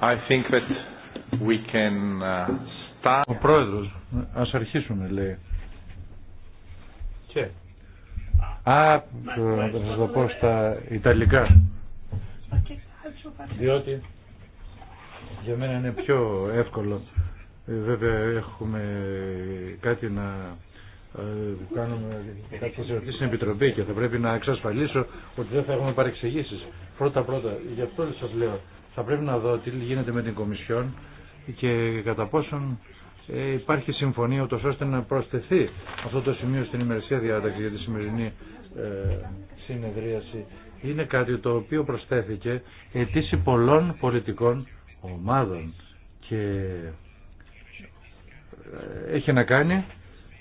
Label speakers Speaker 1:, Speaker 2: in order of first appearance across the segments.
Speaker 1: I think that we can uh, start. Ο πρόεδρος, ας αρχίσουμε λέει. Και. Α, να σας το πω στα Ιταλικά. Διότι για μένα είναι πιο εύκολο. Ε, βέβαια έχουμε κάτι να ε, κάνουμε κάποιε ερωτήσει στην Επιτροπή και θα πρέπει να εξασφαλίσω ότι δεν θα εχουμε παρεξηγήσεις. παρεξηγήσει. Πρώτα-πρώτα, γι' αυτό σας λέω θα πρέπει να δω τι γίνεται με την Κομισιόν και κατά πόσον ε, υπάρχει συμφωνία ούτως ώστε να προσθεθεί αυτό το σημείο στην ημερησία διάταξη για τη σημερινή ε, συνεδρίαση. Είναι κάτι το οποίο προσθέθηκε ετήσι πολλών πολιτικών ομάδων και ε, έχει να κάνει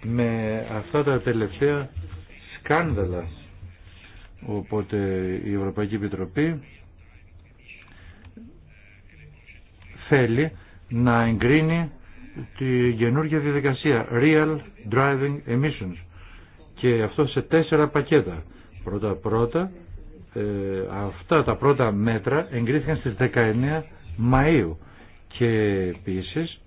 Speaker 1: με αυτά τα τελευταία σκάνδαλα. Οπότε η Ευρωπαϊκή Επιτροπή θέλει να εγκρίνει τη καινούργια διαδικασία Real Driving Emissions και αυτό σε τέσσερα πακέτα. Πρώτα-πρώτα ε, αυτά τα πρώτα μέτρα εγκρίθηκαν στις 19 Μαΐου και επίση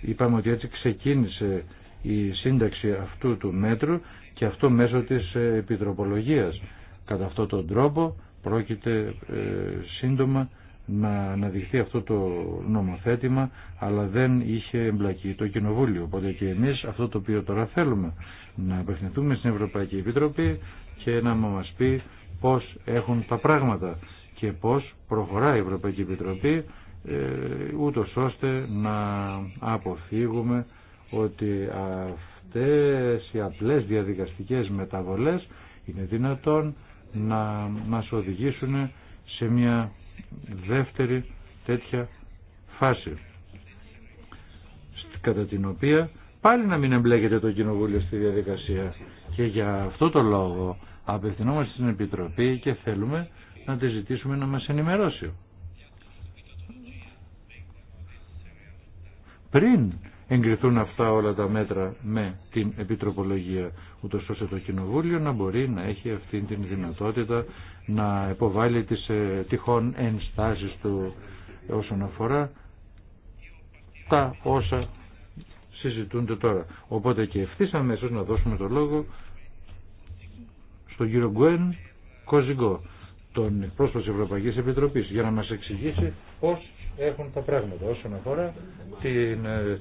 Speaker 1: είπαμε ότι έτσι ξεκίνησε η σύνταξη αυτού του μέτρου και αυτό μέσω της ε, επιτροπολογίας. Κατά αυτόν τον τρόπο πρόκειται ε, σύντομα να αναδειχθεί αυτό το νομοθέτημα αλλά δεν είχε εμπλακεί το Κοινοβούλιο. Οπότε και εμείς αυτό το οποίο τώρα θέλουμε να απευθυνθούμε στην Ευρωπαϊκή Επιτροπή και να μας πει πώς έχουν τα πράγματα και πώς προχωράει η Ευρωπαϊκή Επιτροπή ε, ούτω ώστε να αποφύγουμε ότι αυτές οι απλές διαδικαστικές μεταβολές είναι δυνατόν να μας οδηγήσουν σε μια δεύτερη τέτοια φάση κατά την οποία πάλι να μην εμπλέκεται το Κοινοβούλιο στη διαδικασία και για αυτό το λόγο απευθυνόμαστε στην Επιτροπή και θέλουμε να τη ζητήσουμε να μας ενημερώσει πριν εγκριθούν αυτά όλα τα μέτρα με την Επιτροπολογία, ούτως ώστε το Κοινοβούλιο να μπορεί να έχει αυτή την δυνατότητα να υποβάλει τις ε, τυχόν ενστάσεις του όσον αφορά τα όσα συζητούνται τώρα. Οπότε και ευθύ αμέσω να δώσουμε το λόγο στον κύριο Γκουέν Κοζιγκό, τον πρόσωπο τη Ευρωπαϊκή για να μας εξηγήσει πώς έχουν τα πράγματα όσον αφορά την ε,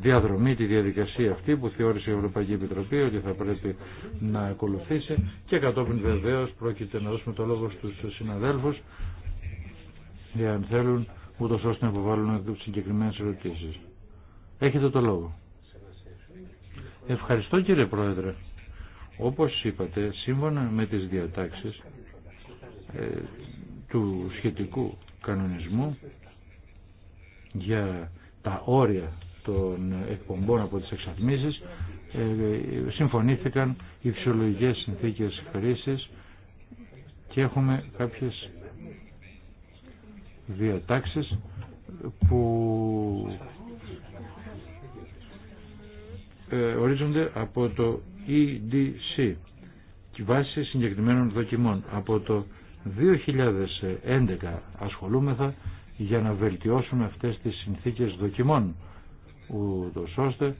Speaker 1: διαδρομή, τη διαδικασία αυτή που θεώρησε η Ευρωπαϊκή Επιτροπή ότι θα πρέπει να ακολουθήσει και κατόπιν βεβαίως πρόκειται να δώσουμε το λόγο στους συναδέλφους για αν θέλουν ούτως ώστε να υποβάλουν συγκεκριμένες ερωτήσεις. Έχετε το λόγο. Ευχαριστώ κύριε Πρόεδρε. Όπως είπατε, σύμφωνα με τις διατάξεις ε, του σχετικού κανονισμού για τα όρια των εκπομπών από τις εξαρμίσεις ε, συμφωνήθηκαν οι φυσιολογικές συνθήκες χρήσης και έχουμε κάποιες διατάξεις που ε, ορίζονται από το EDC βάσει συγκεκριμένων δοκιμών από το 2011 ασχολούμεθα για να βελτιώσουμε αυτές τις συνθήκες δοκιμών ούτως ώστε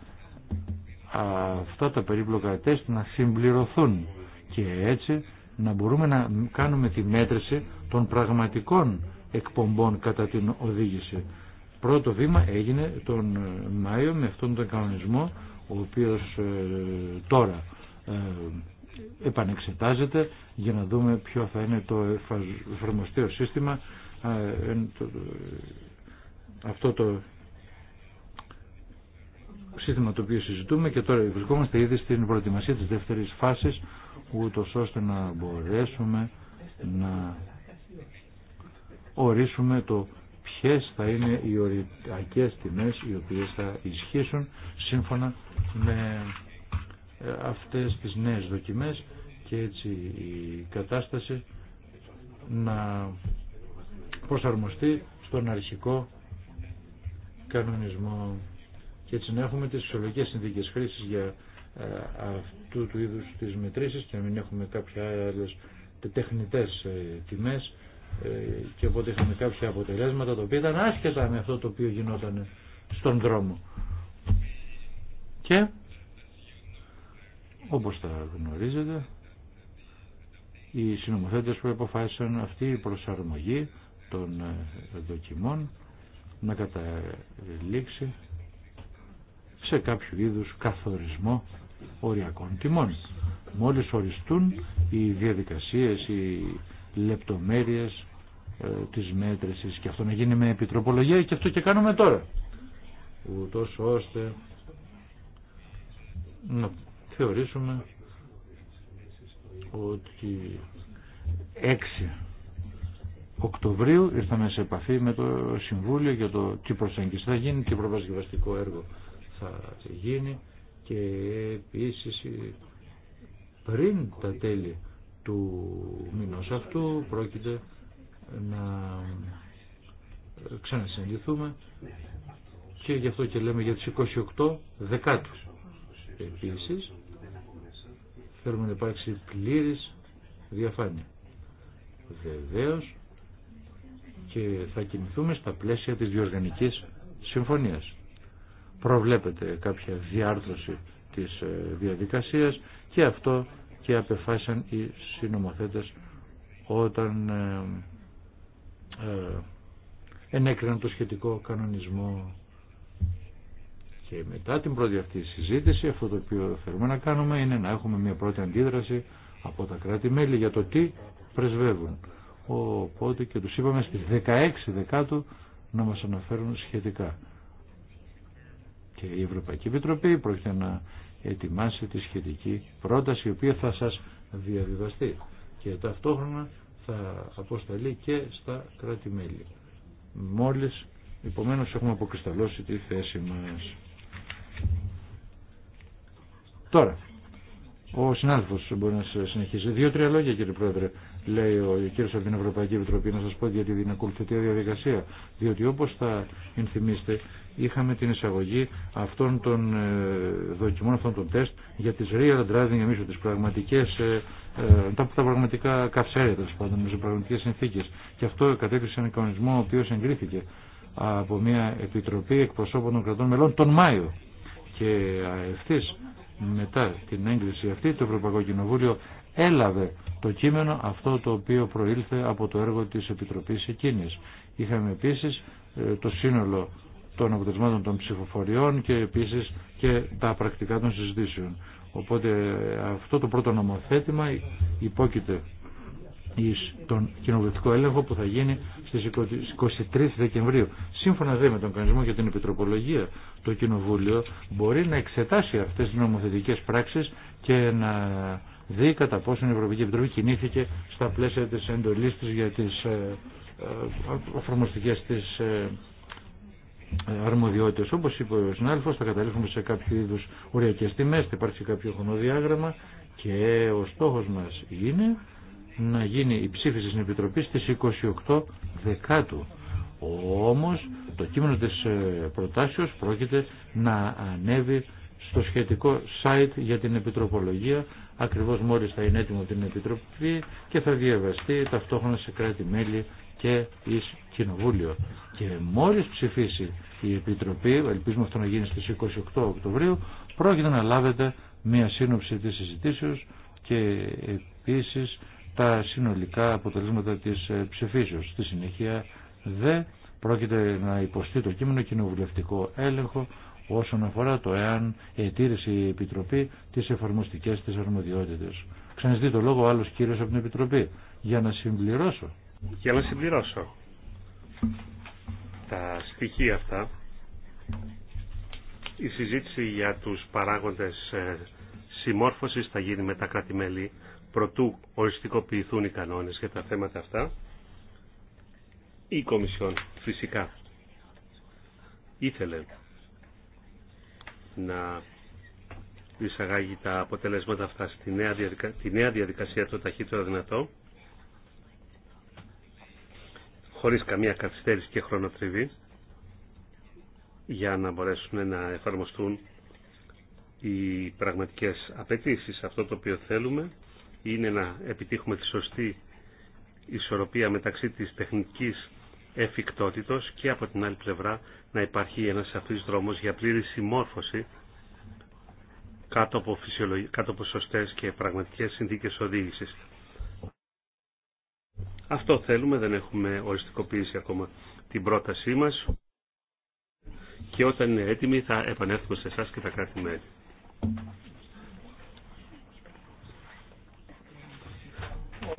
Speaker 1: αυτά τα περίπλοκα τεστ να συμπληρωθούν και έτσι να μπορούμε να κάνουμε τη μέτρηση των πραγματικών εκπομπών κατά την οδήγηση. Πρώτο βήμα έγινε τον Μάιο με αυτόν τον κανονισμό ο οποίος ε, τώρα ε, επανεξετάζεται για να δούμε ποιο θα είναι το εφαρμοστείο σύστημα αυτό το σύστημα το οποίο συζητούμε και τώρα βρισκόμαστε ήδη στην προετοιμασία της δεύτερης φάσης ούτω ώστε να μπορέσουμε να ορίσουμε το ποιες θα είναι οι οριακές τιμές οι οποίες θα ισχύσουν σύμφωνα με ε, αυτές τις νέες δοκιμές και έτσι η κατάσταση να προσαρμοστεί στον αρχικό κανονισμό και έτσι να έχουμε τις φυσιολογικές συνθήκες χρήσης για ε, αυτού του είδους τις μετρήσεις και να μην έχουμε κάποια άλλες τεχνητές ε, τιμές και οπότε είχαμε κάποια αποτελέσματα τα οποία ήταν άσχετα με αυτό το οποίο γινόταν στον δρόμο. Και όπως τα γνωρίζετε, οι συνομοθέτες που αποφάσισαν αυτή η προσαρμογή των ε, δοκιμών να καταλήξει σε κάποιο είδους καθορισμό οριακών τιμών. Μόλις οριστούν οι διαδικασίες, οι λεπτομέρειες ε, της μέτρησης και αυτό να γίνει με επιτροπολογία και αυτό και κάνουμε τώρα. Ούτως ώστε να θεωρήσουμε ότι 6 Οκτωβρίου ήρθαμε σε επαφή με το Συμβούλιο για το τι προσέγγιση θα γίνει, τι προβασκευαστικό έργο θα γίνει και επίσης πριν τα τέλη του μηνός αυτού πρόκειται να ξανασυνδυθούμε και γι' αυτό και λέμε για τις 28 δεκάτους. Επίσης Θέλουμε να υπάρξει πλήρης διαφάνεια. Βεβαίω και θα κινηθούμε στα πλαίσια της διοργανικής συμφωνίας. Προβλέπεται κάποια διάρθρωση της ε, διαδικασίας και αυτό και απεφάσισαν οι συνομοθέτες όταν ε, ε, ενέκριναν το σχετικό κανονισμό και μετά την πρώτη αυτή συζήτηση, αυτό το οποίο θέλουμε να κάνουμε είναι να έχουμε μια πρώτη αντίδραση από τα κράτη-μέλη για το τι πρεσβεύουν. Οπότε και τους είπαμε στις 16 Δεκάτου να μας αναφέρουν σχετικά. Και η Ευρωπαϊκή Επιτροπή πρόκειται να ετοιμάσει τη σχετική πρόταση η οποία θα σας διαβιβαστεί και ταυτόχρονα θα αποσταλεί και στα κράτη-μέλη. Μόλις επομένως έχουμε αποκρισταλώσει τη θέση μας. Τώρα, ο συνάδελφο μπορεί να συνεχίσει. Δύο-τρία λόγια κύριε Πρόεδρε, λέει ο κύριος από την Ευρωπαϊκή Επιτροπή, να σα πω γιατί την ακολουθητή διαδικασία. Διότι όπω θα ενθυμίστε, είχαμε την εισαγωγή αυτών των ε, δοκιμών, αυτών των τεστ για τις real driving emissions, τις πραγματικές, ε, ε, τα, τα πραγματικά καυσέρια τέλο πάντων, με πραγματικές συνθήκες. Και αυτό κατέκρισε έναν κανονισμό ο οποίο εγκρίθηκε από μια επιτροπή εκπροσώπων των κρατών μελών τον Μάιο και ευθύς μετά την έγκριση αυτή το Ευρωπαϊκό Κοινοβούλιο έλαβε το κείμενο αυτό το οποίο προήλθε από το έργο της Επιτροπής εκείνης. Είχαμε επίσης ε, το σύνολο των αποτελεσμάτων των ψηφοφοριών και επίσης και τα πρακτικά των συζητήσεων. Οπότε ε, αυτό το πρώτο νομοθέτημα υπόκειται τον κοινοβουλευτικό έλεγχο που θα γίνει στις 23 Δεκεμβρίου. Σύμφωνα δε με τον κανονισμό για την επιτροπολογία, το Κοινοβούλιο μπορεί να εξετάσει αυτές τις νομοθετικές πράξεις και να δει κατά πόσο η Ευρωπαϊκή Επιτροπή κινήθηκε στα πλαίσια της εντολής της για τις ε, ε, εφαρμοστικές της ε, αρμοδιότητες. Όπως είπε ο συνάδελφος, θα καταλήξουμε σε κάποιο είδους οριακές τιμές, θα υπάρξει κάποιο χρονοδιάγραμμα και ο στόχος μας είναι να γίνει η ψήφιση στην Επιτροπή στις 28 Δεκάτου. Όμως το κείμενο της ε, προτάσεως πρόκειται να ανέβει στο σχετικό site για την Επιτροπολογία ακριβώς μόλις θα είναι έτοιμο την Επιτροπή και θα διαβαστεί ταυτόχρονα σε κράτη-μέλη και εις Κοινοβούλιο. Και μόλις ψηφίσει η Επιτροπή, ελπίζουμε αυτό να γίνει στις 28 Οκτωβρίου, πρόκειται να λάβετε μια σύνοψη της συζητήσεως και επίσης τα συνολικά αποτελέσματα της ε, ψηφίσεως. Στη συνέχεια δε πρόκειται να υποστεί το κείμενο κοινοβουλευτικό έλεγχο όσον αφορά το εάν ετήρησε η Επιτροπή τις εφαρμοστικές της αρμοδιότητες. δει το λόγο άλλος κύριος από την Επιτροπή για να συμπληρώσω.
Speaker 2: Για να συμπληρώσω τα στοιχεία αυτά η συζήτηση για τους παράγοντες ε, συμμόρφωσης θα γίνει με τα κράτη-μέλη προτού οριστικοποιηθούν οι κανόνες για τα θέματα αυτά. Η Κομισιόν φυσικά ήθελε να εισαγάγει τα αποτελέσματα αυτά στη νέα, νέα διαδικασία το ταχύτερο δυνατό χωρίς καμία καθυστέρηση και χρονοτριβή για να μπορέσουν να εφαρμοστούν οι πραγματικές απαιτήσεις. Αυτό το οποίο θέλουμε είναι να επιτύχουμε τη σωστή ισορροπία μεταξύ της τεχνικής εφικτότητος και από την άλλη πλευρά να υπάρχει ένας σαφής δρόμος για πλήρη συμμόρφωση κάτω από, φυσιολογικά κάτω από σωστές και πραγματικές συνθήκες οδήγησης. Αυτό θέλουμε, δεν έχουμε οριστικοποιήσει ακόμα την πρότασή μας και όταν είναι έτοιμη θα επανέλθουμε σε εσά και τα κρατη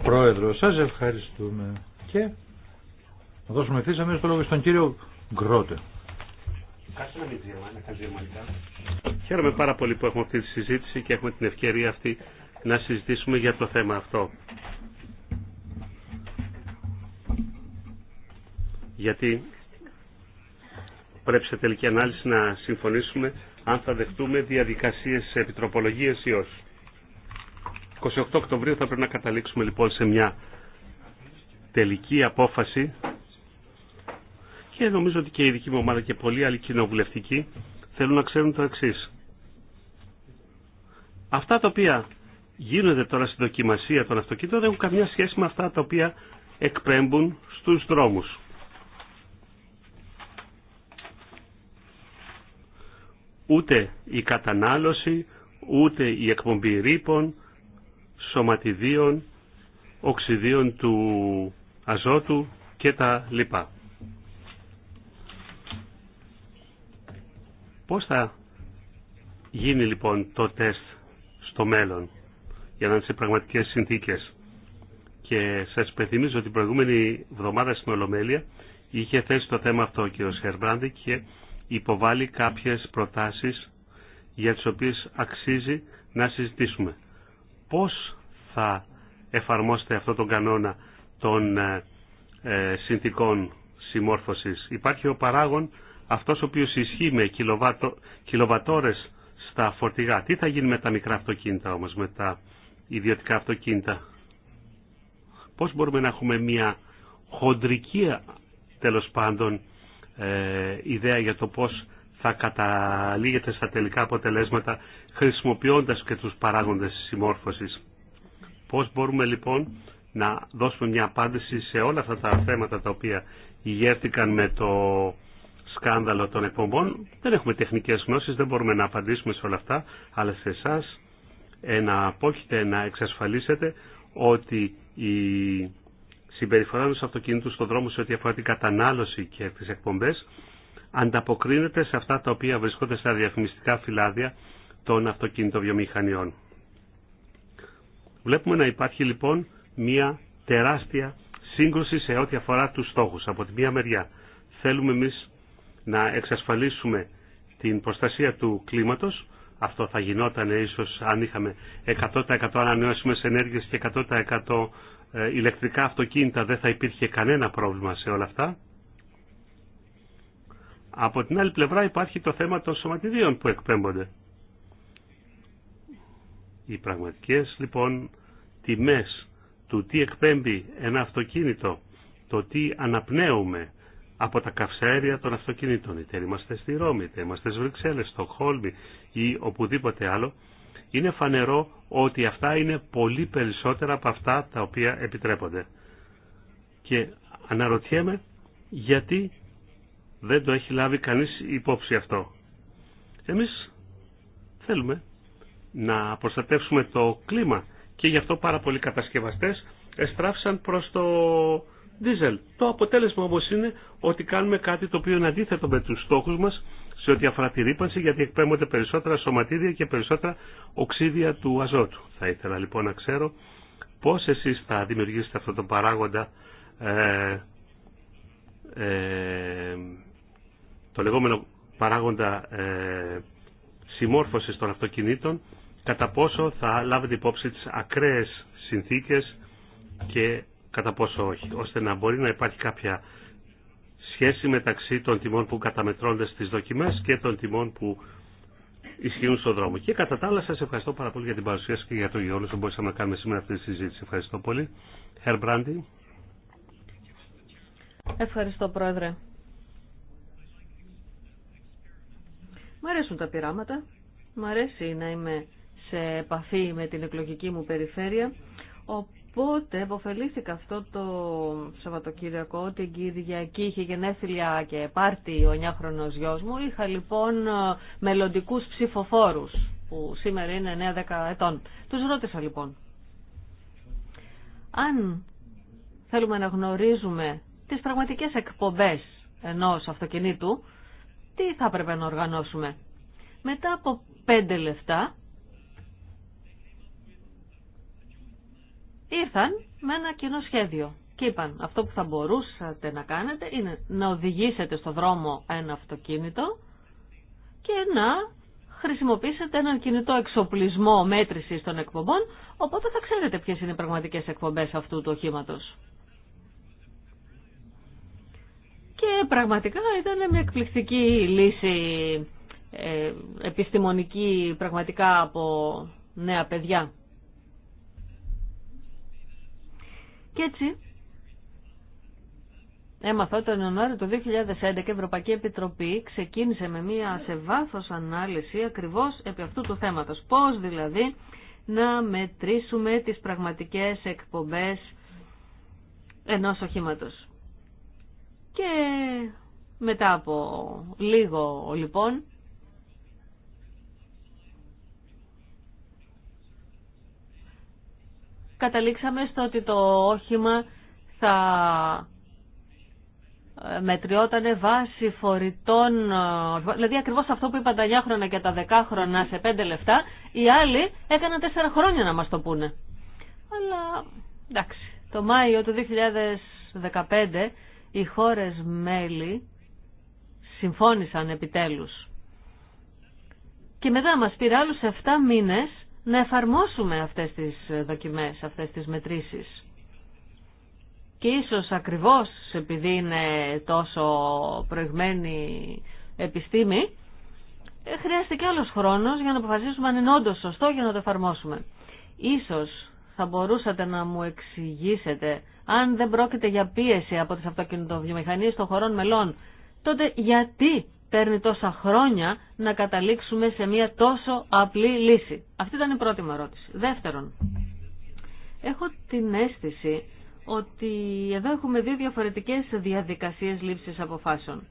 Speaker 1: Πρόεδρο, σα ευχαριστούμε. Και θα δώσουμε ευθύ αμέσω το λόγο στον κύριο Γκρότε.
Speaker 2: Χαίρομαι πάρα πολύ που έχουμε αυτή τη συζήτηση και έχουμε την ευκαιρία αυτή να συζητήσουμε για το θέμα αυτό. Γιατί πρέπει σε τελική ανάλυση να συμφωνήσουμε αν θα δεχτούμε διαδικασίες επιτροπολογίες ή όχι. 28 Οκτωβρίου θα πρέπει να καταλήξουμε λοιπόν σε μια τελική απόφαση και νομίζω ότι και η δική μου ομάδα και πολλοί άλλοι κοινοβουλευτικοί θέλουν να ξέρουν το εξή. Αυτά τα οποία γίνονται τώρα στην δοκιμασία των αυτοκίνητων δεν έχουν καμιά σχέση με αυτά τα οποία εκπέμπουν στους δρόμους. Ούτε η κατανάλωση, ούτε η εκπομπή ρήπων, σωματιδίων, οξυδίων του αζότου και τα λοιπά. Πώς θα γίνει λοιπόν το τεστ στο μέλλον για να είναι σε πραγματικές συνθήκες. Και σας υπενθυμίζω ότι την προηγούμενη εβδομάδα στην Ολομέλεια είχε θέσει το θέμα αυτό ο κ. και υποβάλει κάποιες προτάσεις για τις οποίες αξίζει να συζητήσουμε πώς θα εφαρμόσετε αυτό τον κανόνα των ε, ε, συνθήκων συμμόρφωσης. Υπάρχει ο παράγων αυτός ο οποίος ισχύει με κιλοβατο, κιλοβατόρες στα φορτηγά. Τι θα γίνει με τα μικρά αυτοκίνητα όμως, με τα ιδιωτικά αυτοκίνητα. Πώς μπορούμε να έχουμε μια χοντρική τέλος πάντων ε, ιδέα για το πώς θα καταλήγεται στα τελικά αποτελέσματα χρησιμοποιώντας και τους παράγοντες της συμμόρφωσης. Πώς μπορούμε λοιπόν να δώσουμε μια απάντηση σε όλα αυτά τα θέματα τα οποία ηγέρθηκαν με το σκάνδαλο των εκπομπών. Δεν έχουμε τεχνικές γνώσεις, δεν μπορούμε να απαντήσουμε σε όλα αυτά, αλλά σε εσά να απόχετε να εξασφαλίσετε ότι η συμπεριφορά του αυτοκίνητου στον δρόμο σε ό,τι αφορά την κατανάλωση και τις εκπομπές ανταποκρίνεται σε αυτά τα οποία βρισκόνται στα διαφημιστικά φυλάδια των αυτοκινητοβιομηχανιών. Βλέπουμε να υπάρχει λοιπόν μια τεράστια σύγκρουση σε ό,τι αφορά τους στόχους. Από τη μία μεριά θέλουμε εμείς να εξασφαλίσουμε την προστασία του κλίματος. Αυτό θα γινόταν ίσως αν είχαμε 100% ανανεώσιμες ενέργειες και 100% ε, ηλεκτρικά αυτοκίνητα δεν θα υπήρχε κανένα πρόβλημα σε όλα αυτά. Από την άλλη πλευρά υπάρχει το θέμα των σωματιδίων που εκπέμπονται. Οι πραγματικές λοιπόν τιμές του τι εκπέμπει ένα αυτοκίνητο, το τι αναπνέουμε από τα καυσαέρια των αυτοκινήτων, είτε είμαστε στη Ρώμη, είτε είμαστε στις Βρυξέλλες, στο Χόλμη ή οπουδήποτε άλλο, είναι φανερό ότι αυτά είναι πολύ περισσότερα από αυτά τα οποία επιτρέπονται. Και αναρωτιέμαι γιατί δεν το έχει λάβει κανείς υπόψη αυτό. Εμείς θέλουμε να προστατεύσουμε το κλίμα και γι' αυτό πάρα πολλοί κατασκευαστές εστράφησαν προς το δίζελ. Το αποτέλεσμα όμως είναι ότι κάνουμε κάτι το οποίο είναι αντίθετο με τους στόχους μας σε ό,τι αφορά τη ρήπανση γιατί εκπέμπονται περισσότερα σωματίδια και περισσότερα οξύδια του αζότου. Θα ήθελα λοιπόν να ξέρω πώς εσείς θα δημιουργήσετε αυτό το παράγοντα ε, ε, το λεγόμενο παράγοντα ε, συμμόρφωσης των αυτοκινήτων κατά πόσο θα λάβετε υπόψη τις ακραίες συνθήκες και κατά πόσο όχι, ώστε να μπορεί να υπάρχει κάποια σχέση μεταξύ των τιμών που καταμετρώνται στις δοκιμές και των τιμών που ισχύουν στον δρόμο. Και κατά τα άλλα σας ευχαριστώ πάρα πολύ για την παρουσία και για το γεγονός που μπορούσαμε να κάνουμε σήμερα αυτή τη συζήτηση. Ευχαριστώ πολύ. Herr
Speaker 3: Ευχαριστώ Πρόεδρε. Μ' αρέσουν τα πειράματα. Μ' αρέσει να είμαι σε επαφή με την εκλογική μου περιφέρεια. Οπότε εποφελήθηκα αυτό το Σαββατοκύριακο, την Κυριακή είχε γενέθλια και πάρτι ο 9χρονος γιος μου. Είχα λοιπόν μελλοντικού ψηφοφόρους που σήμερα είναι 9-10 ετών. Τους ρώτησα λοιπόν, αν θέλουμε να γνωρίζουμε τις πραγματικές εκπομπές ενός αυτοκινήτου, τι θα έπρεπε να οργανώσουμε. Μετά από πέντε λεφτά ήρθαν με ένα κοινό σχέδιο και είπαν αυτό που θα μπορούσατε να κάνετε είναι να οδηγήσετε στο δρόμο ένα αυτοκίνητο και να χρησιμοποιήσετε έναν κινητό εξοπλισμό μέτρησης των εκπομπών, οπότε θα ξέρετε ποιες είναι οι πραγματικές εκπομπές αυτού του οχήματος. Και πραγματικά ήταν μια εκπληκτική λύση ε, επιστημονική πραγματικά από νέα παιδιά. Και έτσι έμαθα τον Ιανουάριο του 2011 η Ευρωπαϊκή Επιτροπή ξεκίνησε με μία σε βάθος ανάλυση ακριβώς επί αυτού του θέματος. Πώς δηλαδή να μετρήσουμε τις πραγματικές εκπομπές ενός οχήματος. Και μετά από λίγο λοιπόν καταλήξαμε στο ότι το όχημα θα ε, μετριότανε βάση φορητών, ε, δηλαδή ακριβώς αυτό που είπα τα 9 χρόνια και τα 10 χρόνια σε 5 λεφτά, οι άλλοι έκαναν 4 χρόνια να μας το πούνε. Αλλά εντάξει, το Μάιο του 2015 οι χώρες μέλη συμφώνησαν επιτέλους. Και μετά μας πήρε άλλους 7 μήνες να εφαρμόσουμε αυτές τις δοκιμές, αυτές τις μετρήσεις. Και ίσως ακριβώς επειδή είναι τόσο προηγμένη επιστήμη, ε, χρειάζεται και άλλος χρόνος για να αποφασίσουμε αν είναι όντω σωστό για να το εφαρμόσουμε. Ίσως θα μπορούσατε να μου εξηγήσετε αν δεν πρόκειται για πίεση από τις αυτοκινητοβιομηχανίες των χωρών μελών, τότε γιατί παίρνει τόσα χρόνια να καταλήξουμε σε μια τόσο απλή λύση. Αυτή ήταν η πρώτη μου ερώτηση. Δεύτερον, έχω την αίσθηση ότι εδώ έχουμε δύο διαφορετικές διαδικασίες λήψης αποφάσεων.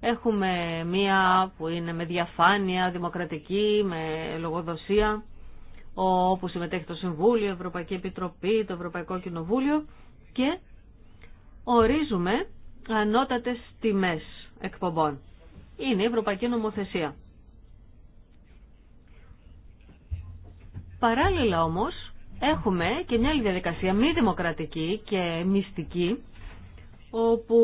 Speaker 3: Έχουμε μία που είναι με διαφάνεια, δημοκρατική, με λογοδοσία, όπου συμμετέχει το Συμβούλιο, η Ευρωπαϊκή Επιτροπή, το Ευρωπαϊκό Κοινοβούλιο και ορίζουμε ανώτατες τιμές εκπομπών είναι η Ευρωπαϊκή Νομοθεσία. Παράλληλα όμως έχουμε και μια άλλη διαδικασία μη δημοκρατική και μυστική όπου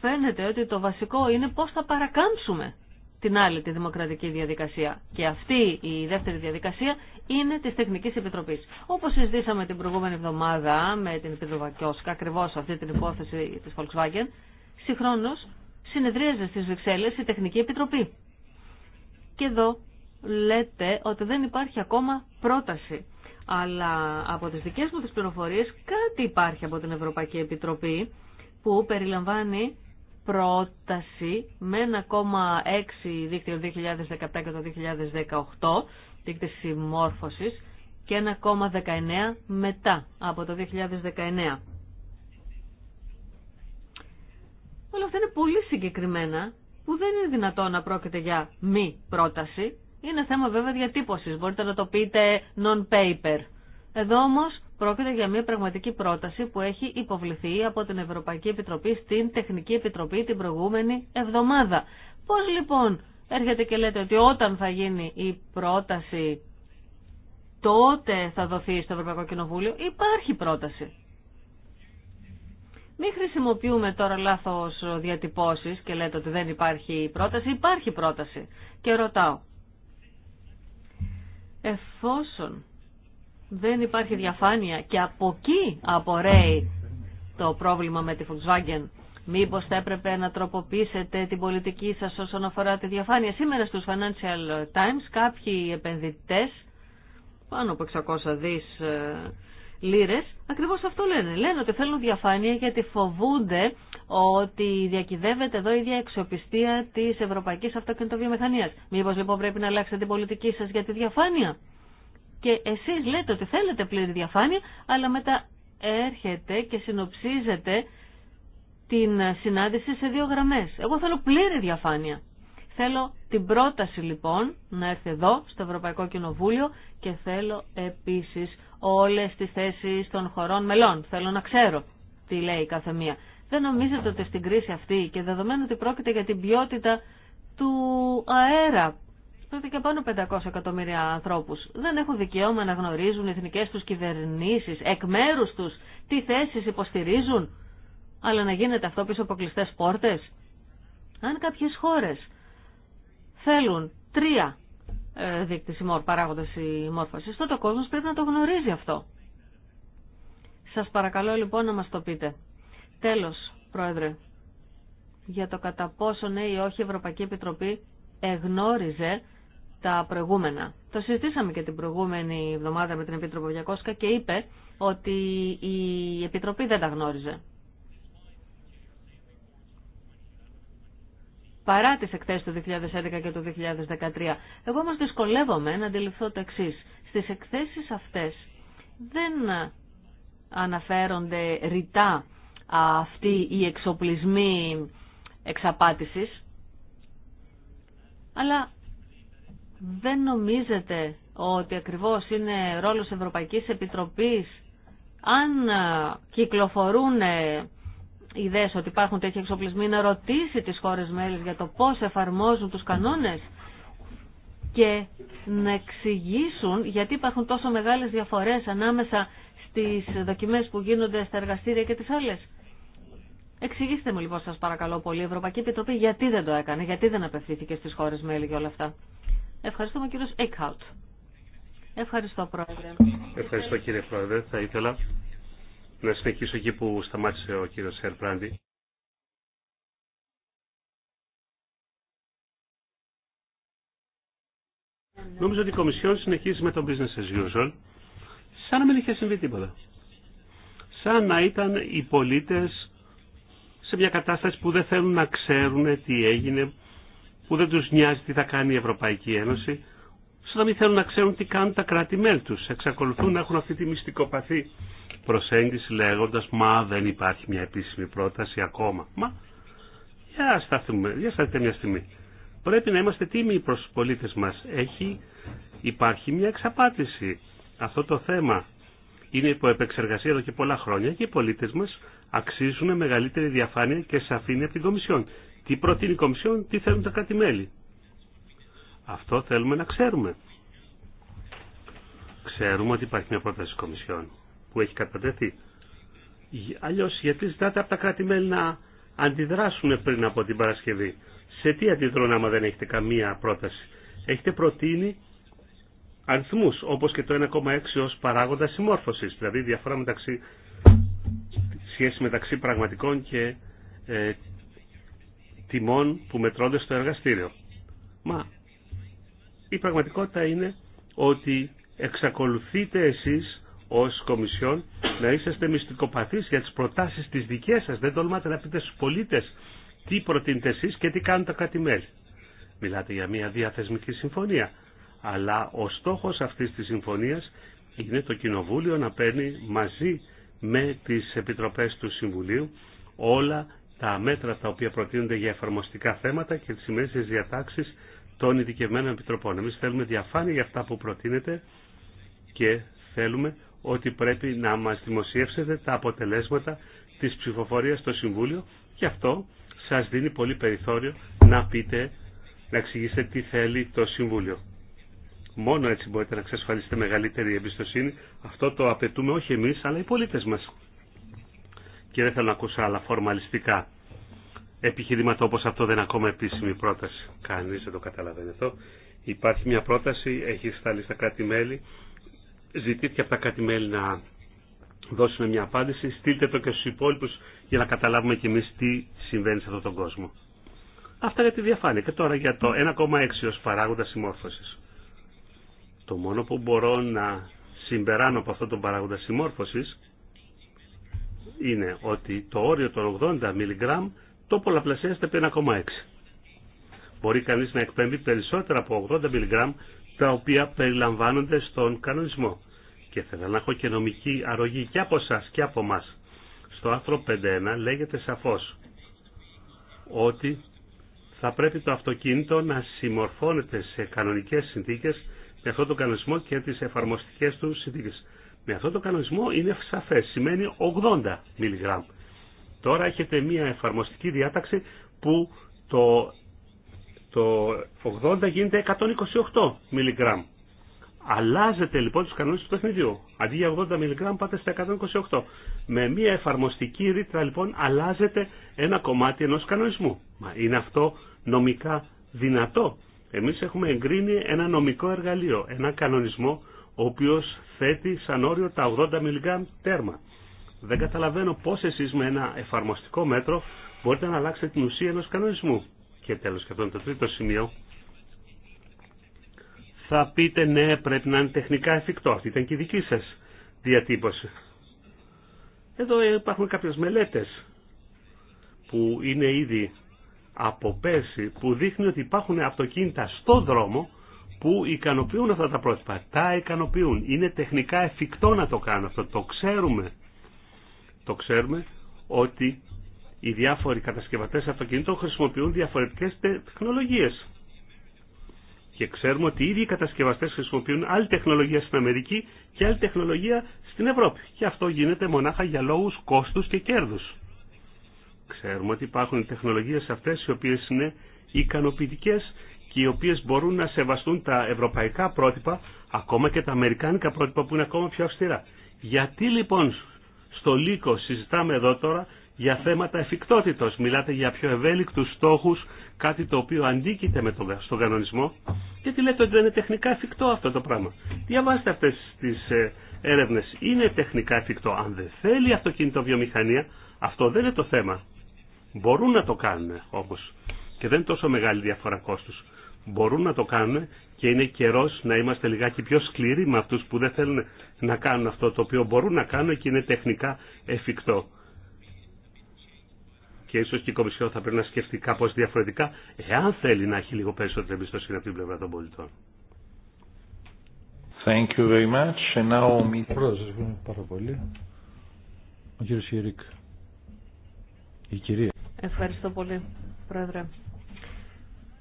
Speaker 3: φαίνεται ότι το βασικό είναι πώς θα παρακάμψουμε την άλλη τη δημοκρατική διαδικασία. Και αυτή η δεύτερη διαδικασία είναι της Τεχνικής Επιτροπής. Όπως συζητήσαμε την προηγούμενη εβδομάδα με την Επιτροπή ακριβώς αυτή την υπόθεση της Volkswagen, συγχρόνως συνεδρίαζε στις Βρυξέλλες η Τεχνική Επιτροπή. Και εδώ λέτε ότι δεν υπάρχει ακόμα πρόταση. Αλλά από τις δικές μου τις πληροφορίες κάτι υπάρχει από την Ευρωπαϊκή Επιτροπή που περιλαμβάνει πρόταση με 1,6 δίκτυο 2017 και το 2018, δίκτυο συμμόρφωσης, και 1,19 μετά από το 2019. Όλα αυτά είναι πολύ συγκεκριμένα που δεν είναι δυνατό να πρόκειται για μη πρόταση. Είναι θέμα βέβαια διατύπωσης. Μπορείτε να το πείτε non-paper. Εδώ όμω πρόκειται για μια πραγματική πρόταση που έχει υποβληθεί από την Ευρωπαϊκή Επιτροπή στην Τεχνική Επιτροπή την προηγούμενη εβδομάδα. Πώς λοιπόν έρχεται και λέτε ότι όταν θα γίνει η πρόταση τότε θα δοθεί στο Ευρωπαϊκό Κοινοβούλιο. Υπάρχει πρόταση. Μην χρησιμοποιούμε τώρα λάθος διατυπώσεις και λέτε ότι δεν υπάρχει πρόταση. Υπάρχει πρόταση. Και ρωτάω. Εφόσον δεν υπάρχει διαφάνεια και από εκεί απορρέει το πρόβλημα με τη Volkswagen, μήπως θα έπρεπε να τροποποιήσετε την πολιτική σας όσον αφορά τη διαφάνεια. Σήμερα στους Financial Times κάποιοι επενδυτές, πάνω από 600 δις ε, Λύρε. Ακριβώ αυτό λένε. Λένε ότι θέλουν διαφάνεια γιατί φοβούνται ότι διακυδεύεται εδώ η ίδια εξοπιστία της ευρωπαϊκής αυτοκινητοβιομηχανίας. Μήπως λοιπόν πρέπει να αλλάξετε την πολιτική σα για τη διαφάνεια. Και εσεί λέτε ότι θέλετε πλήρη διαφάνεια, αλλά μετά έρχεται και συνοψίζετε την συνάντηση σε δύο γραμμέ. Εγώ θέλω πλήρη διαφάνεια. Θέλω την πρόταση λοιπόν να έρθει εδώ στο Ευρωπαϊκό Κοινοβούλιο και θέλω επίσης όλες τις θέσεις των χωρών μελών. Θέλω να ξέρω τι λέει κάθε μία. Δεν νομίζετε ότι στην κρίση αυτή και δεδομένου ότι πρόκειται για την ποιότητα του αέρα πρόκειται και πάνω 500 εκατομμύρια ανθρώπους δεν έχουν δικαίωμα να γνωρίζουν οι εθνικές τους κυβερνήσεις, εκ μέρους τους, τι θέσεις υποστηρίζουν, αλλά να γίνεται αυτό πίσω από κλειστές πόρτες. Αν κάποιες χώρες θέλουν τρία ε, δείκτης παράγοντας η μόρφωση. Στο το κόσμος πρέπει να το γνωρίζει αυτό. Σας παρακαλώ λοιπόν να μας το πείτε. Τέλος, Πρόεδρε, για το κατά πόσο ναι ή όχι η Ευρωπαϊκή Επιτροπή εγνώριζε τα προηγούμενα. Το συζητήσαμε και την προηγούμενη εβδομάδα με την Επίτροπο 200 και είπε ότι η Επιτροπή δεν τα γνώριζε. παρά τις εκθέσεις του 2011 και του 2013. Εγώ όμως δυσκολεύομαι να αντιληφθώ το εξή. Στις εκθέσεις αυτές δεν αναφέρονται ρητά αυτοί οι εξοπλισμοί εξαπάτησης, αλλά δεν νομίζετε ότι ακριβώς είναι ρόλος Ευρωπαϊκής Επιτροπής αν κυκλοφορούν ιδέες ότι υπάρχουν τέτοιοι εξοπλισμοί να ρωτήσει τις χώρες μέλη για το πώς εφαρμόζουν τους κανόνες και να εξηγήσουν γιατί υπάρχουν τόσο μεγάλες διαφορές ανάμεσα στις δοκιμές που γίνονται στα εργαστήρια και τις άλλες. Εξηγήστε μου λοιπόν σας παρακαλώ πολύ η Ευρωπαϊκή Επιτροπή γιατί δεν το έκανε, γιατί δεν απευθύνθηκε στις χώρες μέλη και όλα αυτά. Ευχαριστούμε κύριος Εκχαουτ. Ευχαριστώ πρόεδρε. Ευχαριστώ
Speaker 2: κύριε πρόεδρε. Θα ήθελα να συνεχίσω εκεί που σταμάτησε ο κύριο Χερπράντη. Νομίζω ότι η Κομισιόν συνεχίζει με το business as usual, σαν να μην είχε συμβεί τίποτα. Σαν να ήταν οι πολίτες σε μια κατάσταση που δεν θέλουν να ξέρουν τι έγινε, που δεν τους νοιάζει τι θα κάνει η Ευρωπαϊκή Ένωση, σαν να μην θέλουν να ξέρουν τι κάνουν τα κράτη-μέλη του. Εξακολουθούν να έχουν αυτή τη μυστικοπαθή προσέγγιση λέγοντα «Μα δεν υπάρχει μια επίσημη πρόταση ακόμα». Μα για σταθούμε, για σταθείτε μια στιγμή. Πρέπει να είμαστε τίμοι προ του πολίτες μας. Έχει, υπάρχει μια εξαπάτηση. Αυτό το θέμα είναι υπό επεξεργασία εδώ και πολλά χρόνια και οι πολίτε μα αξίζουν μεγαλύτερη διαφάνεια και σαφήνεια από την Κομισιόν. Τι προτείνει η Κομισιόν, τι θέλουν τα κράτη-μέλη. Αυτό θέλουμε να ξέρουμε. Ξέρουμε ότι υπάρχει μια πρόταση Κομισιόν που έχει κατατεθεί. Αλλιώς γιατί ζητάτε από τα κράτη-μέλη να αντιδράσουν πριν από την Παρασκευή. Σε τι αντιδρούν άμα δεν έχετε καμία πρόταση. Έχετε προτείνει αριθμούς όπως και το 1,6 ως παράγοντα συμμόρφωσης. Δηλαδή διαφορά μεταξύ σχέση μεταξύ πραγματικών και ε, τιμών που μετρώνται στο εργαστήριο. Μα η πραγματικότητα είναι ότι εξακολουθείτε εσείς ως Κομισιόν να είσαστε μυστικοπαθείς για τις προτάσεις της δικές σας. Δεν τολμάτε να πείτε στους πολίτες τι προτείνετε εσείς και τι κάνουν τα μελη Μιλάτε για μια διαθεσμική συμφωνία. Αλλά ο στόχος αυτής της συμφωνίας είναι το Κοινοβούλιο να παίρνει μαζί με τις επιτροπές του Συμβουλίου όλα τα μέτρα τα οποία προτείνονται για εφαρμοστικά θέματα και τις σημαίες διατάξεις των ειδικευμένων επιτροπών. Εμείς θέλουμε διαφάνεια για αυτά που προτείνετε και θέλουμε ότι πρέπει να μας δημοσιεύσετε τα αποτελέσματα της ψηφοφορίας στο Συμβούλιο και αυτό σας δίνει πολύ περιθώριο να πείτε, να εξηγήσετε τι θέλει το Συμβούλιο. Μόνο έτσι μπορείτε να εξασφαλίσετε μεγαλύτερη εμπιστοσύνη. Αυτό το απαιτούμε όχι εμείς, αλλά οι πολίτες μας. Και δεν θέλω να ακούσω άλλα φορμαλιστικά επιχειρήματα όπως αυτό δεν είναι ακόμα επίσημη πρόταση. Κανείς δεν το καταλαβαίνει αυτό. Υπάρχει μια πρόταση, έχει σταλεί στα κράτη-μέλη. Ζητήθηκε από τα κράτη-μέλη να δώσουν μια απάντηση. Στείλτε το και στους υπόλοιπους για να καταλάβουμε κι εμείς τι συμβαίνει σε αυτόν τον κόσμο. Αυτά για τη διαφάνεια. Και τώρα για το 1,6 ως παράγοντα συμμόρφωσης. Το μόνο που μπορώ να συμπεράνω από αυτόν τον παράγοντα συμμόρφωσης είναι ότι το όριο των 80 μιλιγκράμμ το πολλαπλασιάζεται από 1,6. Μπορεί κανείς να εκπέμπει περισσότερα από 80 mg τα οποία περιλαμβάνονται στον κανονισμό. Και θα ήθελα να έχω και νομική αρρωγή και από εσά και από εμά. Στο άρθρο 5.1 λέγεται σαφώς ότι θα πρέπει το αυτοκίνητο να συμμορφώνεται σε κανονικές συνθήκες με αυτόν τον κανονισμό και τις εφαρμοστικές του συνθήκες. Με αυτόν τον κανονισμό είναι σαφές, σημαίνει 80 mg. Τώρα έχετε μία εφαρμοστική διάταξη που το, το 80 γίνεται 128 mg. Αλλάζετε λοιπόν τους κανόνες του παιχνιδιού. Αντί για 80 μιλιγκράμμ πάτε στα 128. Με μία εφαρμοστική ρήτρα λοιπόν αλλάζετε ένα κομμάτι ενός κανονισμού. Μα είναι αυτό νομικά δυνατό. Εμείς έχουμε εγκρίνει ένα νομικό εργαλείο, ένα κανονισμό ο οποίος θέτει σαν όριο τα 80 μιλιγκράμμ τέρμα. Δεν καταλαβαίνω πώ εσεί με ένα εφαρμοστικό μέτρο μπορείτε να αλλάξετε την ουσία ενό κανονισμού. Και τέλο και αυτό είναι το τρίτο σημείο, θα πείτε ναι πρέπει να είναι τεχνικά εφικτό. Αυτή ήταν και η δική σα διατύπωση. Εδώ υπάρχουν κάποιε μελέτε που είναι ήδη από πέρσι που δείχνει ότι υπάρχουν αυτοκίνητα στο δρόμο που ικανοποιούν αυτά τα πρότυπα. Τα ικανοποιούν. Είναι τεχνικά εφικτό να το κάνουν αυτό. Το ξέρουμε το ξέρουμε ότι οι διάφοροι κατασκευατές αυτοκινήτων χρησιμοποιούν διαφορετικές τεχνολογίες. Και ξέρουμε ότι οι ίδιοι οι κατασκευαστές χρησιμοποιούν άλλη τεχνολογία στην Αμερική και άλλη τεχνολογία στην Ευρώπη. Και αυτό γίνεται μονάχα για λόγους κόστους και κέρδους. Ξέρουμε ότι υπάρχουν τεχνολογίες αυτές οι οποίες είναι ικανοποιητικές και οι οποίες μπορούν να σεβαστούν τα ευρωπαϊκά πρότυπα, ακόμα και τα αμερικάνικα πρότυπα που είναι ακόμα πιο αυστηρά. Γιατί λοιπόν στο Λύκο συζητάμε εδώ τώρα για θέματα εφικτότητος. Μιλάτε για πιο ευέλικτους στόχους, κάτι το οποίο αντίκειται με τον, στον κανονισμό. Γιατί λέτε ότι δεν είναι τεχνικά εφικτό αυτό το πράγμα. Διαβάστε αυτές τις ε, έρευνες. Είναι τεχνικά εφικτό. Αν δεν θέλει αυτοκίνητο βιομηχανία, αυτό δεν είναι το θέμα. Μπορούν να το κάνουν όμως. Και δεν είναι τόσο μεγάλη διαφορά κόστους. Μπορούν να το κάνουν και είναι καιρός να είμαστε λιγάκι πιο σκληροί με αυτού που δεν θέλουν να κάνουν αυτό το οποίο μπορούν να κάνουν και είναι τεχνικά εφικτό. Και ίσω και η Κομισιόν θα πρέπει να σκεφτεί κάπως διαφορετικά εάν θέλει να έχει λίγο περισσότερη εμπιστοσύνη από την πλευρά των πολιτών.
Speaker 1: Thank you very much. And now... πάρα πολύ. Ο Η κυρία.
Speaker 3: Ευχαριστώ πολύ, Πρόεδρε.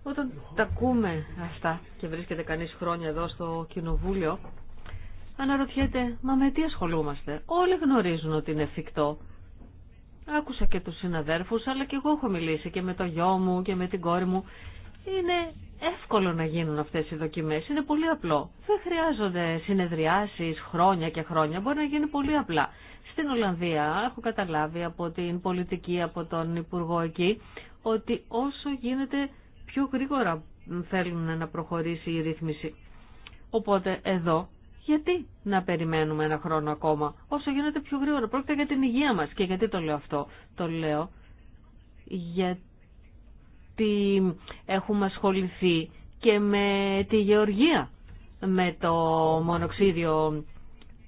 Speaker 3: Όταν τα ακούμε αυτά και βρίσκεται κανείς χρόνια εδώ στο κοινοβούλιο, αναρωτιέται, μα με τι ασχολούμαστε. Όλοι γνωρίζουν ότι είναι εφικτό. Άκουσα και τους συναδέρφους, αλλά και εγώ έχω μιλήσει και με το γιο μου και με την κόρη μου. Είναι εύκολο να γίνουν αυτές οι δοκιμές, είναι πολύ απλό. Δεν χρειάζονται συνεδριάσεις χρόνια και χρόνια, μπορεί να γίνει πολύ απλά. Στην Ολλανδία έχω καταλάβει από την πολιτική, από τον Υπουργό εκεί, ότι όσο γίνεται πιο γρήγορα θέλουν να προχωρήσει η ρύθμιση. Οπότε εδώ γιατί να περιμένουμε ένα χρόνο ακόμα, όσο γίνεται πιο γρήγορα. Πρόκειται για την υγεία μας. Και γιατί το λέω αυτό. Το λέω γιατί έχουμε ασχοληθεί και με τη γεωργία, με το μονοξίδιο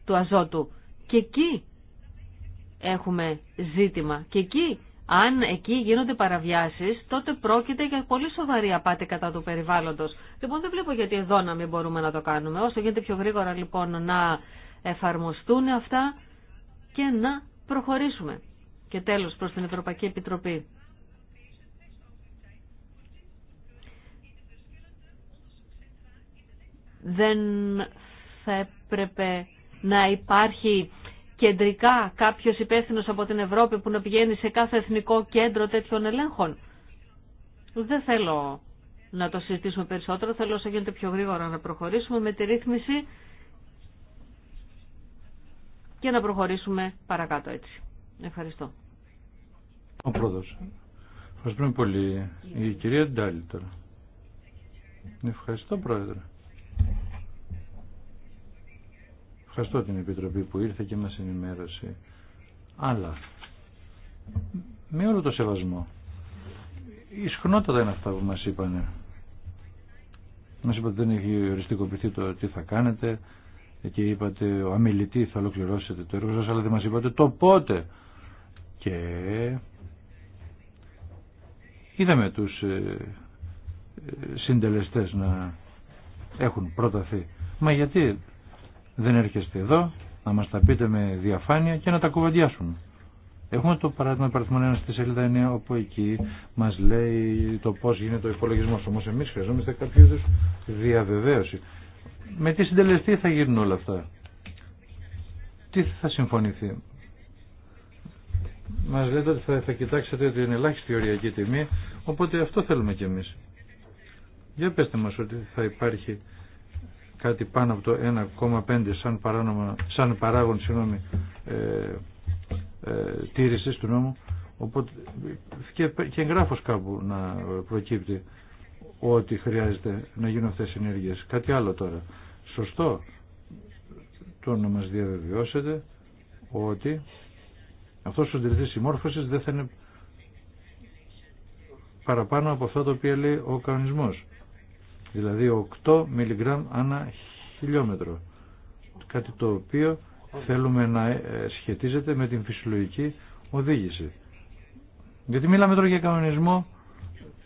Speaker 3: του αζότου. Και εκεί έχουμε ζήτημα. Και εκεί αν εκεί γίνονται παραβιάσεις, τότε πρόκειται για πολύ σοβαρή απάτη κατά του περιβάλλοντος. Λοιπόν, δεν βλέπω γιατί εδώ να μην μπορούμε να το κάνουμε. Όσο γίνεται πιο γρήγορα λοιπόν να εφαρμοστούν αυτά και να προχωρήσουμε. Και τέλος προς την Ευρωπαϊκή Επιτροπή. Δεν θα έπρεπε να υπάρχει κεντρικά κάποιο υπεύθυνο από την Ευρώπη που να πηγαίνει σε κάθε εθνικό κέντρο τέτοιων ελέγχων. Δεν θέλω να το συζητήσουμε περισσότερο, θέλω όσο γίνεται πιο γρήγορα να προχωρήσουμε με τη ρύθμιση και να προχωρήσουμε παρακάτω έτσι. Ευχαριστώ.
Speaker 1: Ο πρόεδρος. Ευχαριστούμε πολύ. Η κυρία Ντάλη τώρα. Ευχαριστώ πρόεδρε. Ευχαριστώ την Επιτροπή που ήρθε και μας ενημέρωσε. Αλλά, με όλο το σεβασμό, ισχνότατα είναι αυτά που μας είπανε. Μας είπατε δεν έχει οριστικοποιηθεί το τι θα κάνετε και είπατε ο αμιλητή θα ολοκληρώσετε το έργο σας, αλλά δεν μας είπατε το πότε. Και είδαμε τους ε, ε, συντελεστές να έχουν πρόταθεί. Μα γιατί δεν έρχεστε εδώ να μας τα πείτε με διαφάνεια και να τα κουβεντιάσουμε. Έχουμε το παράδειγμα παραθυμόν 1 στη σελίδα 9 όπου εκεί μας λέει το πώς γίνεται ο υπολογισμός. Όμως εμείς χρειαζόμαστε κάποιο είδους διαβεβαίωση. Με τι συντελεστή θα γίνουν όλα αυτά. Τι θα συμφωνηθεί. Μας λέτε ότι θα, θα κοιτάξετε την ελάχιστη οριακή τιμή, οπότε αυτό θέλουμε κι εμείς. Για πέστε μας ότι θα υπάρχει κάτι πάνω από το 1,5 σαν, παράνομα, σαν παράγον συγγνώμη, ε, ε, τήρησης του νόμου οπότε και, και κάπου να προκύπτει ότι χρειάζεται να γίνουν αυτές οι ενέργειες. Κάτι άλλο τώρα. Σωστό το να μας διαβεβαιώσετε ότι αυτός ο συντηρητής συμμόρφωσης δεν θα είναι παραπάνω από αυτό το οποίο λέει ο κανονισμός δηλαδή 8 μιλιγκράμμ ανά χιλιόμετρο. Κάτι το οποίο θέλουμε να ε, σχετίζεται με την φυσιολογική οδήγηση. Γιατί μιλάμε τώρα για κανονισμό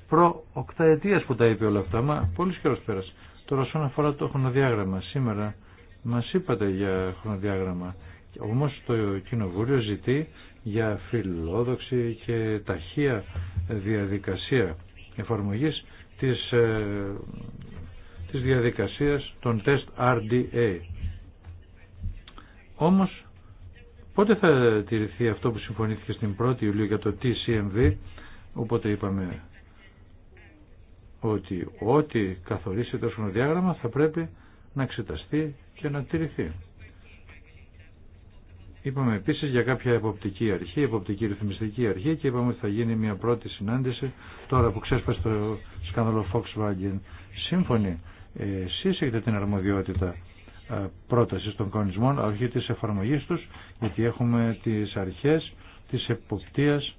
Speaker 1: προ οκταετίας που τα είπε όλα αυτά, μα πολύ καιρό πέρασε. Τώρα όσον αφορά το χρονοδιάγραμμα, σήμερα μας είπατε για χρονοδιάγραμμα, όμως το Κοινοβούλιο ζητεί για φιλόδοξη και ταχεία διαδικασία εφαρμογής της, ε, της διαδικασίας των τεστ RDA. Όμως, πότε θα τηρηθεί αυτό που συμφωνήθηκε στην 1η Ιουλίου για το TCMV, οπότε είπαμε ότι ό,τι καθορίσει το σχονοδιάγραμμα θα πρέπει να εξεταστεί και να τηρηθεί. Είπαμε επίσης για κάποια εποπτική αρχή, εποπτική ρυθμιστική αρχή και είπαμε ότι θα γίνει μια πρώτη συνάντηση τώρα που ξέσπασε το σκάνδαλο Volkswagen. Σύμφωνοι, εσείς έχετε την αρμοδιότητα ε, πρότασης των κονισμών αρχή της εφαρμογής τους, γιατί έχουμε τις αρχές της εποπτείας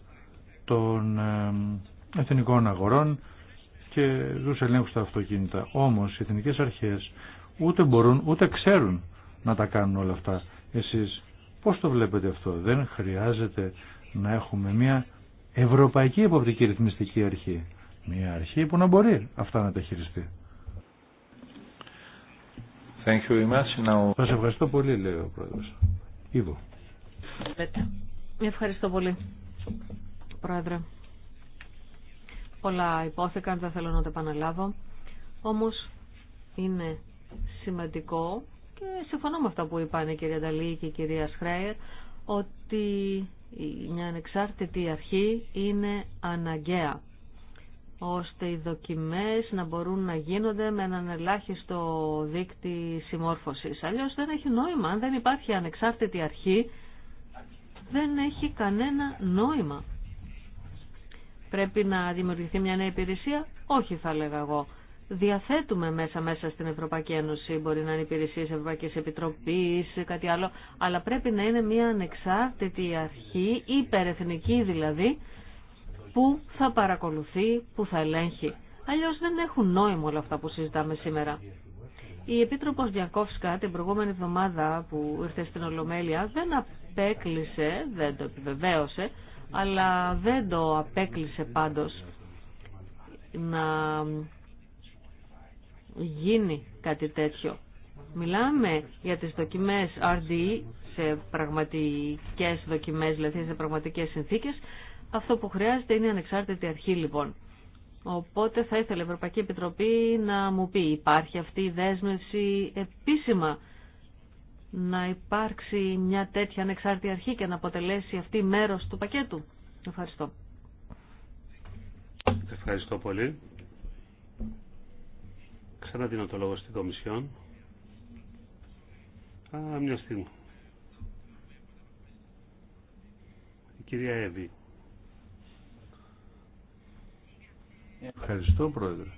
Speaker 1: των ε, εθνικών αγορών και τους ελέγχους στα αυτοκίνητα. Όμως οι εθνικές αρχές ούτε μπορούν ούτε ξέρουν να τα κάνουν όλα αυτά. Εσείς πώς το βλέπετε αυτό. Δεν χρειάζεται να έχουμε μια ευρωπαϊκή εποπτική ρυθμιστική αρχή μια αρχή που να μπορεί αυτά να τα χειριστεί. Thank you Now... Σας ευχαριστώ πολύ, λέει ο Πρόεδρος. Ήβο.
Speaker 3: Ευχαριστώ πολύ, Πρόεδρε. Πολλά υπόθηκαν, δεν θέλω να τα επαναλάβω. Όμως είναι σημαντικό και συμφωνώ με αυτά που είπαν η κυρία Νταλή και η κυρία Σχρέερ ότι μια ανεξάρτητη αρχή είναι αναγκαία ώστε οι δοκιμές να μπορούν να γίνονται με έναν ελάχιστο δίκτυ συμμόρφωσης. Αλλιώς δεν έχει νόημα. Αν δεν υπάρχει ανεξάρτητη αρχή, δεν έχει κανένα νόημα. Πρέπει να δημιουργηθεί μια νέα υπηρεσία. Όχι θα λέγα εγώ. Διαθέτουμε μέσα μέσα στην Ευρωπαϊκή Ένωση, μπορεί να είναι υπηρεσίες Ευρωπαϊκής Επιτροπής, κάτι άλλο, αλλά πρέπει να είναι μια ανεξάρτητη αρχή, υπερεθνική δηλαδή, που θα παρακολουθεί, που θα ελέγχει. Αλλιώς δεν έχουν νόημα όλα αυτά που συζητάμε σήμερα. Η Επίτροπος Διακόφσκα την προηγούμενη εβδομάδα που ήρθε στην Ολομέλεια δεν απέκλεισε, δεν το επιβεβαίωσε, αλλά δεν το απέκλεισε πάντως να γίνει κάτι τέτοιο. Μιλάμε για τις δοκιμές RDE σε πραγματικές δοκιμές, δηλαδή σε πραγματικές συνθήκες αυτό που χρειάζεται είναι η ανεξάρτητη αρχή λοιπόν. Οπότε θα ήθελε η Ευρωπαϊκή Επιτροπή να μου πει υπάρχει αυτή η δέσμευση επίσημα να υπάρξει μια τέτοια ανεξάρτητη αρχή και να αποτελέσει αυτή μέρος του πακέτου. Ευχαριστώ.
Speaker 2: Ευχαριστώ πολύ. Ξαναδίνω το λόγο στην Κομισιόν. Α, μια στιγμή. Η κυρία Εύη.
Speaker 1: Ευχαριστώ, Πρόεδρε.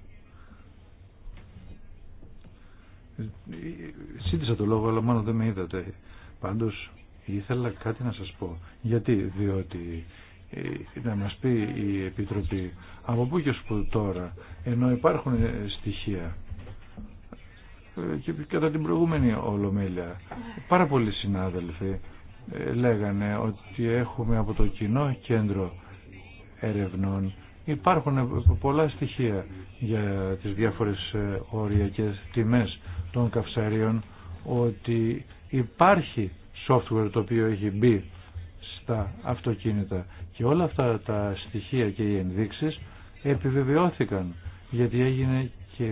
Speaker 1: Σύντησα το λόγο, αλλά μόνο δεν με είδατε. Πάντως, ήθελα κάτι να σας πω. Γιατί, διότι ε, να μας πει η Επιτροπή από πού και σπου τώρα ενώ υπάρχουν ε, στοιχεία ε, και κατά την προηγούμενη ολομέλεια πάρα πολλοί συνάδελφοι λέγανε ότι έχουμε από το κοινό κέντρο ερευνών Υπάρχουν πολλά στοιχεία για τις διάφορες ε, οριακές τιμές των καυσαρίων ότι υπάρχει software το οποίο έχει μπει στα αυτοκίνητα και όλα αυτά τα στοιχεία και οι ενδείξεις επιβεβαιώθηκαν γιατί έγινε και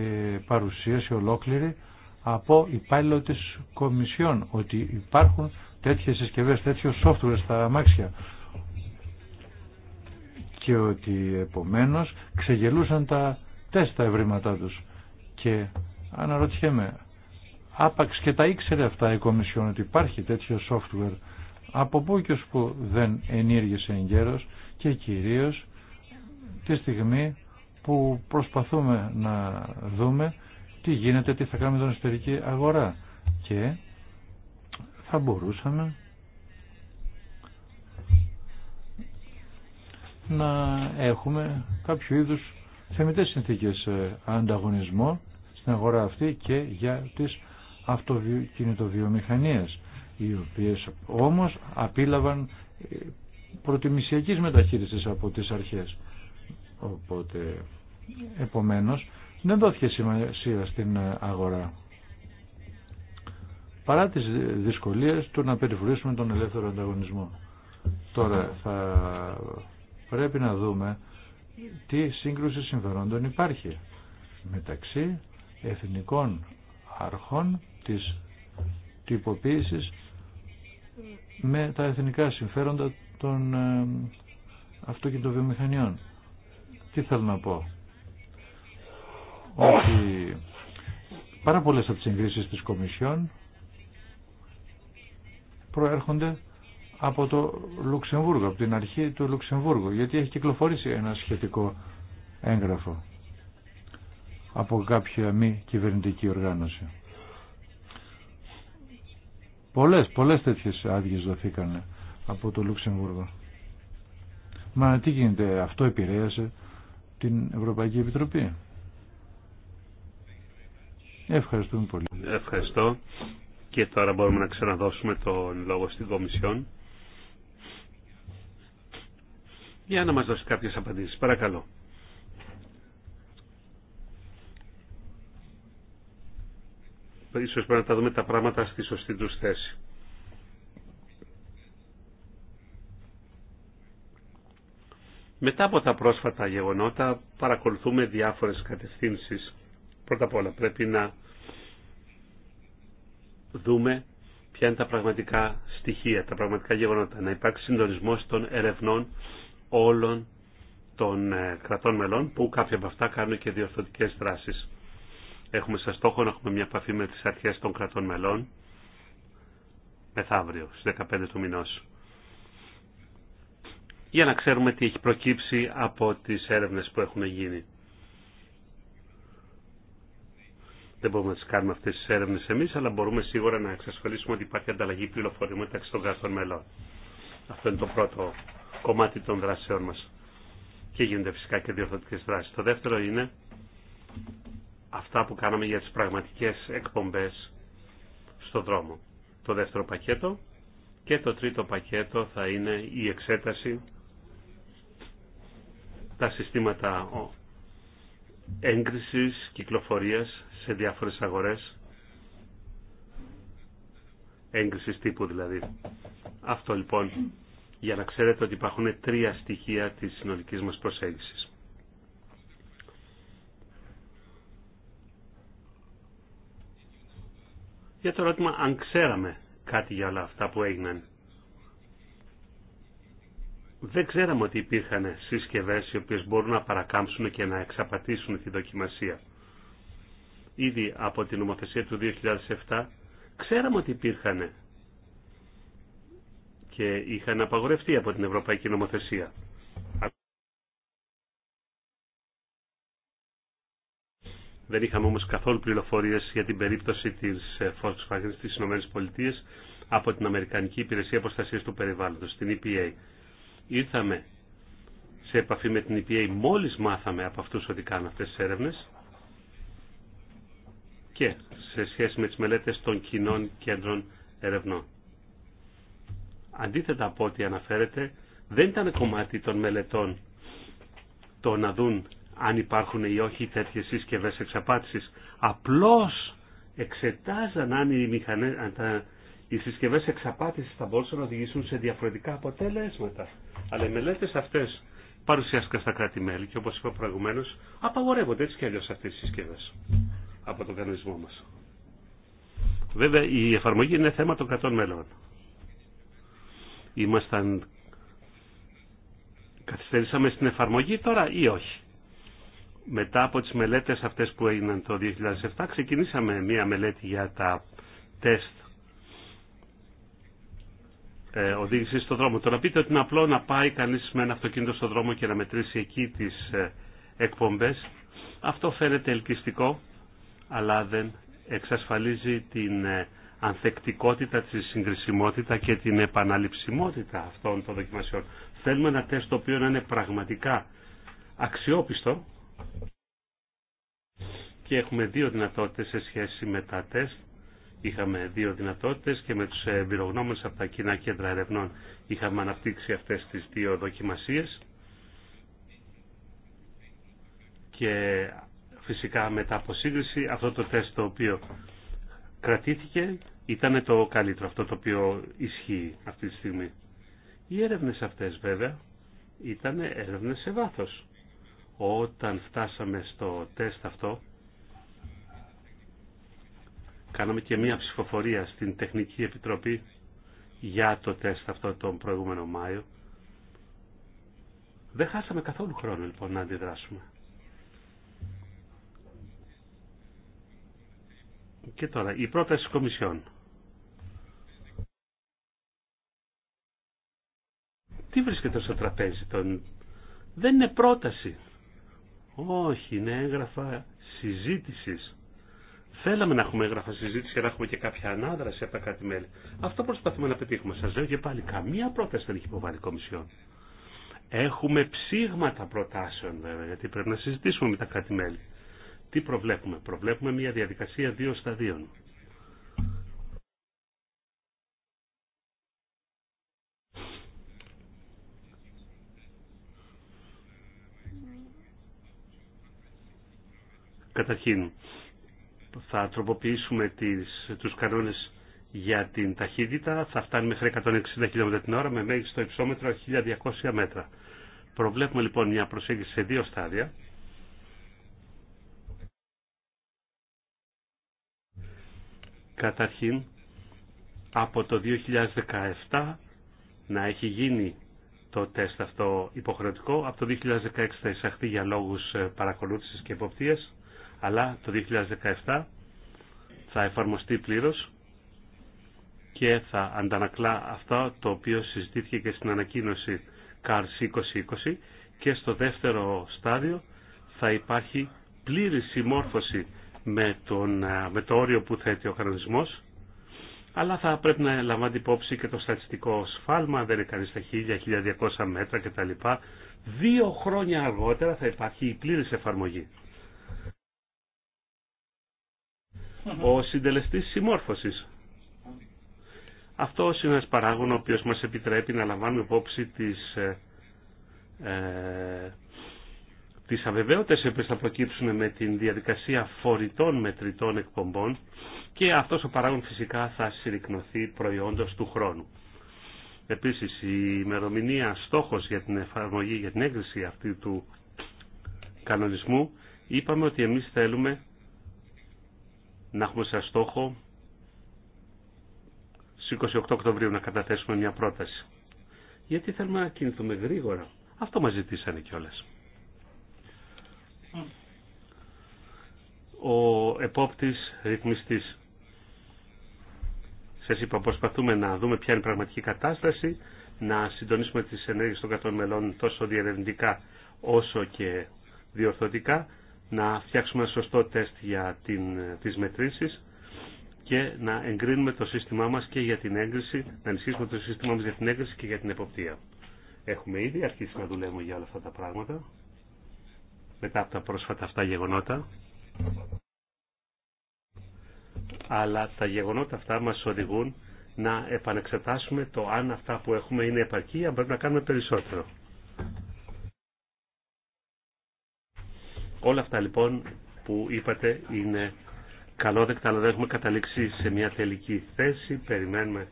Speaker 1: παρουσίαση ολόκληρη από υπάλληλο της Κομισιόν ότι υπάρχουν τέτοιες συσκευές, τέτοιο software στα αμάξια και ότι επομένως ξεγελούσαν τα τεστ τα ευρήματά τους. Και αναρωτιέμαι, άπαξ και τα ήξερε αυτά η Κομισιόν ότι υπάρχει τέτοιο software από πού και που δεν ενήργησε γέρος και κυρίως τη στιγμή που προσπαθούμε να δούμε τι γίνεται, τι θα κάνουμε με εσωτερική αγορά και θα μπορούσαμε να έχουμε κάποιο είδους θεμητές συνθήκες ε, ανταγωνισμό στην αγορά αυτή και για τις αυτοκινητοβιομηχανίες οι οποίες όμως απίλαβαν ε, προτιμησιακής μεταχείρισης από τις αρχές. Οπότε, επομένως, δεν δόθηκε σημασία στην αγορά. Παρά τις δυσκολίες του να περιφρουρήσουμε τον ελεύθερο ανταγωνισμό. Τώρα θα πρέπει να δούμε τι σύγκρουση συμφερόντων υπάρχει μεταξύ εθνικών αρχών της τυποποίησης με τα εθνικά συμφέροντα των ε, αυτοκινητοβιομηχανιών. Τι θέλω να πω. Ότι πάρα πολλές από τις συγκρίσεις της Κομισιόν προέρχονται από το Λουξεμβούργο, από την αρχή του Λουξεμβούργου, γιατί έχει κυκλοφορήσει ένα σχετικό έγγραφο από κάποια μη κυβερνητική οργάνωση. Πολλές, πολλές τέτοιες άδειες από το Λουξεμβούργο. Μα τι γίνεται, αυτό επηρέασε την Ευρωπαϊκή Επιτροπή. Ευχαριστούμε πολύ.
Speaker 2: Ευχαριστώ. Και τώρα μπορούμε να ξαναδώσουμε τον λόγο στην Κομισιόν. για να μας δώσει κάποιες απαντήσεις. Παρακαλώ. Ίσως πρέπει να τα δούμε τα πράγματα στη σωστή τους θέση. Μετά από τα πρόσφατα γεγονότα παρακολουθούμε διάφορες κατευθύνσεις. Πρώτα απ' όλα πρέπει να δούμε ποια είναι τα πραγματικά στοιχεία, τα πραγματικά γεγονότα. Να υπάρξει συντονισμός των ερευνών όλων των ε, κρατών μελών που κάποια από αυτά κάνουν και διορθωτικές δράσεις. Έχουμε σε στόχο να έχουμε μια επαφή με τις αρχές των κρατών μελών μεθαύριο στις 15 του μηνός για να ξέρουμε τι έχει προκύψει από τις έρευνες που έχουν γίνει. Δεν μπορούμε να τις κάνουμε αυτές τις έρευνες εμείς, αλλά μπορούμε σίγουρα να εξασφαλίσουμε ότι υπάρχει ανταλλαγή πληροφοριού μεταξύ των κρατών μελών. Αυτό είναι το πρώτο κομμάτι των δράσεών μας. Και γίνονται φυσικά και διορθωτικές δράσεις. Το δεύτερο είναι αυτά που κάναμε για τις πραγματικές εκπομπές στο δρόμο. Το δεύτερο πακέτο και το τρίτο πακέτο θα είναι η εξέταση τα συστήματα έγκρισης κυκλοφορίας σε διάφορες αγορές έγκρισης τύπου δηλαδή. Αυτό λοιπόν για να ξέρετε ότι υπάρχουν τρία στοιχεία της συνολικής μας προσέγγισης. Για το ερώτημα αν ξέραμε κάτι για όλα αυτά που έγιναν. Δεν ξέραμε ότι υπήρχαν συσκευές οι οποίες μπορούν να παρακάμψουν και να εξαπατήσουν τη δοκιμασία. Ήδη από την νομοθεσία του 2007 ξέραμε ότι υπήρχαν και είχαν απαγορευτεί από την Ευρωπαϊκή Νομοθεσία. Δεν είχαμε όμως καθόλου πληροφορίες για την περίπτωση της Volkswagen στις ΗΠΑ από την Αμερικανική Υπηρεσία Αποστασίας του Περιβάλλοντος, την EPA. Ήρθαμε σε επαφή με την EPA μόλις μάθαμε από αυτούς ότι κάνουν αυτές τις έρευνες και σε σχέση με τις μελέτες των κοινών κέντρων ερευνών αντίθετα από ό,τι αναφέρεται, δεν ήταν κομμάτι των μελετών το να δουν αν υπάρχουν ή όχι τέτοιες συσκευε εξαπάτησης. Απλώς εξετάζαν αν οι, συσκευε αν συσκευές εξαπάτησης θα μπορούσαν να οδηγήσουν σε διαφορετικά αποτελέσματα. Αλλά οι μελέτες αυτές παρουσιάστηκαν στα κράτη-μέλη και όπως είπα προηγουμένως απαγορεύονται έτσι και αλλιώς αυτές οι συσκευές από τον κανονισμό μας. Βέβαια η εφαρμογή είναι θέμα των κρατών μέλων. Ήμασταν... Καθυστερήσαμε στην εφαρμογή τώρα ή όχι. Μετά από τις μελέτες αυτές που έγιναν το 2007 ξεκινήσαμε μία μελέτη για τα τεστ ε, οδήγηση στον δρόμο. Τώρα πείτε ότι είναι απλό να πάει κανείς με ένα αυτοκίνητο στον δρόμο και να μετρήσει εκεί τις ε, εκπομπές, αυτό φαίνεται ελκυστικό, αλλά δεν εξασφαλίζει την ε, ανθεκτικότητα, τη συγκρισιμότητα και την επαναληψιμότητα αυτών των δοκιμασιών. Θέλουμε ένα τεστ το οποίο να είναι πραγματικά αξιόπιστο και έχουμε δύο δυνατότητες σε σχέση με τα τεστ. Είχαμε δύο δυνατότητες και με τους εμπειρογνώμενους από τα κοινά κέντρα ερευνών είχαμε αναπτύξει αυτές τις δύο δοκιμασίες και φυσικά μετά από σύγκριση αυτό το τεστ το οποίο κρατήθηκε ήταν το καλύτερο αυτό το οποίο ισχύει αυτή τη στιγμή. Οι έρευνες αυτές βέβαια ήταν έρευνες σε βάθος. Όταν φτάσαμε στο τεστ αυτό, κάναμε και μία ψηφοφορία στην Τεχνική Επιτροπή για το τεστ αυτό τον προηγούμενο Μάιο. Δεν χάσαμε καθόλου χρόνο λοιπόν να αντιδράσουμε. Και τώρα, η πρόταση της Τι βρίσκεται στο τραπέζι των... Δεν είναι πρόταση. Όχι, είναι έγγραφα συζήτησης. Θέλαμε να έχουμε έγγραφα συζήτηση και να έχουμε και κάποια ανάδραση από τα κάτι μελη Αυτό προσπαθούμε να πετύχουμε. Σα λέω και πάλι, καμία πρόταση δεν έχει υποβάλει η Κομισιόν. Έχουμε ψήγματα προτάσεων βέβαια, γιατί πρέπει να συζητήσουμε με τα κάτι μελη Τι προβλέπουμε. Προβλέπουμε μια διαδικασία δύο σταδίων. Καταρχήν, θα τροποποιήσουμε τις, τους κανόνες για την ταχύτητα. Θα φτάνει μέχρι 160 χιλιόμετρα την ώρα με μέγιστο υψόμετρο 1200 μέτρα. Προβλέπουμε λοιπόν μια προσέγγιση σε δύο στάδια. Καταρχήν, από το 2017 να έχει γίνει το τεστ αυτό υποχρεωτικό. Από το 2016 θα εισαχθεί για λόγους ε, παρακολούθησης και υποπτήρες αλλά το 2017 θα εφαρμοστεί πλήρως και θα αντανακλά αυτό το οποίο συζητήθηκε και στην ανακοίνωση CARS 2020 και στο δεύτερο στάδιο θα υπάρχει πλήρη συμμόρφωση με, τον, με το όριο που θέτει ο κανονισμός αλλά θα πρέπει να λαμβάνει υπόψη και το στατιστικό σφάλμα, δεν είναι κανείς τα 1000-1200 μέτρα κτλ. Δύο χρόνια αργότερα θα υπάρχει η πλήρης εφαρμογή. ο συντελεστής συμμόρφωσης. Αυτό είναι ένας παράγων ο οποίος μας επιτρέπει να λαμβάνουμε υπόψη τις, ε, ε τις αβεβαιότητες που θα προκύψουν με την διαδικασία φορητών μετρητών εκπομπών και αυτός ο παράγων φυσικά θα συρρυκνωθεί προϊόντος του χρόνου. Επίσης η ημερομηνία στόχος για την εφαρμογή, για την έγκριση αυτή του κανονισμού είπαμε ότι εμείς θέλουμε να έχουμε σαν στόχο στις 28 Οκτωβρίου να καταθέσουμε μια πρόταση. Γιατί θέλουμε να κινηθούμε γρήγορα. Αυτό μας ζητήσανε κιόλα. Ο επόπτης ρυθμιστής. Σας είπα, προσπαθούμε να δούμε ποια είναι η πραγματική κατάσταση, να συντονίσουμε τις ενέργειες των κρατών μελών τόσο διερευνητικά όσο και διορθωτικά να φτιάξουμε ένα σωστό τεστ για την, τις μετρήσεις και να εγκρίνουμε το σύστημά μας και για την έγκριση, να ενισχύσουμε το σύστημά μας για την έγκριση και για την εποπτεία. Έχουμε ήδη αρχίσει να δουλεύουμε για όλα αυτά τα πράγματα, μετά από τα πρόσφατα αυτά γεγονότα. Αλλά τα γεγονότα αυτά μας οδηγούν να επανεξετάσουμε το αν αυτά που έχουμε είναι επαρκή, αν πρέπει να κάνουμε περισσότερο. Όλα αυτά λοιπόν που είπατε είναι καλόδεκτα, αλλά δεν έχουμε καταλήξει σε μια τελική θέση. Περιμένουμε,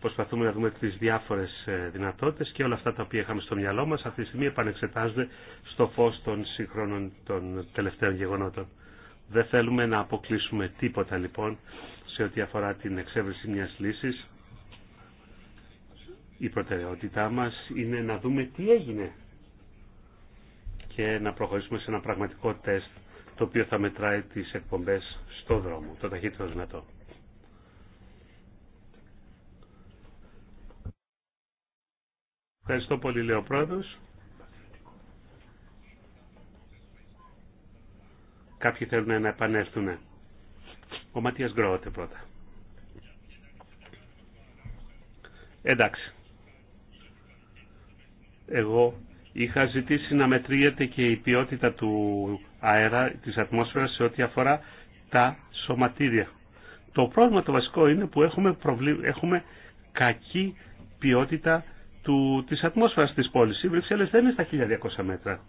Speaker 2: προσπαθούμε να δούμε τις διάφορες ε, δυνατότητες και όλα αυτά τα οποία είχαμε στο μυαλό μας αυτή τη στιγμή επανεξετάζονται στο φως των σύγχρονων των τελευταίων γεγονότων. Δεν θέλουμε να αποκλείσουμε τίποτα λοιπόν σε ό,τι αφορά την εξέβρεση μιας λύσης. Η προτεραιότητά μας είναι να δούμε τι έγινε και να προχωρήσουμε σε ένα πραγματικό τεστ το οποίο θα μετράει τις εκπομπές στο δρόμο, το ταχύτερο δυνατό. Ευχαριστώ πολύ, λέει ο πρόεδρος. Κάποιοι θέλουν να επανέλθουν. Ο Ματίας Γκρότε πρώτα. Εντάξει. Εγώ είχα ζητήσει να μετριεται και η ποιότητα του αέρα, της ατμόσφαιρας σε ό,τι αφορά τα σωματίδια. Το πρόβλημα το βασικό είναι που έχουμε, προβλή, έχουμε κακή ποιότητα του, της ατμόσφαιρας της πόλης. Οι Βρυξέλλες δεν είναι στα 1200 μέτρα.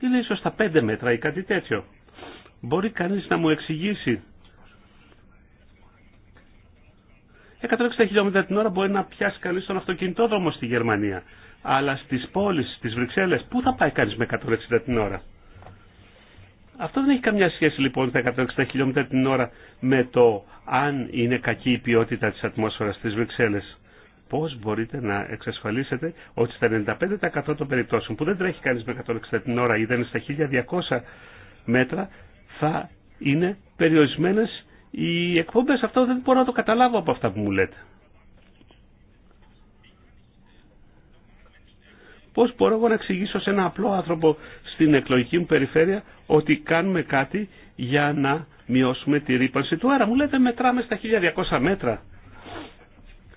Speaker 2: Είναι ίσως στα 5 μέτρα ή κάτι τέτοιο. Μπορεί κανείς να μου εξηγήσει 160 χιλιόμετρα την ώρα μπορεί να πιάσει κανείς τον αυτοκινητόδρομο στη Γερμανία αλλά στις πόλεις, στι Βρυξέλλες, πού θα πάει κανείς με 160 την ώρα. Αυτό δεν έχει καμιά σχέση λοιπόν τα 160 χιλιόμετρα την ώρα με το αν είναι κακή η ποιότητα της ατμόσφαιρας στις Βρυξέλλες. Πώς μπορείτε να εξασφαλίσετε ότι στα 95% των περιπτώσεων που δεν τρέχει κανείς με 160 την ώρα ή δεν είναι στα 1200 μέτρα θα είναι περιορισμένες οι εκπομπές. Αυτό δεν μπορώ να το καταλάβω από αυτά που μου λέτε. Πώς μπορώ εγώ να εξηγήσω σε ένα απλό άνθρωπο στην εκλογική μου περιφέρεια ότι κάνουμε κάτι για να μειώσουμε τη ρήπανση του αέρα. Μου λέτε μετράμε στα 1200 μέτρα.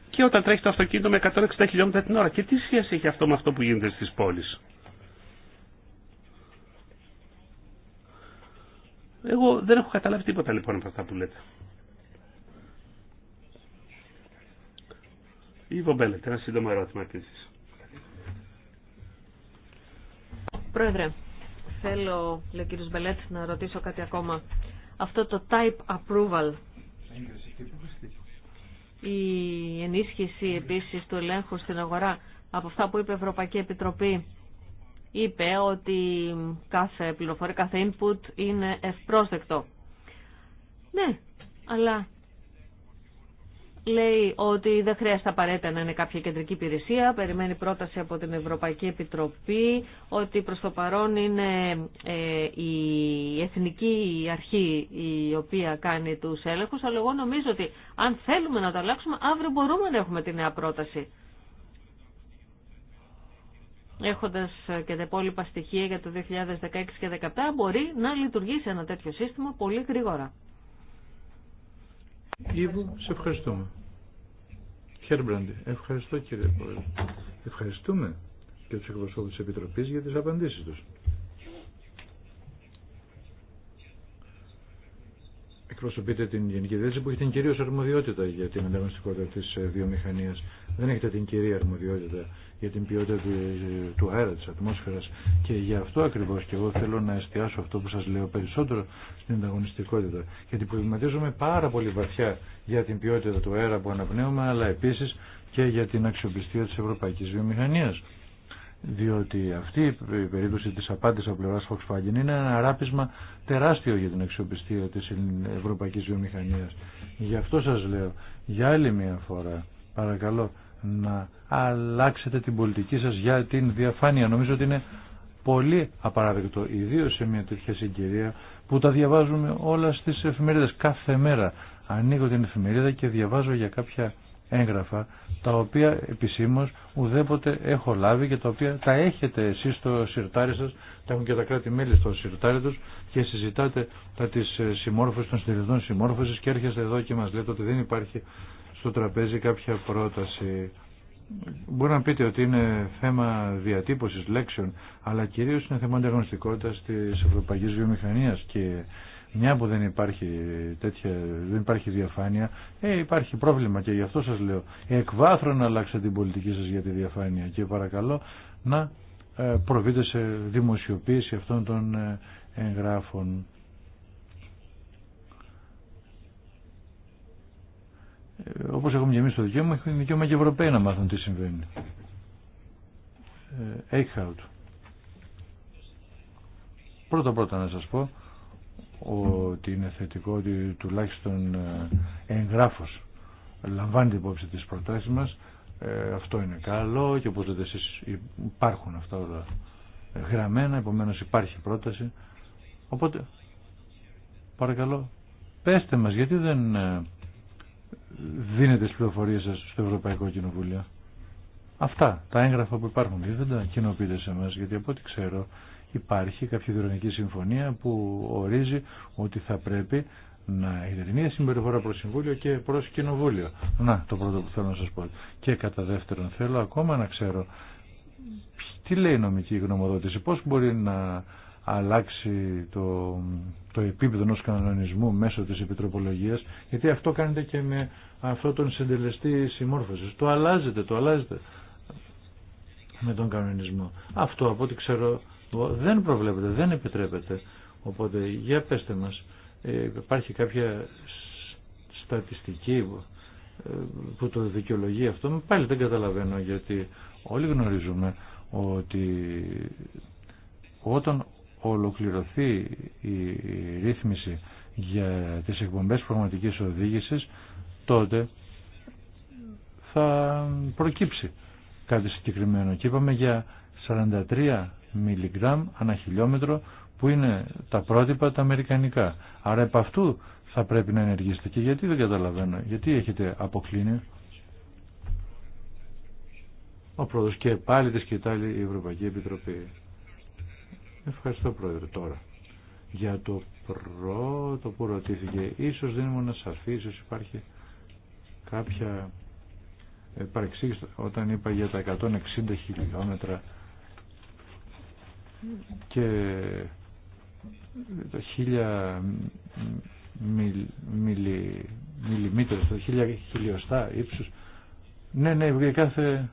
Speaker 2: Και όταν τρέχει το αυτοκίνητο με 160 χιλιόμετρα την ώρα. Και τι σχέση έχει αυτό με αυτό που γίνεται στις πόλεις. Εγώ δεν έχω καταλάβει τίποτα λοιπόν από αυτά που λέτε. Ήβο Μπέλετ, ένα σύντομο ερώτημα επίσης.
Speaker 3: Πρόεδρε, θέλω, λέει ο κύριος Μπελέτ, να ρωτήσω κάτι ακόμα. Αυτό το type approval, η ενίσχυση επίσης του ελέγχου στην αγορά, από αυτά που είπε η Ευρωπαϊκή Επιτροπή, είπε ότι κάθε πληροφορία, κάθε input είναι ευπρόσδεκτο. Ναι, αλλά λέει ότι δεν χρειάζεται απαραίτητα να είναι κάποια κεντρική υπηρεσία, περιμένει πρόταση από την Ευρωπαϊκή Επιτροπή, ότι προς το παρόν είναι ε, η Εθνική Αρχή η οποία κάνει τους έλεγχους, αλλά εγώ νομίζω ότι αν θέλουμε να το αλλάξουμε, αύριο μπορούμε να έχουμε τη νέα πρόταση. Έχοντας και τα υπόλοιπα στοιχεία για το 2016 και 2017, μπορεί να λειτουργήσει ένα τέτοιο σύστημα πολύ γρήγορα.
Speaker 1: Ήβο, σε ευχαριστούμε. Χέρμπραντι, ευχαριστώ κύριε Πρόεδρε. Ευχαριστούμε και του εκπροσώπου τη Επιτροπή για τι απαντήσει του. Εκπροσωπείτε την Γενική Διεύθυνση που έχει την κυρίω αρμοδιότητα για την ανταγωνιστικότητα τη ε, βιομηχανία. Δεν έχετε την κυρία αρμοδιότητα για την ποιότητα ε, του αέρα της ατμόσφαιρας και γι' αυτό ακριβώς και εγώ θέλω να εστιάσω αυτό που σας λέω περισσότερο στην ανταγωνιστικότητα γιατί προβληματίζομαι πάρα πολύ βαθιά για την ποιότητα του αέρα που αναπνέουμε αλλά επίσης και για την αξιοπιστία της ευρωπαϊκής βιομηχανίας διότι αυτή η περίπτωση της απάντησης από πλευράς Volkswagen είναι ένα αράπισμα τεράστιο για την αξιοπιστία της ευρωπαϊκής βιομηχανίας. Γι' αυτό σας λέω, για άλλη μια φορά, παρακαλώ, να αλλάξετε την πολιτική σας για την διαφάνεια. Νομίζω ότι είναι πολύ απαράδεκτο, ιδίω σε μια τέτοια συγκυρία που τα διαβάζουμε όλα στις εφημερίδες κάθε μέρα. Ανοίγω την εφημερίδα και διαβάζω για κάποια έγγραφα τα οποία επισήμως ουδέποτε έχω λάβει και τα οποία τα έχετε εσείς στο σιρτάρι σας, τα έχουν και τα κράτη-μέλη στο σιρτάρι τους και συζητάτε τα της ε, συμμόρφωσης των συντηρητών συμμόρφωσης και έρχεστε εδώ και μας λέτε ότι δεν υπάρχει στο τραπέζι κάποια πρόταση. Μπορεί να πείτε ότι είναι θέμα διατύπωσης λέξεων, αλλά κυρίως είναι θέμα ανταγωνιστικότητας της ευρωπαϊκής βιομηχανίας και μια που δεν υπάρχει τέτοια, δεν υπάρχει διαφάνεια, ε, υπάρχει πρόβλημα και γι' αυτό σας λέω. Εκβάθρον να αλλάξετε την πολιτική σας για τη διαφάνεια και παρακαλώ να ε, προβείτε σε δημοσιοποίηση αυτών των ε, εγγράφων. Ε, όπως έχουμε και εμείς το δικαίωμα, έχουν δικαίωμα και οι Ευρωπαίοι να μάθουν τι συμβαίνει. Ε, Eichhout. Πρώτα-πρώτα να σα πω ότι είναι θετικό ότι τουλάχιστον ε, εγγράφο λαμβάνει υπόψη τις προτάσεις μας. Ε, αυτό είναι καλό και όπω λέτε εσεί υπάρχουν αυτά όλα γραμμένα, επομένω υπάρχει πρόταση. Οπότε, παρακαλώ, πέστε μας γιατί δεν δίνετε τις πληροφορίες σας στο Ευρωπαϊκό Κοινοβούλιο. Αυτά τα έγγραφα που υπάρχουν δεν τα κοινοποιείτε σε εμάς, γιατί από ό,τι ξέρω υπάρχει κάποια διοργανική συμφωνία που ορίζει ότι θα πρέπει να είναι μια συμπεριφορά προς Συμβούλιο και προς Κοινοβούλιο. Να, το πρώτο που θέλω να σας πω. Και κατά δεύτερον θέλω ακόμα να ξέρω τι λέει η νομική γνωμοδότηση, πώς μπορεί να αλλάξει το, το επίπεδο ενό κανονισμού μέσω της επιτροπολογίας γιατί αυτό κάνετε και με αυτό τον συντελεστή συμμόρφωσης το αλλάζετε, το αλλάζετε με τον κανονισμό αυτό από ό,τι ξέρω δεν προβλέπεται, δεν επιτρέπεται οπότε για πέστε μας ε, υπάρχει κάποια στατιστική ε, που το δικαιολογεί αυτό πάλι δεν καταλαβαίνω γιατί όλοι γνωρίζουμε ότι όταν ολοκληρωθεί η ρύθμιση για τις εκπομπές πραγματικής οδήγησης τότε θα προκύψει κάτι συγκεκριμένο και είπαμε για 43 μιλιγκράμμ ανά που είναι τα πρότυπα τα αμερικανικά άρα επ' αυτού θα πρέπει να ενεργήσετε και γιατί δεν καταλαβαίνω γιατί έχετε αποκλίνει ο πρόεδρος και πάλι της κοιτάει η Ευρωπαϊκή Επιτροπή Ευχαριστώ Πρόεδρε τώρα. Για το πρώτο που ρωτήθηκε, ίσως δεν ήμουν σαφή, ίσως υπάρχει κάποια παρεξήγηση όταν είπα για τα 160 χιλιόμετρα και τα χίλια τα χίλια χιλιοστά ύψους. Ναι, ναι, για κάθε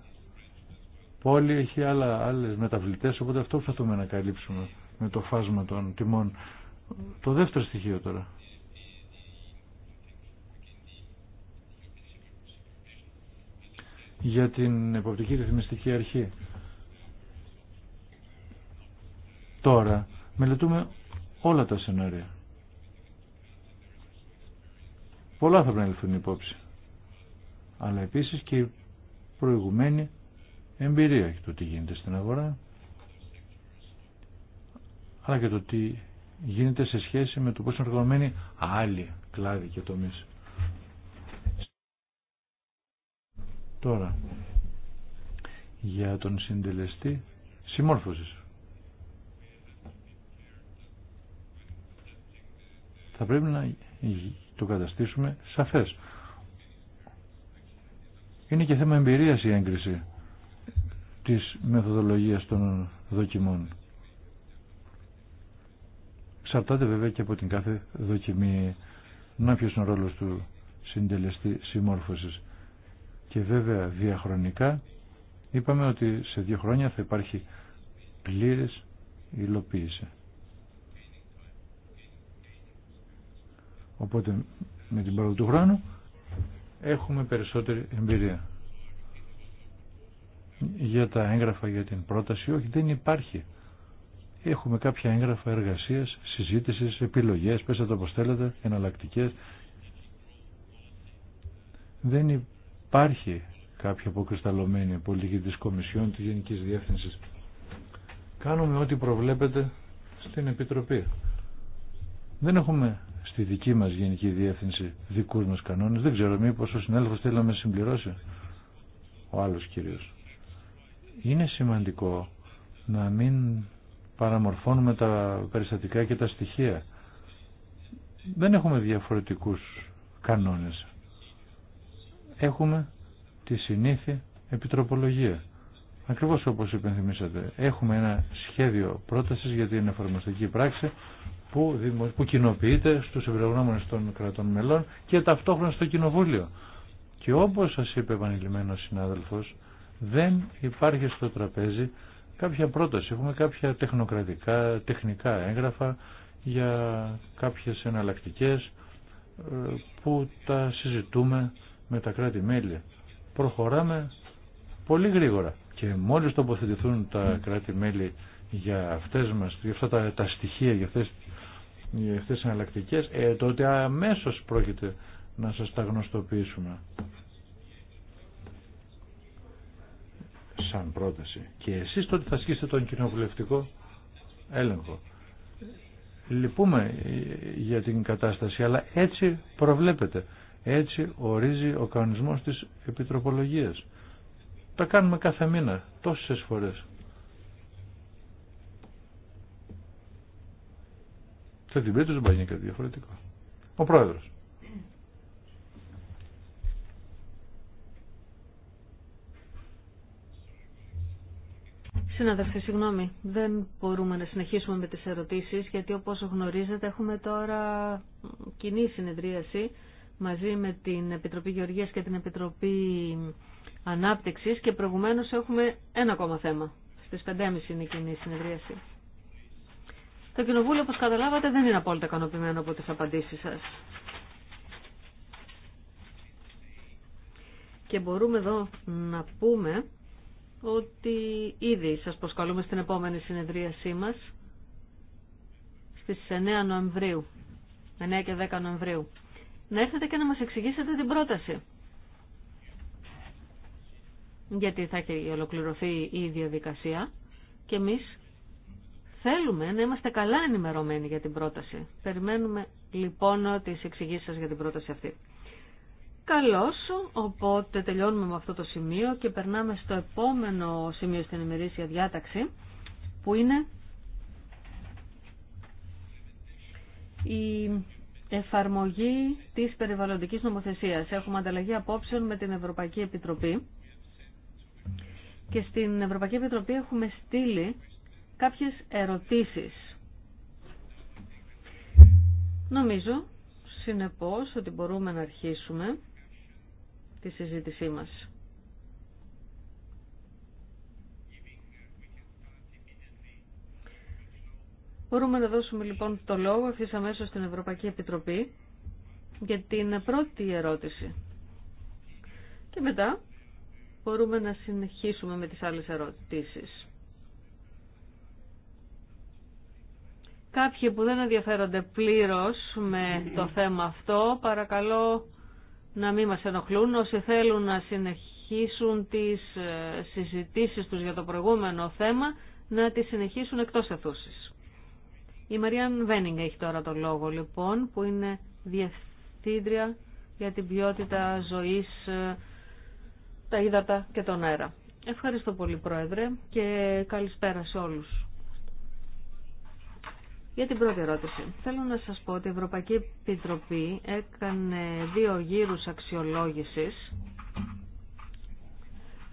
Speaker 1: πόλη έχει άλλα, άλλες μεταβλητές, οπότε αυτό προσπαθούμε να καλύψουμε με το φάσμα των τιμών. Το δεύτερο στοιχείο τώρα. Για την εποπτική ρυθμιστική αρχή. Τώρα μελετούμε όλα τα σενάρια. Πολλά θα πρέπει να ληφθούν υπόψη. Αλλά επίσης και η προηγουμένη εμπειρία και το τι γίνεται στην αγορά αλλά και το τι γίνεται σε σχέση με το πώς είναι οργανωμένοι άλλοι κλάδοι και τομείς. Τώρα, για τον συντελεστή συμμόρφωσης. Θα πρέπει να το καταστήσουμε σαφές. Είναι και θέμα εμπειρίας η έγκριση της μεθοδολογίας των δοκιμών. Ξαρτάται βέβαια και από την κάθε δοκιμή να ποιος είναι ο ρόλος του συντελεστή συμμόρφωσης. Και βέβαια διαχρονικά είπαμε ότι σε δύο χρόνια θα υπάρχει πλήρες υλοποίηση. Οπότε με την πρώτη του χρόνου έχουμε περισσότερη εμπειρία για τα έγγραφα για την πρόταση. Όχι, δεν υπάρχει. Έχουμε κάποια έγγραφα εργασία, συζήτησης, επιλογές, πέστε το όπω θέλετε, εναλλακτικέ. Δεν υπάρχει κάποια αποκρισταλωμένη πολιτική της Κομισιόν τη Γενικής διεύθυνση. Κάνουμε ό,τι προβλέπεται στην Επιτροπή. Δεν έχουμε στη δική μα Γενική Διεύθυνση δικού μα κανόνε. Δεν ξέρω μήπως ο συνέλεφο θέλει να με συμπληρώσει. Ο άλλος κύριος είναι σημαντικό να μην παραμορφώνουμε τα περιστατικά και τα στοιχεία. Δεν έχουμε διαφορετικούς κανόνες. Έχουμε τη συνήθεια επιτροπολογία. Ακριβώς όπως υπενθυμίσατε, έχουμε ένα σχέδιο πρότασης για την εφαρμοστική πράξη που, που κοινοποιείται στους εμπειρογνώμονες των κρατών μελών και ταυτόχρονα στο Κοινοβούλιο. Και όπως σας είπε επανειλημμένος συνάδελφος, δεν υπάρχει στο τραπέζι κάποια πρόταση. Έχουμε κάποια τεχνοκρατικά, τεχνικά έγγραφα για κάποιες εναλλακτικές ε, που τα συζητούμε με τα κράτη-μέλη. Προχωράμε πολύ γρήγορα και μόλις τοποθετηθούν τα κράτη-μέλη για αυτές μας, για αυτά τα, τα στοιχεία, για αυτές, για αυτές τις εναλλακτικές, ε, τότε αμέσως πρόκειται να σας τα γνωστοποιήσουμε. σαν πρόταση. Και εσείς τότε θα ασκήσετε τον κοινοβουλευτικό έλεγχο. Λυπούμε ε, για την κατάσταση, αλλά έτσι προβλέπεται. Έτσι ορίζει ο κανονισμός της επιτροπολογίας. Τα κάνουμε κάθε μήνα, τόσες φορές. Θα την πείτε, δεν διαφορετικό. Ο πρόεδρος.
Speaker 3: Συνάδελφοι, συγγνώμη, δεν μπορούμε να συνεχίσουμε με τις ερωτήσεις, γιατί όπως γνωρίζετε έχουμε τώρα κοινή συνεδρίαση μαζί με την Επιτροπή Γεωργίας και την Επιτροπή Ανάπτυξης και προηγουμένως έχουμε ένα ακόμα θέμα. Στις 5.30 είναι η κοινή συνεδρίαση. Το Κοινοβούλιο, όπως καταλάβατε, δεν είναι απόλυτα ικανοποιημένο από τις απαντήσεις σας. Και μπορούμε εδώ να πούμε ότι ήδη σας προσκαλούμε στην επόμενη συνεδρίασή μας στις 9 Νοεμβρίου, 9 και 10 Νοεμβρίου. Να έρθετε και να μας εξηγήσετε την πρόταση. Γιατί θα έχει ολοκληρωθεί η διαδικασία και εμείς θέλουμε να είμαστε καλά ενημερωμένοι για την πρόταση. Περιμένουμε λοιπόν τις εξηγήσεις σας για την πρόταση αυτή. Καλώς, οπότε τελειώνουμε με αυτό το σημείο και περνάμε στο επόμενο σημείο στην ημερήσια διάταξη που είναι η εφαρμογή της περιβαλλοντικής νομοθεσίας. Έχουμε ανταλλαγή απόψεων με την Ευρωπαϊκή Επιτροπή και στην Ευρωπαϊκή Επιτροπή έχουμε στείλει κάποιες ερωτήσεις. Νομίζω, συνεπώς, ότι μπορούμε να αρχίσουμε τη συζήτησή μας. Μπορούμε να δώσουμε λοιπόν το λόγο ευθύ αμέσω στην Ευρωπαϊκή Επιτροπή για την πρώτη ερώτηση. Και μετά μπορούμε να συνεχίσουμε με τις άλλες ερωτήσεις. Κάποιοι που δεν ενδιαφέρονται πλήρως με το θέμα αυτό, παρακαλώ να μην μας ενοχλούν όσοι θέλουν να συνεχίσουν τις ε, συζητήσεις τους για το προηγούμενο θέμα να τις συνεχίσουν εκτός αθούσης. Η Μαριάν Βένιγκ έχει τώρα το λόγο λοιπόν που είναι διευθύντρια για την ποιότητα ζωής, ε, τα ύδατα και τον αέρα. Ευχαριστώ πολύ Πρόεδρε και καλησπέρα σε όλους. Για την πρώτη ερώτηση, θέλω να σας πω ότι η Ευρωπαϊκή Επιτροπή έκανε δύο γύρους αξιολόγησης.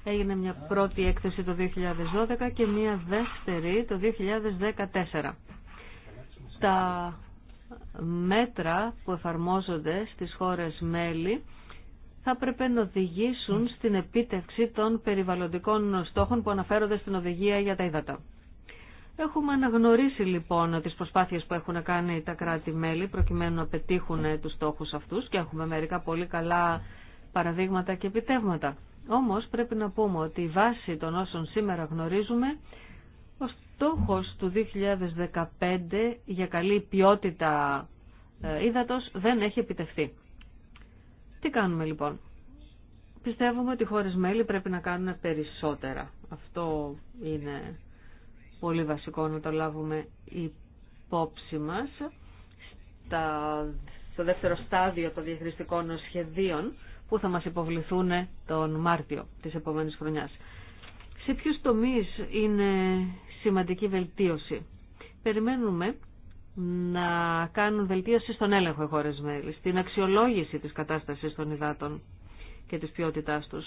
Speaker 3: Έγινε μια πρώτη έκθεση το 2012 και μια δεύτερη το 2014. Τα μέτρα που εφαρμόζονται στις χώρες μέλη θα πρέπει να οδηγήσουν στην επίτευξη των περιβαλλοντικών στόχων που αναφέρονται στην οδηγία για τα ύδατα. Έχουμε αναγνωρίσει λοιπόν τις προσπάθειες που έχουν κάνει τα κράτη-μέλη προκειμένου να πετύχουν ε, τους στόχους αυτούς και έχουμε μερικά πολύ καλά παραδείγματα και επιτεύγματα. Όμως πρέπει να πούμε ότι η βάση των όσων σήμερα γνωρίζουμε, ο στόχος του 2015 για καλή ποιότητα ε, ύδατος δεν έχει επιτευχθεί. Τι κάνουμε λοιπόν. Πιστεύουμε ότι οι χώρες μέλη πρέπει να κάνουν περισσότερα. Αυτό είναι πολύ βασικό να το λάβουμε υπόψη μας στο δεύτερο στάδιο των διαχειριστικών σχεδίων που θα μας υποβληθούν τον Μάρτιο της επόμενης χρονιάς. Σε ποιους τομείς είναι σημαντική βελτίωση. Περιμένουμε να κάνουν βελτίωση στον έλεγχο οι χώρες μέλη, στην αξιολόγηση της κατάστασης των υδάτων και της ποιότητάς τους.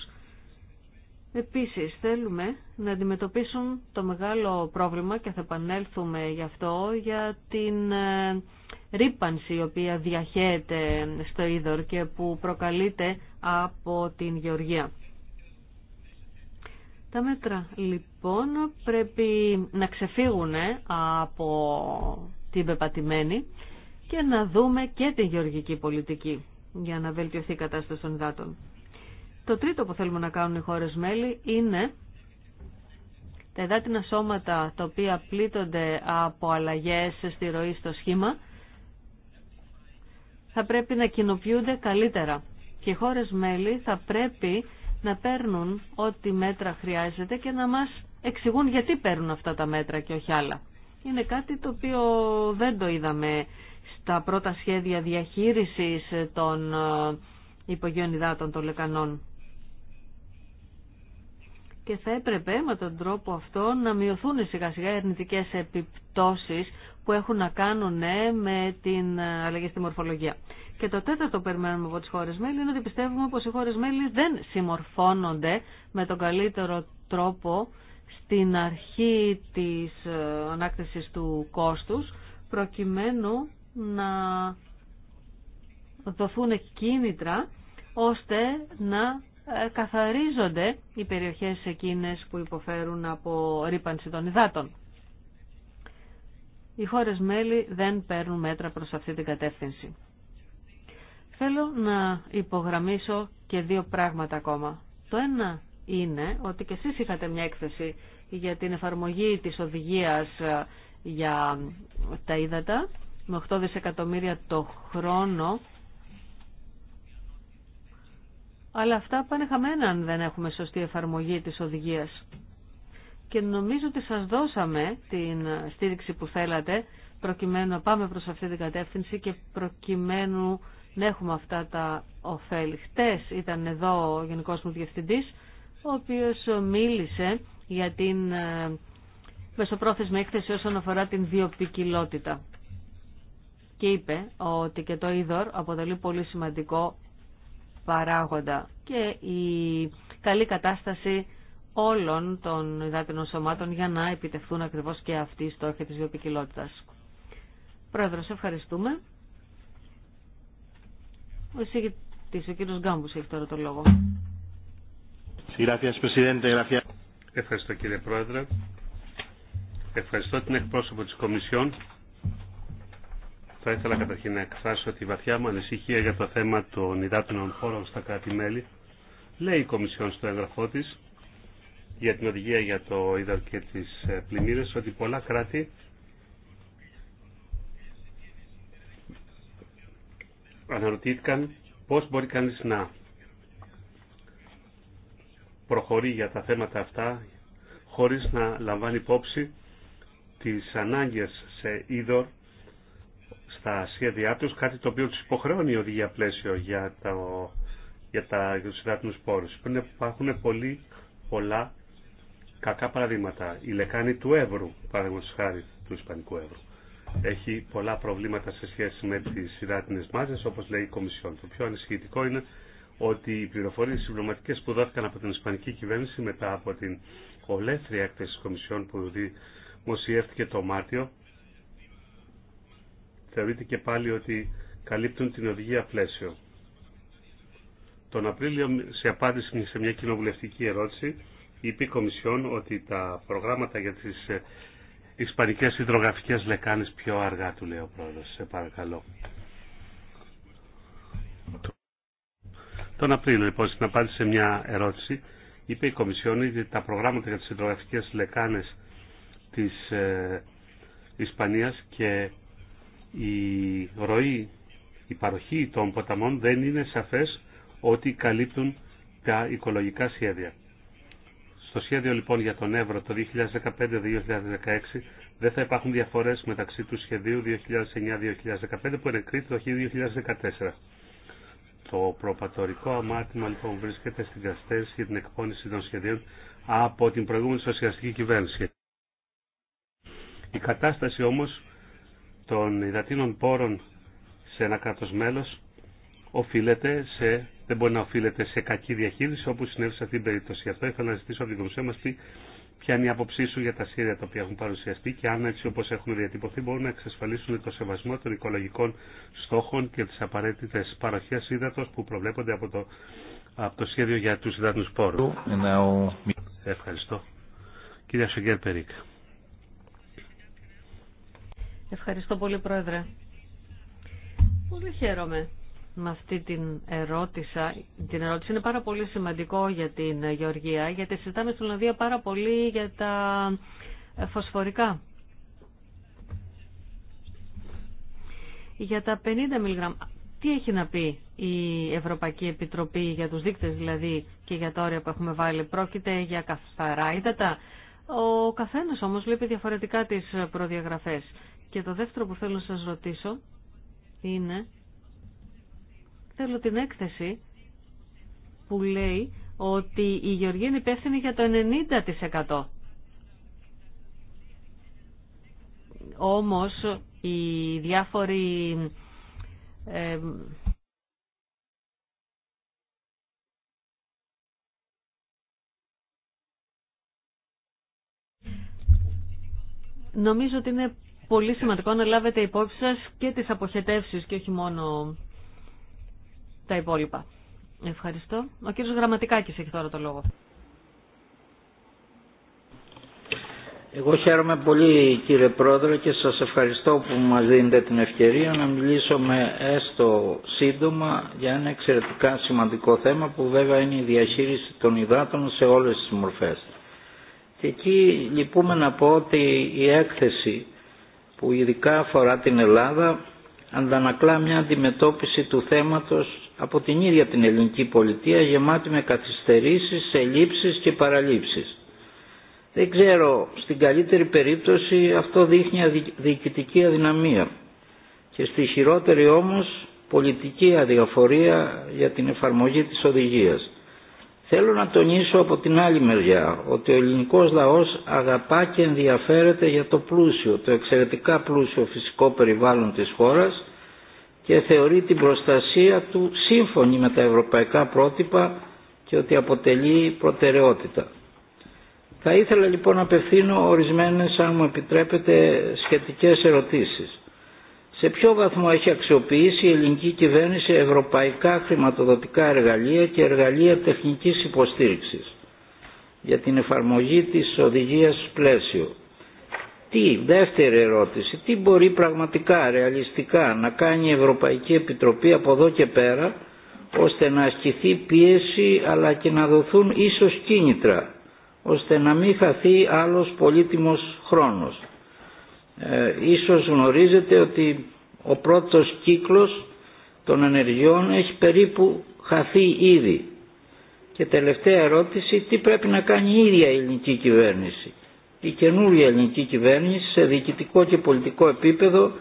Speaker 3: Επίσης θέλουμε να αντιμετωπίσουν το μεγάλο πρόβλημα και θα επανέλθουμε γι' αυτό για την ε, ρήπανση η οποία διαχέεται στο είδωρ και που προκαλείται από την γεωργία. Τα μέτρα λοιπόν πρέπει να ξεφύγουν ε, από την πεπατημένη και να δούμε και την γεωργική πολιτική για να βελτιωθεί η κατάσταση των δάτων. Το τρίτο που θέλουμε να κάνουν οι χώρες μέλη είναι τα εδάτινα σώματα τα οποία πλήττονται από αλλαγές στη ροή στο σχήμα θα πρέπει να κοινοποιούνται καλύτερα και οι χώρες μέλη θα πρέπει να παίρνουν ό,τι μέτρα χρειάζεται και να μας εξηγούν γιατί παίρνουν αυτά τα μέτρα και όχι άλλα. Είναι κάτι το οποίο δεν το είδαμε στα πρώτα σχέδια διαχείρισης των ε, υπογειών υδάτων των λεκανών και θα έπρεπε με τον τρόπο αυτό να μειωθούν σιγά σιγά οι αρνητικέ επιπτώσεις που έχουν να κάνουν ναι, με την αλλαγή στη μορφολογία. Και το τέταρτο που περιμένουμε από τις χώρες μέλη είναι ότι πιστεύουμε πως οι χώρες μέλη δεν συμμορφώνονται με τον καλύτερο τρόπο στην αρχή της ε, ανάκτησης του κόστους προκειμένου να δοθούν κίνητρα ώστε να καθαρίζονται οι περιοχές εκείνες που υποφέρουν από ρήπανση των υδάτων. Οι χώρες μέλη δεν παίρνουν μέτρα προς αυτή την κατεύθυνση. Θέλω να υπογραμμίσω και δύο πράγματα ακόμα. Το ένα είναι ότι και εσείς είχατε μια έκθεση για την εφαρμογή της οδηγίας ε, για τα ύδατα με 8 δισεκατομμύρια το χρόνο αλλά αυτά πάνε χαμένα αν δεν έχουμε σωστή εφαρμογή της οδηγίας. Και νομίζω ότι σας δώσαμε την στήριξη που θέλατε προκειμένου να πάμε προς αυτή την κατεύθυνση και προκειμένου να έχουμε αυτά τα ωφέλη. Χτες ήταν εδώ ο Γενικός μου Διευθυντής, ο οποίος μίλησε για την ε, μεσοπρόθεσμη έκθεση όσον αφορά την βιοπικιλότητα. Και είπε ότι και το είδωρ αποτελεί πολύ σημαντικό παράγοντα και η καλή κατάσταση όλων των υδάτινων σωμάτων για να επιτευχθούν ακριβώς και αυτοί οι στόχοι της βιοπικιλότητας. Πρόεδρος, ευχαριστούμε. Ο εισηγητής, ο κύριος Γκάμπους, έχει τώρα το λόγο.
Speaker 2: Ευχαριστώ κύριε Πρόεδρε. Ευχαριστώ την εκπρόσωπο της Κομισιόν. Θα ήθελα καταρχήν να εκφράσω τη βαθιά μου ανησυχία για το θέμα των υδάτινων χώρων στα κράτη-μέλη. Λέει η Κομισιόν στο έγγραφό τη για την οδηγία για το είδαρ και τι ε, πλημμύρε ότι πολλά κράτη αναρωτήθηκαν πώ μπορεί κανεί να προχωρεί για τα θέματα αυτά χωρίς να λαμβάνει υπόψη τις ανάγκες σε είδωρ στα σχέδιά τους, κάτι το οποίο τους υποχρεώνει η οδηγία πλαίσιο για, το, για, τα, για τους υδάτινους πόρους. Υπάρχουν πολύ, πολλά κακά παραδείγματα. Η λεκάνη του Εύρου, παραδείγματο χάρη του Ισπανικού Εύρου, έχει πολλά προβλήματα σε σχέση με τις υδάτινες μάζες, όπως λέει η Κομισιόν. Το πιο ανησυχητικό είναι ότι οι πληροφορίε συμπληρωματικέ που δόθηκαν από την Ισπανική κυβέρνηση μετά από την ολέθρια έκθεση τη Κομισιόν που δημοσιεύτηκε το Μάρτιο θεωρείται και πάλι ότι καλύπτουν την οδηγία πλαίσιο. Τον Απρίλιο, σε απάντηση σε μια κοινοβουλευτική ερώτηση, είπε η Κομισιόν ότι τα προγράμματα για τις ε, ισπανικές υδρογραφικές λεκάνες πιο αργά, του λέει ο πρόεδρος. Σε παρακαλώ. Τον Απρίλιο, λοιπόν, στην απάντηση σε μια ερώτηση, είπε η Κομισιόν ότι τα προγράμματα για τις υδρογραφικές λεκάνες της ε, Ισπανίας και η ροή, η παροχή των ποταμών δεν είναι σαφές ότι καλύπτουν τα οικολογικά σχέδια. Στο σχέδιο λοιπόν για τον Εύρο το 2015-2016 δεν θα υπάρχουν διαφορές μεταξύ του σχεδίου 2009-2015 που ενεκρίθηκε το 2014. Το προπατορικό αμάρτημα λοιπόν βρίσκεται στην καθυστέρηση για την εκπόνηση των σχεδίων από την προηγούμενη σοσιαστική κυβέρνηση. Η κατάσταση όμως των υδατίνων πόρων σε ένα κράτος μέλος σε, δεν μπορεί να οφείλεται σε κακή διαχείριση όπως συνέβη σε αυτήν την περίπτωση. Γι' αυτό ήθελα να ζητήσω από την Κομισία μας ποια είναι η άποψή σου για τα σχέδια τα οποία έχουν παρουσιαστεί και αν έτσι όπως έχουν διατυπωθεί μπορούν να εξασφαλίσουν το σεβασμό των οικολογικών στόχων και τις απαραίτητες παροχές ύδατος που προβλέπονται από το, από σχέδιο για τους υδάτινους πόρους. Ευχαριστώ. Κυρία Σογκέρ
Speaker 3: Ευχαριστώ πολύ, Πρόεδρε. Πολύ χαίρομαι με αυτή την ερώτηση. Την ερώτηση είναι πάρα πολύ σημαντικό για την Γεωργία, γιατί συζητάμε στην Ολλανδία πάρα πολύ για τα φωσφορικά. Για τα 50 mg. τι έχει να πει η Ευρωπαϊκή Επιτροπή για τους δείκτες δηλαδή και για τα όρια που έχουμε βάλει. Πρόκειται για καθαρά ύδατα. Ο καθένας όμως βλέπει διαφορετικά τις προδιαγραφές. Και το δεύτερο που θέλω να σας ρωτήσω είναι, θέλω την έκθεση που λέει ότι η Γεωργία είναι υπεύθυνη για το 90%. Όμως οι διάφοροι νομίζω ότι είναι πολύ σημαντικό να λάβετε υπόψη σας και τις αποχετεύσεις και όχι μόνο τα υπόλοιπα. Ευχαριστώ. Ο κύριος Γραμματικάκης έχει τώρα το λόγο.
Speaker 4: Εγώ χαίρομαι πολύ κύριε Πρόεδρε και σας ευχαριστώ που μας δίνετε την ευκαιρία να μιλήσουμε έστω σύντομα για ένα εξαιρετικά σημαντικό θέμα που βέβαια είναι η διαχείριση των υδάτων σε όλες τις μορφές. Και εκεί λυπούμε να πω ότι η έκθεση που ειδικά αφορά την Ελλάδα αντανακλά μια αντιμετώπιση του θέματος από την ίδια την ελληνική πολιτεία γεμάτη με καθυστερήσεις, ελλείψεις και παραλήψεις. Δεν ξέρω, στην καλύτερη περίπτωση αυτό δείχνει διοικητική αδυναμία και στη χειρότερη όμως πολιτική αδιαφορία για την εφαρμογή της οδηγίας. Θέλω να τονίσω από την άλλη μεριά ότι ο ελληνικός λαός αγαπά και ενδιαφέρεται για το πλούσιο, το εξαιρετικά πλούσιο φυσικό περιβάλλον της χώρας και θεωρεί την προστασία του σύμφωνη με τα ευρωπαϊκά πρότυπα και ότι αποτελεί προτεραιότητα. Θα ήθελα λοιπόν να απευθύνω ορισμένες, αν μου επιτρέπετε, σχετικές ερωτήσεις σε ποιο βαθμό έχει αξιοποιήσει η ελληνική κυβέρνηση ευρωπαϊκά χρηματοδοτικά εργαλεία και εργαλεία τεχνικής υποστήριξης για την εφαρμογή της οδηγίας πλαίσιο. Τι, δεύτερη ερώτηση, τι μπορεί πραγματικά, ρεαλιστικά να κάνει η Ευρωπαϊκή Επιτροπή από εδώ και πέρα ώστε να ασκηθεί πίεση αλλά και να δοθούν ίσως κίνητρα ώστε να μην χαθεί άλλος πολύτιμος χρόνος ε, ίσως γνωρίζετε ότι ο πρώτος κύκλος των ενεργειών έχει περίπου χαθεί ήδη. Και τελευταία ερώτηση, τι πρέπει να κάνει η ίδια η ελληνική κυβέρνηση, η καινούργια ελληνική κυβέρνηση σε διοικητικό και πολιτικό επίπεδο,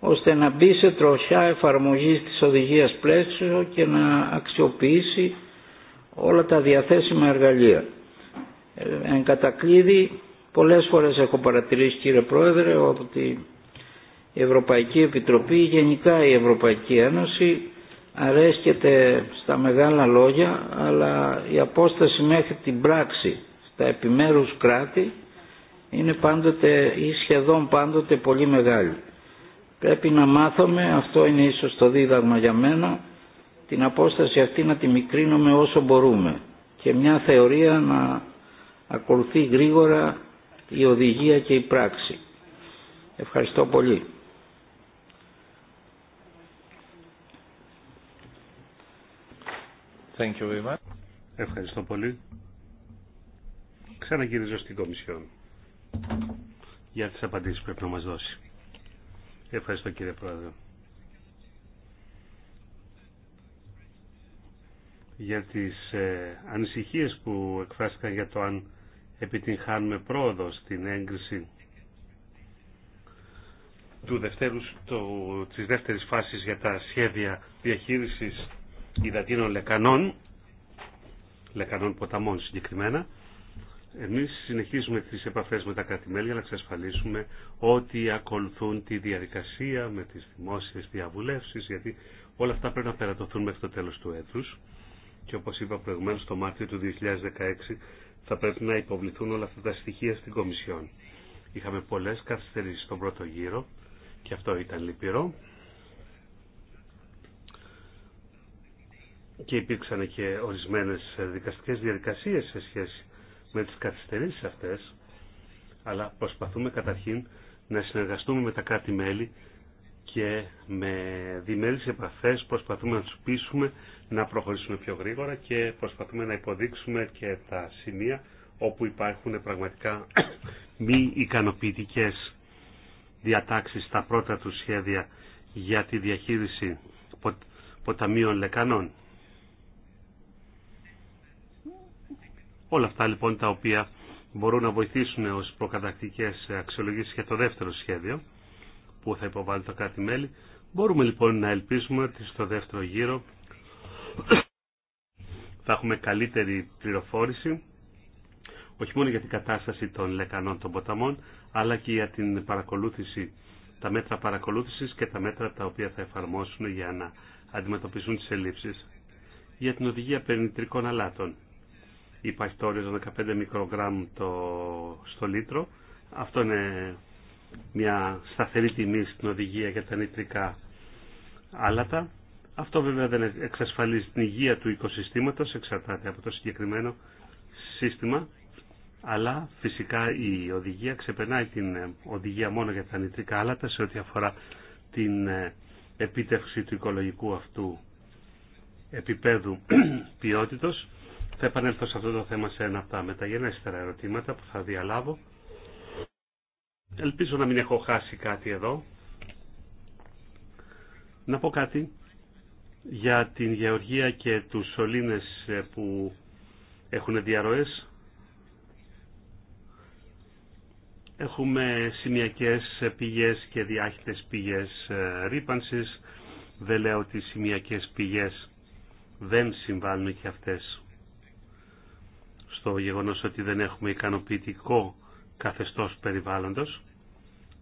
Speaker 4: ώστε να μπει σε τροχιά εφαρμογής της οδηγίας πλαίσιο και να αξιοποιήσει όλα τα διαθέσιμα εργαλεία. Ε, εν κατακλείδη Πολλές φορές έχω παρατηρήσει κύριε Πρόεδρε ότι η Ευρωπαϊκή Επιτροπή, γενικά η Ευρωπαϊκή Ένωση αρέσκεται στα μεγάλα λόγια αλλά η απόσταση μέχρι την πράξη στα επιμέρους κράτη είναι πάντοτε ή σχεδόν πάντοτε πολύ μεγάλη. Πρέπει να μάθουμε, αυτό είναι ίσως το δίδαγμα για μένα, την απόσταση αυτή να τη μικρύνουμε όσο μπορούμε και μια θεωρία να ακολουθεί γρήγορα η οδηγία και η πράξη. Ευχαριστώ πολύ.
Speaker 2: Thank you very much. Ευχαριστώ πολύ. Ξαναγυρίζω στην Κομισιόν για τις απαντήσεις που πρέπει να μας δώσει. Ευχαριστώ κύριε Πρόεδρε. Για τις ε, ανησυχίες που εκφράστηκαν για το αν επιτυγχάνουμε πρόοδο στην έγκριση του δευτέρου, το, της δεύτερης φάσης για τα σχέδια διαχείρισης υδατίνων λεκανών, λεκανών ποταμών συγκεκριμένα. Εμείς συνεχίζουμε τις επαφές με τα κρατημέλη για να εξασφαλίσουμε ότι ακολουθούν τη διαδικασία με τις δημόσιες διαβουλεύσεις, γιατί όλα αυτά πρέπει να περατωθούν μέχρι το τέλος του έτους. Και όπως είπα προηγουμένως, το Μάρτιο του 2016 θα πρέπει να υποβληθούν όλα αυτά τα στοιχεία στην Κομισιόν. Είχαμε πολλές καθυστερήσεις στον πρώτο γύρο και αυτό ήταν λυπηρό. Και υπήρξαν και ορισμένες δικαστικές διαδικασίες σε σχέση με τις καθυστερήσεις αυτές, αλλά προσπαθούμε καταρχήν να συνεργαστούμε με τα κράτη-μέλη και με διμέρειες επαφές προσπαθούμε να τους πείσουμε να προχωρήσουμε πιο γρήγορα και προσπαθούμε να υποδείξουμε και τα σημεία όπου υπάρχουν πραγματικά μη ικανοποιητικέ διατάξεις στα πρώτα του σχέδια για τη διαχείριση ποταμίων λεκανών. Όλα αυτά λοιπόν τα οποία μπορούν να βοηθήσουν ως προκατακτικές αξιολογήσεις για το δεύτερο σχέδιο που θα υποβάλει το κάτι μελη Μπορούμε λοιπόν να ελπίσουμε ότι στο δεύτερο γύρο θα έχουμε καλύτερη πληροφόρηση όχι μόνο για την κατάσταση των λεκανών των ποταμών αλλά και για την παρακολούθηση, τα μέτρα παρακολούθησης και τα μέτρα τα οποία θα εφαρμόσουν για να αντιμετωπίσουν τις ελλείψεις. Για την οδηγία περινητρικών αλάτων υπάρχει το όριο 15 μικρογράμμ το, στο λίτρο. Αυτό είναι μια σταθερή τιμή στην οδηγία για τα νητρικά άλατα. Αυτό βέβαια δεν εξασφαλίζει την υγεία του οικοσυστήματος, εξαρτάται από το συγκεκριμένο σύστημα, αλλά φυσικά η οδηγία ξεπερνάει την ε, οδηγία μόνο για τα νητρικά άλατα σε ό,τι αφορά την ε, επίτευξη του οικολογικού αυτού επίπεδου ποιότητος. Θα επανέλθω σε αυτό το θέμα σε ένα από τα μεταγενέστερα ερωτήματα που θα διαλάβω. Ελπίζω να μην έχω χάσει κάτι εδώ. Να πω κάτι για την γεωργία και τους σωλήνες ε, που έχουν διαρροές. Έχουμε σημειακές πηγές και διάχυτες πηγές ε, ρήπανσης. Δεν λέω ότι οι σημειακές πηγές δεν συμβάλλουν και αυτές στο γεγονός ότι δεν έχουμε ικανοποιητικό καθεστώς περιβάλλοντος.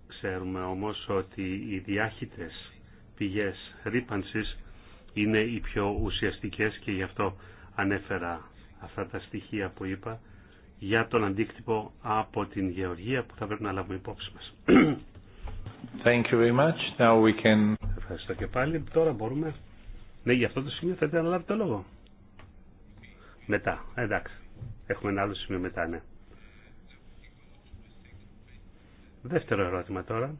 Speaker 2: Ξέρουμε όμως ότι οι διάχυτες πηγές ρήπανσης είναι οι πιο ουσιαστικές και γι' αυτό ανέφερα αυτά τα στοιχεία που είπα για τον αντίκτυπο από την γεωργία που θα πρέπει να λάβουμε υπόψη μας.
Speaker 1: Thank you very much. Now we can...
Speaker 2: Ευχαριστώ και πάλι. Τώρα μπορούμε... Ναι, για αυτό το σημείο θέλετε να το λόγο. Μετά. Εντάξει. Έχουμε ένα άλλο σημείο μετά, ναι. Δεύτερο ερώτημα τώρα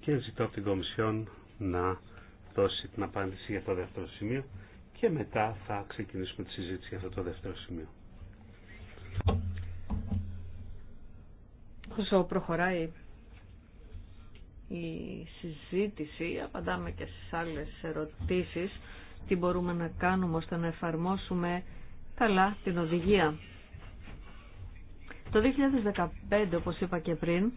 Speaker 2: και ζητώ από την Κομισιόν να δώσει την απάντηση για το δεύτερο σημείο και μετά θα ξεκινήσουμε τη συζήτηση για αυτό το δεύτερο σημείο.
Speaker 3: Όσο προχωράει η συζήτηση, απαντάμε και στις άλλες ερωτήσεις, τι μπορούμε να κάνουμε ώστε να εφαρμόσουμε καλά την οδηγία. Το 2015, όπως είπα και πριν,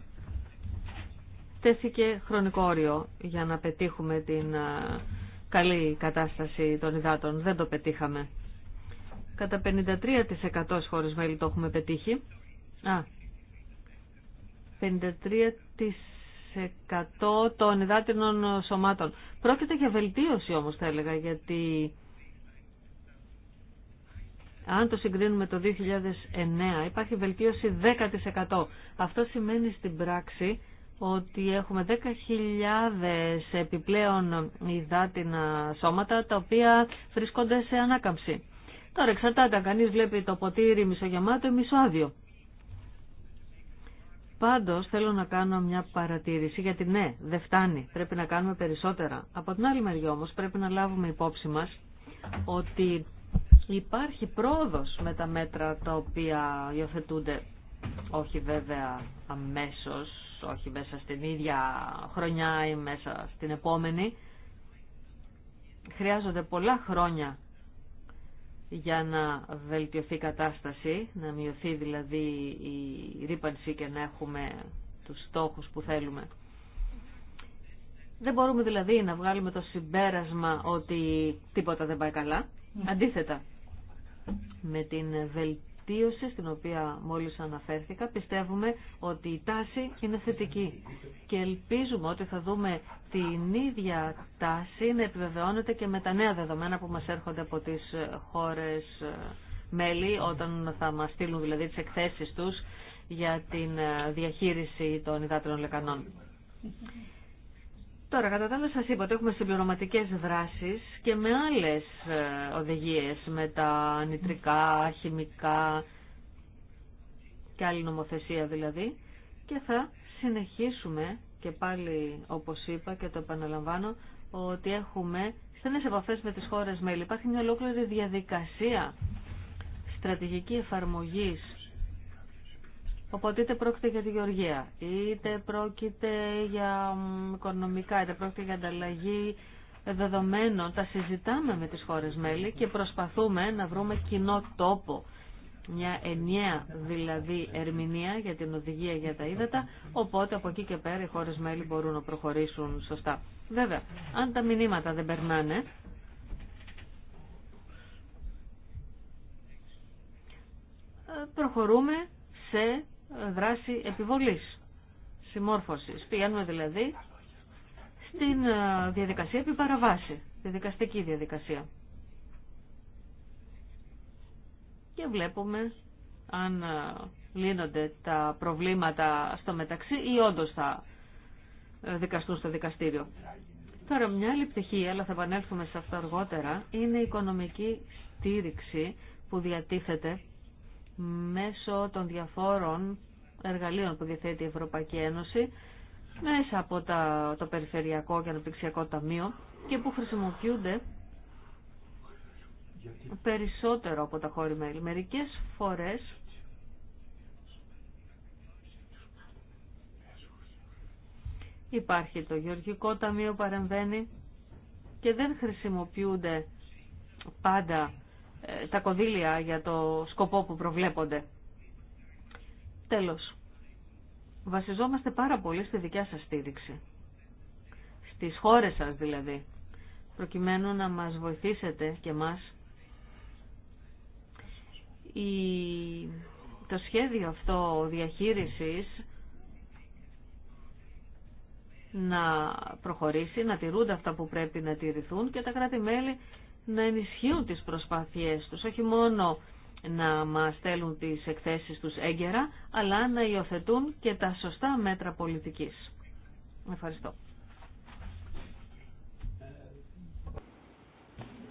Speaker 3: τέθηκε χρονικό όριο για να πετύχουμε την ε, καλή κατάσταση των υδάτων. Δεν το πετύχαμε. Κατά 53% χώρες μέλη το έχουμε πετύχει. Α, 53% των υδάτινων σωμάτων. Πρόκειται για βελτίωση όμως θα έλεγα γιατί αν το συγκρίνουμε το 2009 υπάρχει βελτίωση 10%. Αυτό σημαίνει στην πράξη ότι έχουμε 10.000 επιπλέον υδάτινα σώματα τα οποία βρισκόνται σε ανάκαμψη. Τώρα εξαρτάται αν κανείς βλέπει το ποτήρι μισογεμάτο ή μισοάδιο. Πάντως θέλω να κάνω μια παρατήρηση γιατί ναι, δεν φτάνει, πρέπει να κάνουμε περισσότερα. Από την άλλη μεριά όμως πρέπει να λάβουμε υπόψη μας ότι υπάρχει πρόοδος με τα μέτρα τα οποία υιοθετούνται, όχι βέβαια αμέσως όχι μέσα στην ίδια χρονιά ή μέσα στην επόμενη. Χρειάζονται πολλά χρόνια για να βελτιωθεί η κατάσταση, να μειωθεί δηλαδή η ρήπανση και να έχουμε τους στόχους που θέλουμε. Δεν μπορούμε δηλαδή να βγάλουμε το συμπέρασμα ότι τίποτα δεν πάει καλά. Ναι. Αντίθετα, με την βελτίωση βελτίωση στην οποία μόλις αναφέρθηκα πιστεύουμε ότι η τάση είναι θετική και ελπίζουμε ότι θα δούμε την ίδια τάση να επιβεβαιώνεται και με τα νέα δεδομένα που μας έρχονται από τις χώρες ε, μέλη όταν θα μας στείλουν δηλαδή τις εκθέσεις τους για την ε, διαχείριση των υδάτρων λεκανών. Τώρα, κατά τα άλλα σας είπα ότι έχουμε συμπληρωματικέ δράσεις και με άλλες ε, οδηγίες, με τα νητρικά, χημικά και άλλη νομοθεσία δηλαδή και θα συνεχίσουμε και πάλι όπως είπα και το επαναλαμβάνω ότι έχουμε στενές επαφέ με τις χώρες μέλη. Υπάρχει μια ολόκληρη διαδικασία στρατηγική εφαρμογής Οπότε είτε πρόκειται για τη γεωργία, είτε πρόκειται για οικονομικά, είτε πρόκειται για ανταλλαγή δεδομένων. Τα συζητάμε με τις χώρες μέλη και προσπαθούμε να βρούμε κοινό τόπο. Μια ενιαία δηλαδή ερμηνεία για την οδηγία για τα ύδατα, οπότε από εκεί και πέρα οι χώρες μέλη μπορούν να προχωρήσουν σωστά. Βέβαια, αν τα μηνύματα δεν περνάνε, ε, προχωρούμε σε δράση επιβολής, συμμόρφωσης. Πηγαίνουμε δηλαδή στην ε, διαδικασία επιπαραβάση. παραβάση, τη δικαστική διαδικασία. Και βλέπουμε αν ε, λύνονται τα προβλήματα στο μεταξύ ή όντω θα ε, δικαστούν στο δικαστήριο. Τώρα μια άλλη πτυχή, αλλά θα επανέλθουμε σε αυτό αργότερα, είναι η οικονομική στήριξη που διατίθεται μέσω των διαφόρων εργαλείων που διαθέτει η Ευρωπαϊκή Ένωση μέσα από τα, το Περιφερειακό και Αναπτυξιακό Ταμείο και που χρησιμοποιούνται περισσότερο από τα χώρη μέλη. Μερικές φορές υπάρχει το Γεωργικό Ταμείο παρεμβαίνει και δεν χρησιμοποιούνται πάντα ε, τα κονδύλια για το σκοπό που προβλέπονται. Τέλος, βασιζόμαστε πάρα πολύ στη δικιά σας στήριξη. Στις χώρες σας δηλαδή, προκειμένου να μας βοηθήσετε και μας. Η... Το σχέδιο αυτό διαχείρισης να προχωρήσει, να τηρούνται αυτά που πρέπει να τηρηθούν και τα κράτη-μέλη να ενισχύουν τις προσπάθειές τους, όχι μόνο να μας στέλνουν τις εκθέσεις τους έγκαιρα, αλλά να υιοθετούν και τα σωστά μέτρα πολιτικής. Ευχαριστώ.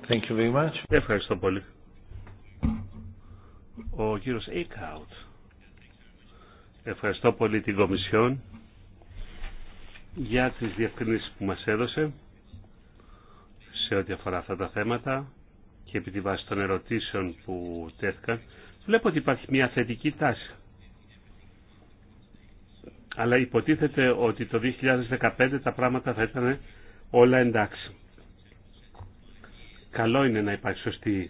Speaker 2: Thank you very much. Ευχαριστώ πολύ. Ο κύριος Eckhout. Ευχαριστώ πολύ την Κομισιόν για τις διευκρινήσεις που μας έδωσε σε ό,τι αφορά αυτά τα θέματα και επί τη βάση των ερωτήσεων που τέθηκαν, βλέπω ότι υπάρχει μια θετική τάση. Αλλά υποτίθεται ότι το 2015 τα πράγματα θα ήταν όλα εντάξει. Καλό είναι να υπάρχει σωστή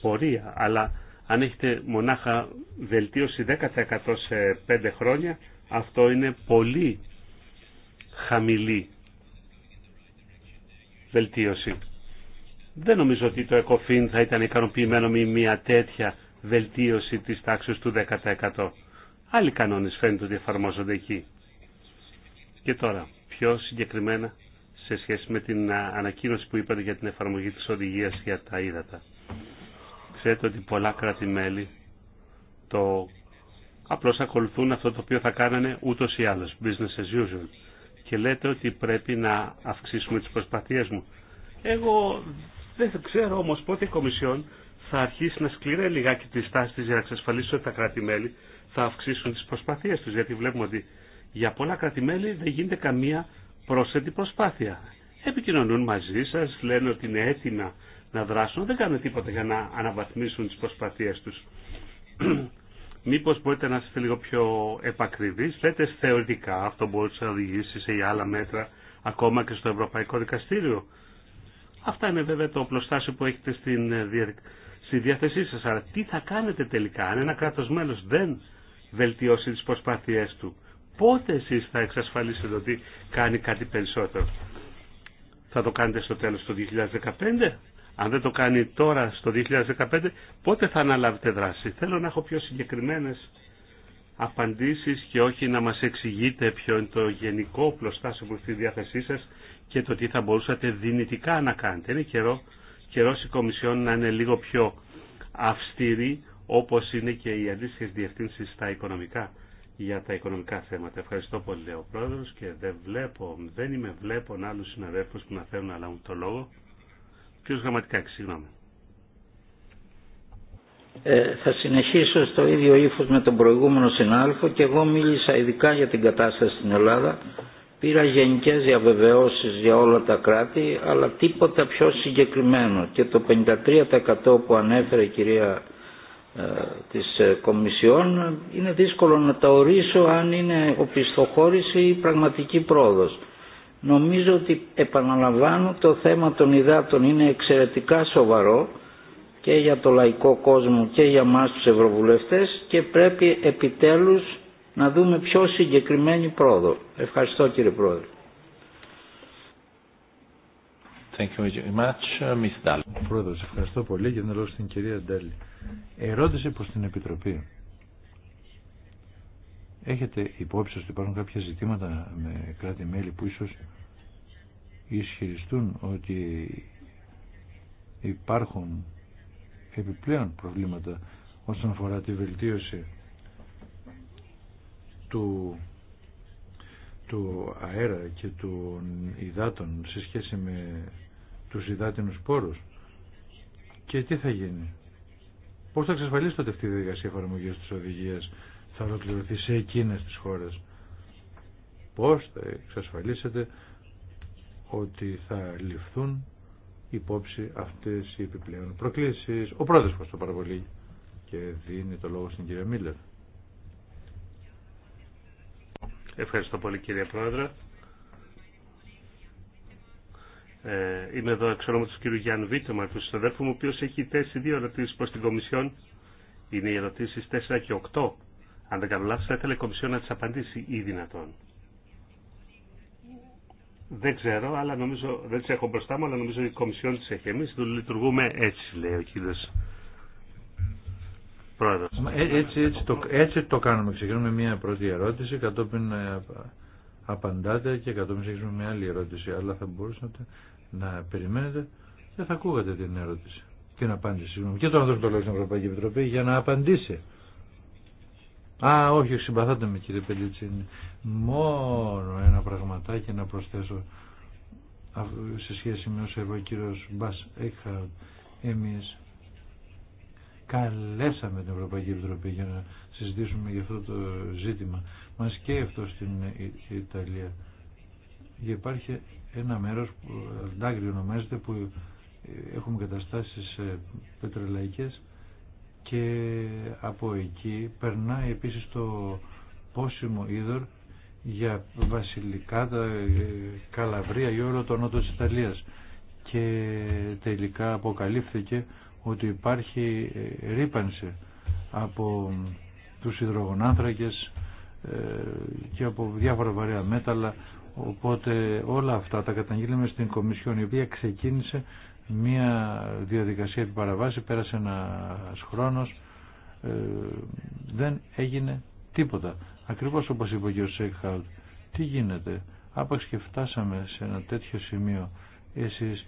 Speaker 2: πορεία, αλλά αν έχετε μονάχα βελτίωση 10% σε 5 χρόνια, αυτό είναι πολύ χαμηλή βελτίωση. Δεν νομίζω ότι το ΕΚΟΦΗΝ θα ήταν ικανοποιημένο με μια τέτοια βελτίωση της τάξης του 10%. Άλλοι κανόνες φαίνεται ότι εφαρμόζονται εκεί. Και τώρα, πιο συγκεκριμένα σε σχέση με την ανακοίνωση που είπατε για την εφαρμογή της οδηγίας για τα ύδατα. Ξέρετε ότι πολλά κράτη-μέλη το απλώς ακολουθούν αυτό το οποίο θα κάνανε ούτως ή άλλως, business as usual και λέτε ότι πρέπει να αυξήσουμε τις προσπαθίες μου. Εγώ δεν ξέρω όμως πότε η Κομισιόν θα αρχίσει να σκληρέ λιγάκι τη στάση της για να εξασφαλίσει ότι τα κράτη-μέλη θα αυξήσουν τις προσπαθίες τους. Γιατί βλέπουμε ότι για πολλά κράτη-μέλη δεν γίνεται καμία πρόσθετη προσπάθεια. Επικοινωνούν μαζί σας, λένε ότι είναι έτοιμα να δράσουν, δεν κάνουν τίποτα για να αναβαθμίσουν τις προσπαθίες τους. Μήπω μπορείτε να είστε λίγο πιο επακριβείς. Λέτε θεωρητικά αυτό μπορεί να οδηγήσει σε άλλα μέτρα ακόμα και στο Ευρωπαϊκό Δικαστήριο. Αυτά είναι βέβαια το οπλοστάσιο που έχετε στην, ε, στη διάθεσή σα. Αλλά τι θα κάνετε τελικά αν ένα κράτος μέλος δεν βελτιώσει τι προσπάθειέ του. Πότε εσεί θα εξασφαλίσετε ότι κάνει κάτι περισσότερο. Θα το κάνετε στο τέλος του 2015 αν δεν το κάνει τώρα στο 2015, πότε θα αναλάβετε δράση. Θέλω να έχω πιο συγκεκριμένες απαντήσεις και όχι να μας εξηγείτε ποιο είναι το γενικό πλωστάσιο που έχει στη διάθεσή σας και το τι θα μπορούσατε δυνητικά να κάνετε. Είναι καιρό, καιρός η Κομισιόν να είναι λίγο πιο αυστηρή όπως είναι και οι αντίστοιχε διευθύνσεις στα οικονομικά για τα οικονομικά θέματα. Ευχαριστώ πολύ, ο Πρόεδρος, και δεν βλέπω, δεν είμαι βλέπων άλλους συναδέλφους που να θέλουν να λάβουν το λόγο συγγνώμη.
Speaker 4: Ε, θα συνεχίσω στο ίδιο ύφο με τον προηγούμενο συνάδελφο και εγώ μίλησα ειδικά για την κατάσταση στην Ελλάδα. Πήρα γενικές διαβεβαιώσεις για όλα τα κράτη, αλλά τίποτα πιο συγκεκριμένο. Και το 53% που ανέφερε η κυρία ε, της ε, Κομισιόν είναι δύσκολο να τα ορίσω αν είναι οπισθοχώρηση ή πραγματική πρόοδος. Νομίζω ότι επαναλαμβάνω το θέμα των υδάτων είναι εξαιρετικά σοβαρό και για το λαϊκό κόσμο και για μας τους ευρωβουλευτές και πρέπει επιτέλους να δούμε πιο συγκεκριμένη πρόοδο. Ευχαριστώ κύριε Πρόεδρε.
Speaker 1: Thank you very much, uh, Miss ευχαριστώ πολύ και την λόγω στην κυρία Ντέλη. Ερώτηση προς την Επιτροπή. Έχετε υπόψη ότι υπάρχουν κάποια ζητήματα με κράτη-μέλη που ίσως ισχυριστούν ότι υπάρχουν επιπλέον προβλήματα όσον αφορά τη βελτίωση του, του αέρα και των υδάτων σε σχέση με τους υδάτινους πόρους και τι θα γίνει. Πώς θα εξασφαλίσετε αυτή τη διαδικασία εφαρμογής της οδηγίας θα ολοκληρωθεί σε εκείνες τις χώρες. Πώς θα εξασφαλίσετε ότι θα ληφθούν υπόψη αυτές οι επιπλέον προκλήσεις. Ο πρόεδρος στο πάρα πολύ και δίνει το λόγο στην κυρία Μίλλερ.
Speaker 2: Ευχαριστώ πολύ κύριε Πρόεδρε. Ε, είμαι εδώ εξ του κύριου Γιάννου Βίτεμα, του συναδέλφου μου, ο οποίος έχει θέσει δύο ερωτήσεις προς την Κομισιόν. Είναι οι ερωτήσεις 4 και 8 αν δεν κάνω λάθος, θα ήθελε η Κομισιόν να της απαντήσει ή δυνατόν. Δεν ξέρω, αλλά νομίζω, δεν τις έχω μπροστά μου, αλλά νομίζω η Κομισιόν τις έχει. Εμείς λειτουργούμε έτσι, λέει ο κύριος
Speaker 1: Πρόεδρος. Ε, έτσι, έτσι, το, έτσι το κάνουμε. Ξεκινούμε μια πρώτη ερώτηση, κατόπιν ε, απαντάτε και κατόπιν ξεκινούμε μια άλλη ερώτηση. Αλλά θα μπορούσατε να περιμένετε και θα ακούγατε την ερώτηση. Την απάντηση, συγγνώμη. Και τώρα δώσουμε το λόγο στην Ευρωπαϊκή Επιτροπή για να απαντήσει. Α, όχι, συμπαθάτε με κύριε Πελίτσιν, Μόνο ένα πραγματάκι να προσθέσω σε σχέση με όσο είπε ο κύριο Μπάς Έκχαουτ. Εμείς καλέσαμε την Ευρωπαϊκή Επιτροπή για να συζητήσουμε για αυτό το ζήτημα. Μας και αυτό στην Ιταλία. Υπάρχει ένα μέρος που αντάγριο ονομάζεται που έχουμε καταστάσεις ε, πετρελαϊκές και από εκεί περνάει επίσης το πόσιμο είδωρ για βασιλικά τα ε, Καλαβρία ή όλο το νότο της Ιταλίας και τελικά αποκαλύφθηκε ότι υπάρχει ε, ρήπανση από τους υδρογονάνθρακες ε, και από διάφορα βαρέα μέταλλα οπότε όλα αυτά τα καταγγείλαμε στην Κομισιόν η οποία ξεκίνησε μία διαδικασία επί πέρασε ένας χρόνος, ε, δεν έγινε τίποτα. Ακριβώς όπως είπε ο κ. τι γίνεται, άπαξ και φτάσαμε σε ένα τέτοιο σημείο, εσείς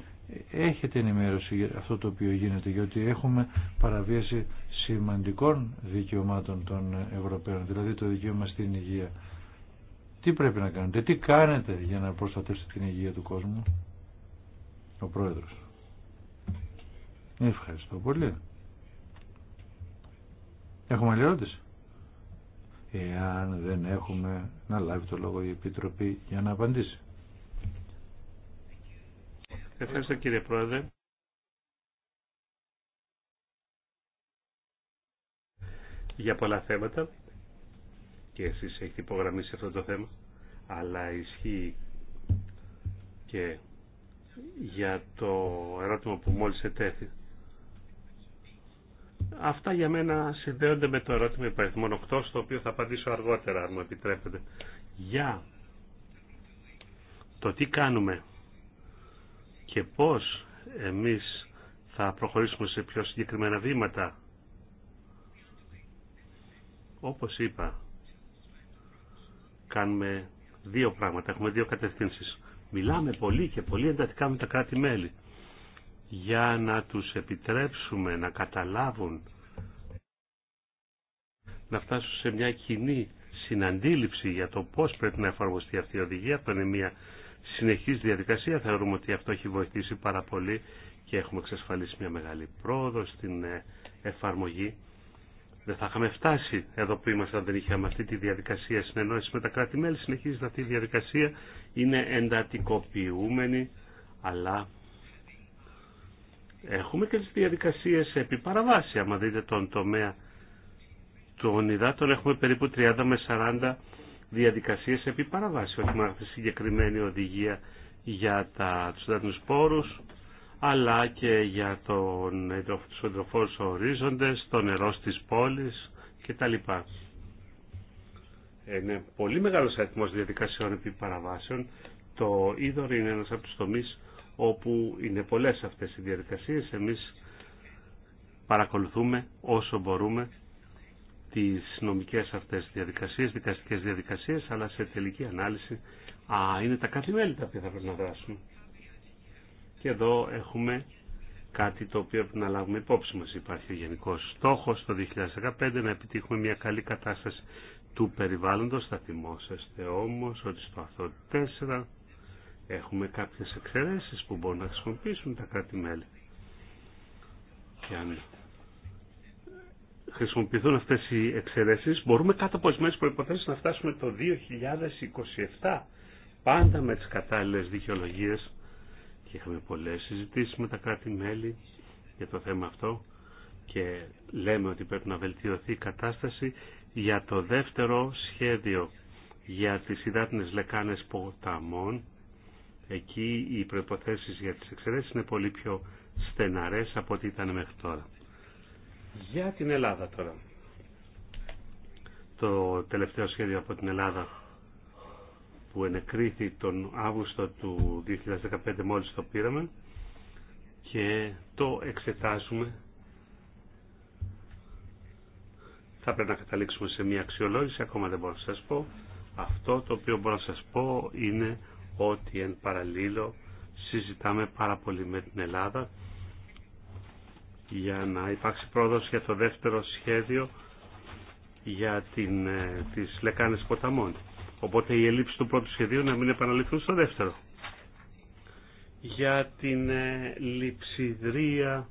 Speaker 1: έχετε ενημέρωση για αυτό το οποίο γίνεται, γιατί έχουμε παραβίαση σημαντικών δικαιωμάτων των Ευρωπαίων, δηλαδή το δικαίωμα στην υγεία. Τι πρέπει να κάνετε, τι κάνετε για να προστατεύσετε την υγεία του κόσμου, ο Πρόεδρος. Ευχαριστώ πολύ. Έχουμε άλλη ερώτηση. Εάν δεν έχουμε να λάβει το λόγο η Επιτροπή για να απαντήσει. Ευχαριστώ κύριε Πρόεδρε. Για
Speaker 2: πολλά θέματα και εσείς έχετε υπογραμμίσει αυτό το θέμα αλλά ισχύει και για το ερώτημα που μόλις ετέθη Αυτά για μένα συνδέονται με το ερώτημα υπαριθμών 8, στο οποίο θα απαντήσω αργότερα, αν μου επιτρέπετε. Για το τι κάνουμε και πώς εμείς θα προχωρήσουμε σε πιο συγκεκριμένα βήματα. Όπως είπα, κάνουμε δύο πράγματα, έχουμε δύο κατευθύνσεις. Μιλάμε πολύ και πολύ εντατικά με τα κράτη-μέλη για να τους επιτρέψουμε να καταλάβουν να φτάσουν σε μια κοινή συναντήληψη για το πώς πρέπει να εφαρμοστεί αυτή η οδηγία. Αυτό είναι μια συνεχής διαδικασία. Θεωρούμε ότι αυτό έχει βοηθήσει πάρα πολύ και έχουμε εξασφαλίσει μια μεγάλη πρόοδο στην ε, εφαρμογή. Δεν θα είχαμε φτάσει εδώ που ήμασταν, δεν είχαμε αυτή τη διαδικασία συνεννόηση με τα κράτη-μέλη. Συνεχίζεται αυτή η διαδικασία, είναι εντατικοποιούμενη, αλλά Έχουμε και τις διαδικασίες επί παραβάση. Αν δείτε τον τομέα των υδάτων έχουμε περίπου 30 με 40 διαδικασίες επί παραβάση. Όχι μόνο αυτή τη συγκεκριμένη οδηγία για τα, τους υδάτινους πόρους, αλλά και για τον, τους οντροφόρους ορίζοντες, το νερό στις πόλεις κτλ. Είναι πολύ μεγάλος αριθμός διαδικασιών επί παραβάσεων. Το είδωρο είναι ένας από τους τομείς όπου είναι πολλές αυτές οι διαδικασίες. Εμείς παρακολουθούμε όσο μπορούμε τις νομικές αυτές διαδικασίες, δικαστικές διαδικασίες, αλλά σε τελική ανάλυση α, είναι τα κάτι μέλη τα οποία θα πρέπει να δράσουμε. Και εδώ έχουμε κάτι το οποίο πρέπει να λάβουμε υπόψη μας. Υπάρχει ο γενικός στόχος το 2015 να επιτύχουμε μια καλή κατάσταση του περιβάλλοντος. Θα θυμόσαστε όμως ότι στο αυτό Έχουμε κάποιες εξαιρέσεις που μπορούν να χρησιμοποιήσουν τα κράτη-μέλη. Και αν χρησιμοποιηθούν αυτές οι εξαιρέσεις, μπορούμε κάτω από ορισμένες προϋποθέσεις να φτάσουμε το 2027, πάντα με τις κατάλληλες δικαιολογίες. Και είχαμε πολλές συζητήσεις με τα κράτη-μέλη για το θέμα αυτό και λέμε ότι πρέπει να βελτιωθεί η κατάσταση για το δεύτερο σχέδιο για τις υδάτινες λεκάνες ποταμών Εκεί οι προϋποθέσεις για τις εξαιρέσεις είναι πολύ πιο στεναρές από ό,τι ήταν μέχρι τώρα. Για την Ελλάδα τώρα. Το τελευταίο σχέδιο από την Ελλάδα που ενεκρίθη τον Αύγουστο του 2015 μόλις το πήραμε και το εξετάζουμε. Θα πρέπει να καταλήξουμε σε μια αξιολόγηση, ακόμα δεν μπορώ να σας πω. Αυτό το οποίο μπορώ να σας πω είναι ότι εν παραλίλω συζητάμε πάρα πολύ με την Ελλάδα για να υπάρξει πρόοδος για το δεύτερο σχέδιο για την, ε, τις λεκάνες ποταμών. Οπότε η ελλείψη του πρώτου σχεδίου να μην επαναληφθούν στο δεύτερο. Για την ε, λειψιδρία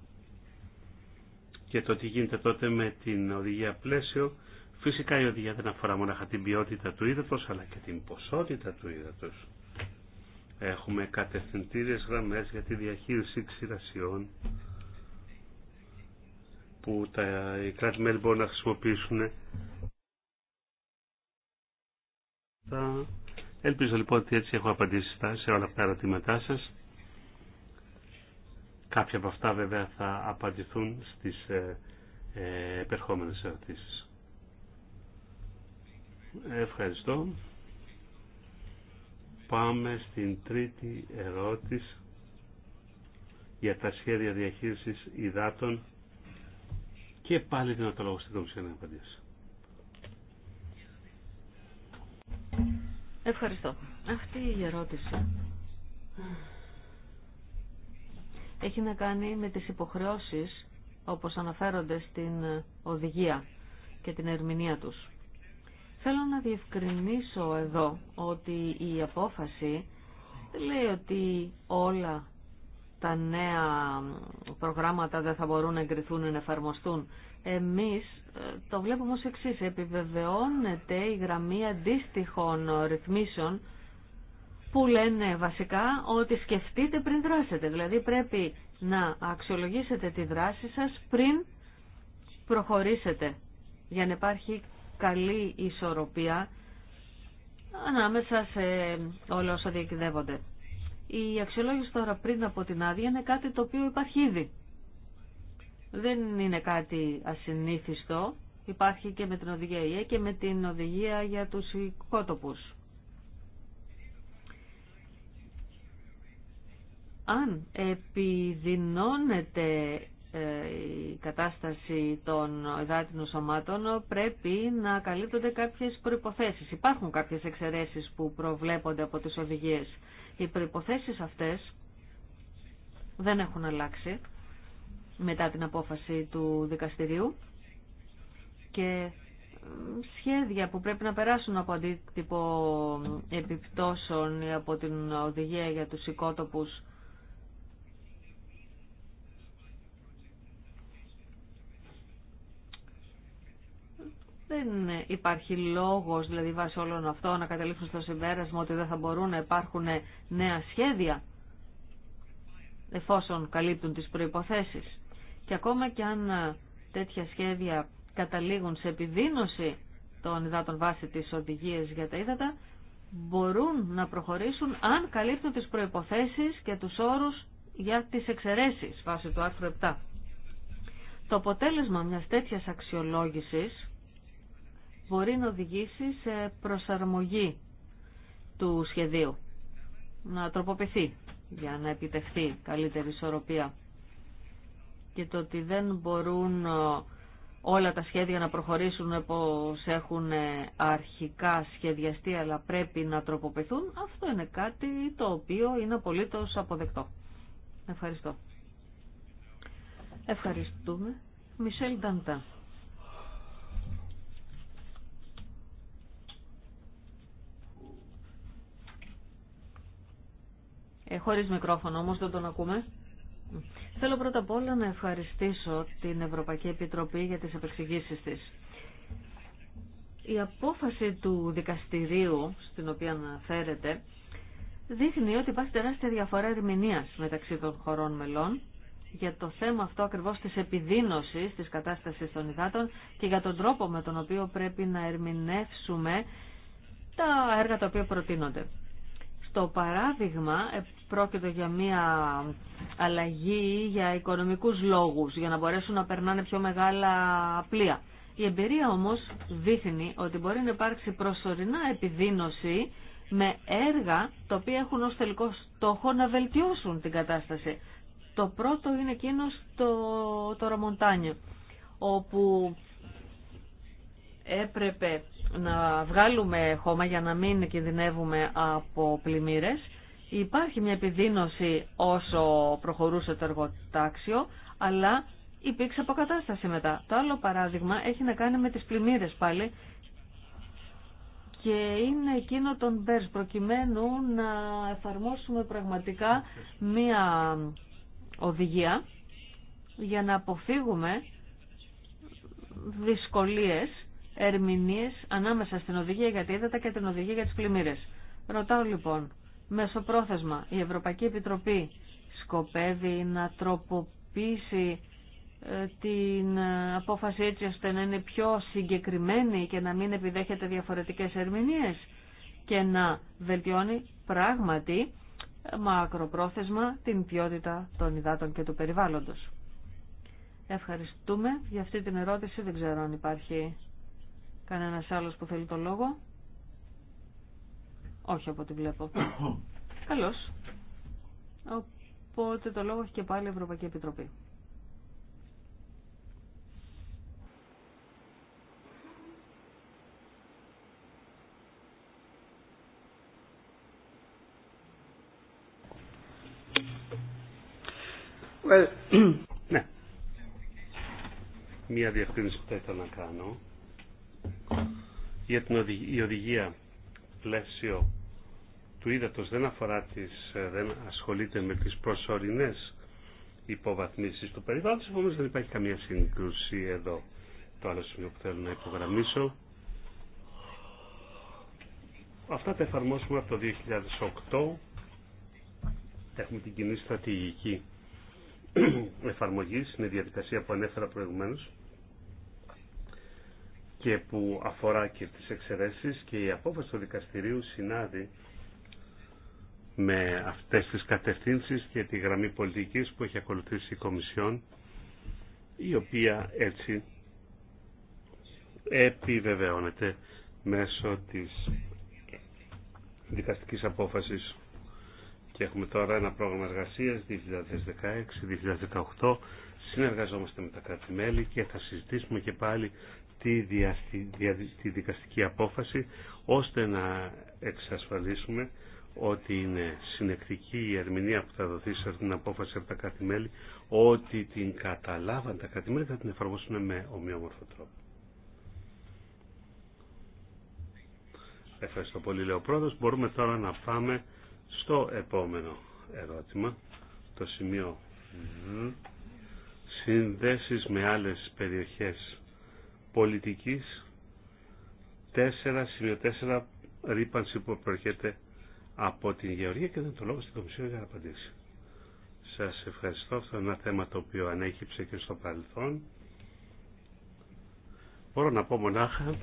Speaker 2: και το τι γίνεται τότε με την οδηγία πλαίσιο, φυσικά η οδηγία δεν αφορά μόνο την ποιότητα του ύδατος αλλά και την ποσότητα του ύδατος. Έχουμε κατευθυντήριες γραμμές για τη διαχείριση ξηρασιών που τα, οι κράτη-μέλη μπορούν να χρησιμοποιήσουν. Ελπίζω λοιπόν ότι έτσι έχω απαντήσει σε όλα αυτά τα ερωτήματά σας. Κάποια από αυτά βέβαια θα απαντηθούν στις ε, ε, επερχόμενες ερωτήσεις. Ευχαριστώ. Πάμε στην τρίτη ερώτηση για τα σχέδια διαχείρισης υδάτων και πάλι δυνατό το λόγο στην Κομισία να
Speaker 3: Ευχαριστώ. Αυτή η ερώτηση έχει να κάνει με τις υποχρεώσεις όπως αναφέρονται στην οδηγία και την ερμηνεία τους. Θέλω να διευκρινίσω εδώ ότι η απόφαση λέει ότι όλα τα νέα προγράμματα δεν θα μπορούν να εγκριθούν ή να εφαρμοστούν. Εμείς ε, το βλέπουμε ως εξής. Επιβεβαιώνεται η γραμμή αντίστοιχων ρυθμίσεων που λένε βασικά ότι σκεφτείτε πριν δράσετε. Δηλαδή πρέπει να αξιολογήσετε τη δράση σας πριν προχωρήσετε για να υπάρχει καλή ισορροπία ανάμεσα σε όλα όσα διακυδεύονται. Η αξιολόγηση τώρα πριν από την άδεια είναι κάτι το οποίο υπάρχει ήδη. Δεν είναι κάτι ασυνήθιστο. Υπάρχει και με την οδηγία ΙΕ και με την οδηγία για τους οικότοπους. Αν επιδεινώνεται ε, η κατάσταση των υδάτινων σωμάτων πρέπει να καλύπτονται κάποιες προϋποθέσεις. Υπάρχουν κάποιες εξαιρέσεις που προβλέπονται από τις οδηγίες. Οι προϋποθέσεις αυτές δεν έχουν αλλάξει μετά την απόφαση του δικαστηρίου και σχέδια που πρέπει να περάσουν από αντίτυπο επιπτώσεων ή από την οδηγία για τους οικότοπους Δεν υπάρχει λόγος, δηλαδή βάσει όλων αυτών, να καταλήξουν στο συμπέρασμα ότι δεν θα μπορούν να υπάρχουν νέα σχέδια εφόσον καλύπτουν τις προϋποθέσεις. Και ακόμα και αν τέτοια σχέδια καταλήγουν σε επιδείνωση των υδάτων βάσει της οδηγίας για τα ύδατα, μπορούν να προχωρήσουν αν καλύπτουν τις προϋποθέσεις και τους όρους για τις εξαιρέσεις βάσει του άρθρου 7. Το αποτέλεσμα μιας τέτοιας αξιολόγησης μπορεί να οδηγήσει σε προσαρμογή του σχεδίου, να τροποποιηθεί για να επιτευχθεί καλύτερη ισορροπία και το ότι δεν μπορούν ε, όλα τα σχέδια να προχωρήσουν όπως έχουν ε, αρχικά σχεδιαστεί αλλά πρέπει να τροποποιηθούν, αυτό είναι κάτι το οποίο είναι απολύτως αποδεκτό. Ευχαριστώ. Ευχαριστούμε. Μισελ Νταντά. Ε, χωρίς μικρόφωνο όμως δεν τον ακούμε. Θέλω πρώτα απ' όλα να ευχαριστήσω την Ευρωπαϊκή Επιτροπή για τις επεξηγήσεις της. Η απόφαση του δικαστηρίου, στην οποία αναφέρεται, δείχνει ότι υπάρχει τεράστια διαφορά ερμηνεία μεταξύ των χωρών μελών για το θέμα αυτό ακριβώς της επιδίνωσης της κατάστασης των υδάτων και για τον τρόπο με τον οποίο πρέπει να ερμηνεύσουμε τα έργα τα οποία προτείνονται. Το παράδειγμα ε, πρόκειται για μια αλλαγή για οικονομικούς λόγους, για να μπορέσουν να περνάνε πιο μεγάλα πλοία. Η εμπειρία όμως δείχνει ότι μπορεί να υπάρξει προσωρινά επιδείνωση με έργα τα οποία έχουν ως τελικό στόχο να βελτιώσουν την κατάσταση. Το πρώτο είναι εκείνο το, το Ρομοντάνιο, όπου έπρεπε να βγάλουμε χώμα για να μην κινδυνεύουμε από πλημμύρες. Υπάρχει μια επιδείνωση όσο προχωρούσε το εργοτάξιο, αλλά υπήρξε αποκατάσταση μετά. Το άλλο παράδειγμα έχει να κάνει με τις πλημμύρες πάλι και είναι εκείνο των Μπέρς προκειμένου να εφαρμόσουμε πραγματικά μία οδηγία για να αποφύγουμε δυσκολίες ερμηνείες ανάμεσα στην οδηγία για τα ύδατα και την οδηγία για τις πλημμύρε. Ρωτάω λοιπόν, μεσοπρόθεσμα η Ευρωπαϊκή Επιτροπή σκοπεύει να τροποποιήσει ε, την ε, απόφαση έτσι ώστε να είναι πιο συγκεκριμένη και να μην επιδέχεται διαφορετικές ερμηνείες και να βελτιώνει πράγματι ε, μακροπρόθεσμα την ποιότητα των υδάτων και του περιβάλλοντος. Ευχαριστούμε για αυτή την ερώτηση. Δεν ξέρω αν υπάρχει Κανένα άλλο που θέλει το λόγο. Όχι από ό,τι βλέπω. Καλώς. Οπότε το λόγο έχει και πάλι η Ευρωπαϊκή Επιτροπή.
Speaker 4: ναι.
Speaker 2: Μία διευκρίνηση που θα ήθελα να κάνω για την οδηγία, η οδηγία πλαίσιο του ύδατος δεν αφορά τις, ε, δεν ασχολείται με τις προσωρινές υποβαθμίσεις του περιβάλλοντος, όμως δεν υπάρχει καμία σύγκρουση εδώ. Το άλλο σημείο που θέλω να υπογραμμίσω. Αυτά τα εφαρμόσουμε από το 2008. Έχουμε την κοινή στρατηγική εφαρμογή, είναι διαδικασία που ανέφερα προηγουμένως και που αφορά και τις εξαιρέσεις και η απόφαση του δικαστηρίου συνάδει με αυτές τις κατευθύνσεις και τη γραμμή πολιτικής που έχει ακολουθήσει η Κομισιόν η οποία έτσι επιβεβαιώνεται μέσω της δικαστικής απόφασης και έχουμε τώρα ένα πρόγραμμα εργασίας 2016-2018 συνεργαζόμαστε με τα κράτη-μέλη και θα συζητήσουμε και πάλι αυτή τη δικαστική απόφαση ώστε να εξασφαλίσουμε ότι είναι συνεκτική η ερμηνεία που θα δοθεί σε αυτήν την απόφαση από τα κατημέλη, ότι την καταλάβαν τα κατημέλη θα την εφαρμόσουν με ομοιόμορφο τρόπο. Ευχαριστώ πολύ, λέω Μπορούμε τώρα να πάμε στο επόμενο ερώτημα, το σημείο συνδέσεις με άλλες περιοχές πολιτικής 4-4 ρήπανση που προέρχεται από την Γεωργία και δεν το λόγο στην Κομισιόν για να απαντήσει. Σας ευχαριστώ. Αυτό είναι ένα θέμα το οποίο ανέχυψε και στο παρελθόν. Μπορώ να πω μονάχα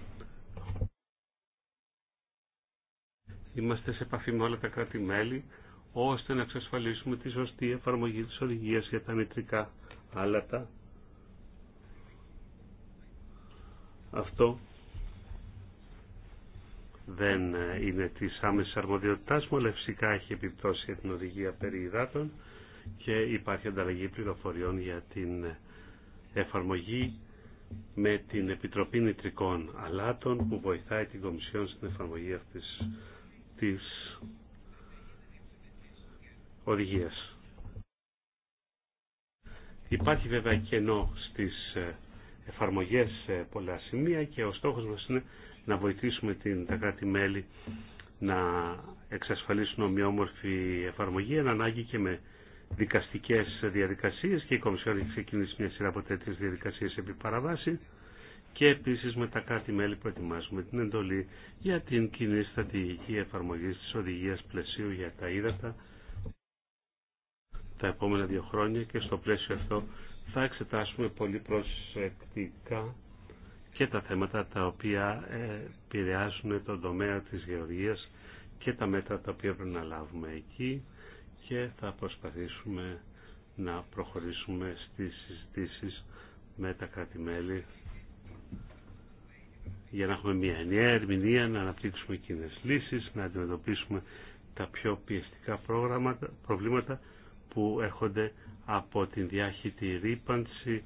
Speaker 2: είμαστε σε επαφή με όλα τα κράτη-μέλη ώστε να εξασφαλίσουμε τη σωστή εφαρμογή της οδηγίας για τα νητρικά άλατα αυτό δεν ε, είναι της άμεσης αρμοδιότητάς μου, αλλά φυσικά έχει επιπτώσει την οδηγία περί υδάτων και υπάρχει ανταλλαγή πληροφοριών για την ε, εφαρμογή με την Επιτροπή Νητρικών Αλάτων που βοηθάει την Κομισιόν στην εφαρμογή αυτής της οδηγίας. Υπάρχει βέβαια κενό στις ε, εφαρμογές σε πολλά σημεία και ο στόχος μας είναι να βοηθήσουμε την, τα κράτη-μέλη να εξασφαλίσουν ομοιόμορφη εφαρμογή, εν ανάγκη και με δικαστικές διαδικασίες και η Κομισιόν έχει ξεκινήσει μια σειρά από τέτοιες διαδικασίες επί παραβάση και επίσης με τα κράτη-μέλη που ετοιμάζουμε την εντολή για την κοινή στρατηγική εφαρμογή της οδηγίας πλαισίου για τα ύδατα τα επόμενα δύο χρόνια και στο πλαίσιο αυτό θα εξετάσουμε πολύ προσεκτικά και τα θέματα τα οποία επηρεάζουν τον τομέα της γεωργίας και τα μέτρα τα οποία πρέπει να λάβουμε εκεί και θα προσπαθήσουμε να προχωρήσουμε στις συζητήσεις με τα κρατη για να έχουμε μια νέα ερμηνεία, να αναπτύξουμε κοινέ λύσεις, να αντιμετωπίσουμε τα πιο πιεστικά προβλήματα που έρχονται από την διάχυτη ρήπανση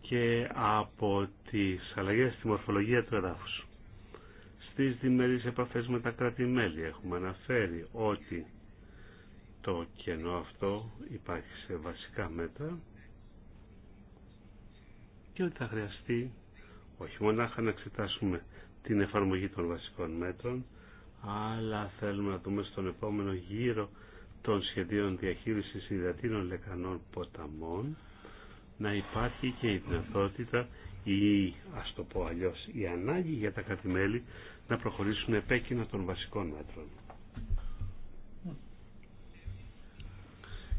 Speaker 2: και από τις αλλαγές στη μορφολογία του εδάφους. Στις διμερείς επαφές με τα κράτη-μέλη έχουμε αναφέρει ότι το κενό αυτό υπάρχει σε βασικά μέτρα και ότι θα χρειαστεί όχι μονάχα να εξετάσουμε την εφαρμογή των βασικών μέτρων αλλά θέλουμε να δούμε στον επόμενο γύρο των σχεδίων διαχείρισης υδατίνων λεκανών ποταμών να υπάρχει και η δυνατότητα ή ας το πω αλλιώς η ανάγκη για τα κατημέλη να προχωρήσουν επέκεινα των βασικών μέτρων.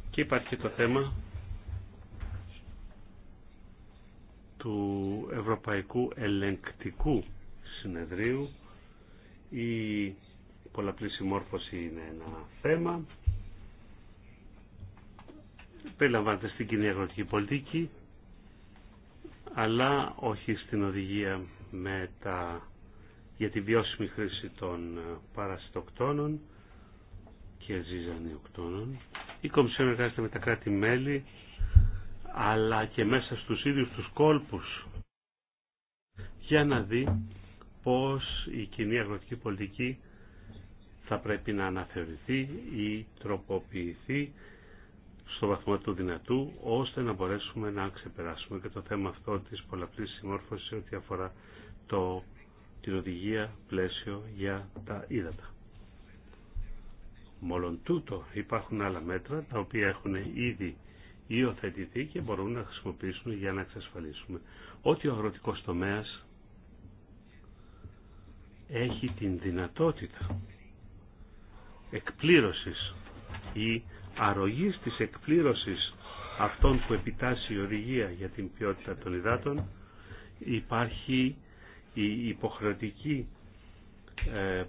Speaker 2: Και υπάρχει το θέμα του Ευρωπαϊκού Ελεγκτικού Συνεδρίου. Η πολλαπλή συμμόρφωση είναι ένα θέμα περιλαμβάνεται στην κοινή αγροτική πολιτική, αλλά όχι στην οδηγία με τα, για τη βιώσιμη χρήση των ε, παρασιτοκτόνων και ζυζανιοκτόνων. Η Κομισιόν εργάζεται με τα κράτη-μέλη, αλλά και μέσα στους ίδιους τους κόλπους, για να δει πώς η κοινή αγροτική πολιτική θα πρέπει να αναθεωρηθεί ή τροποποιηθεί στο βαθμό του δυνατού, ώστε να μπορέσουμε να ξεπεράσουμε και το θέμα αυτό της πολλαπλής συμμόρφωσης ό,τι αφορά το, την οδηγία πλαίσιο για τα ύδατα. Μόλον τούτο υπάρχουν άλλα μέτρα τα οποία έχουν ήδη υιοθετηθεί και μπορούν να χρησιμοποιήσουν για να εξασφαλίσουμε ότι ο αγροτικός τομέας έχει την δυνατότητα εκπλήρωσης ή αρρωγής της εκπλήρωσης αυτών που επιτάσσει η οδηγία για την ποιότητα των υδάτων υπάρχει η υποχρεωτική ε,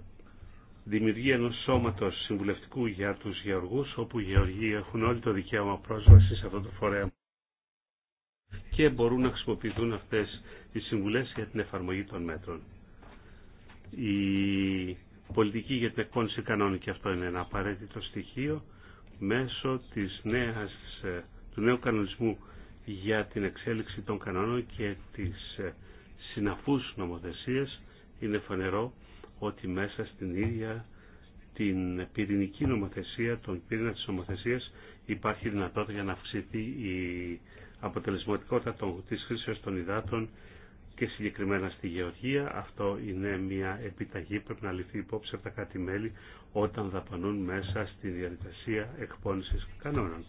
Speaker 2: δημιουργία ενός σώματος συμβουλευτικού για τους γεωργούς όπου οι γεωργοί έχουν όλοι το δικαίωμα πρόσβαση σε αυτό το φορέα και μπορούν να χρησιμοποιηθούν αυτές οι συμβουλές για την εφαρμογή των μέτρων. Η πολιτική για την εκπόνηση κανόνων και αυτό είναι ένα απαραίτητο στοιχείο μέσω της νέας, ε, του νέου κανονισμού για την εξέλιξη των κανόνων και της ε, συναφούς νομοθεσίας είναι φανερό ότι μέσα στην ίδια την πυρηνική νομοθεσία, τον πύρινα της νομοθεσίας υπάρχει δυνατότητα για να αυξηθεί η αποτελεσματικότητα των, της των υδάτων και συγκεκριμένα στη γεωργία. Αυτό είναι μια επιταγή που πρέπει να ληφθεί υπόψη από τα κάτι μελη όταν δαπανούν μέσα στη διαδικασία εκπόνησης κανόνων.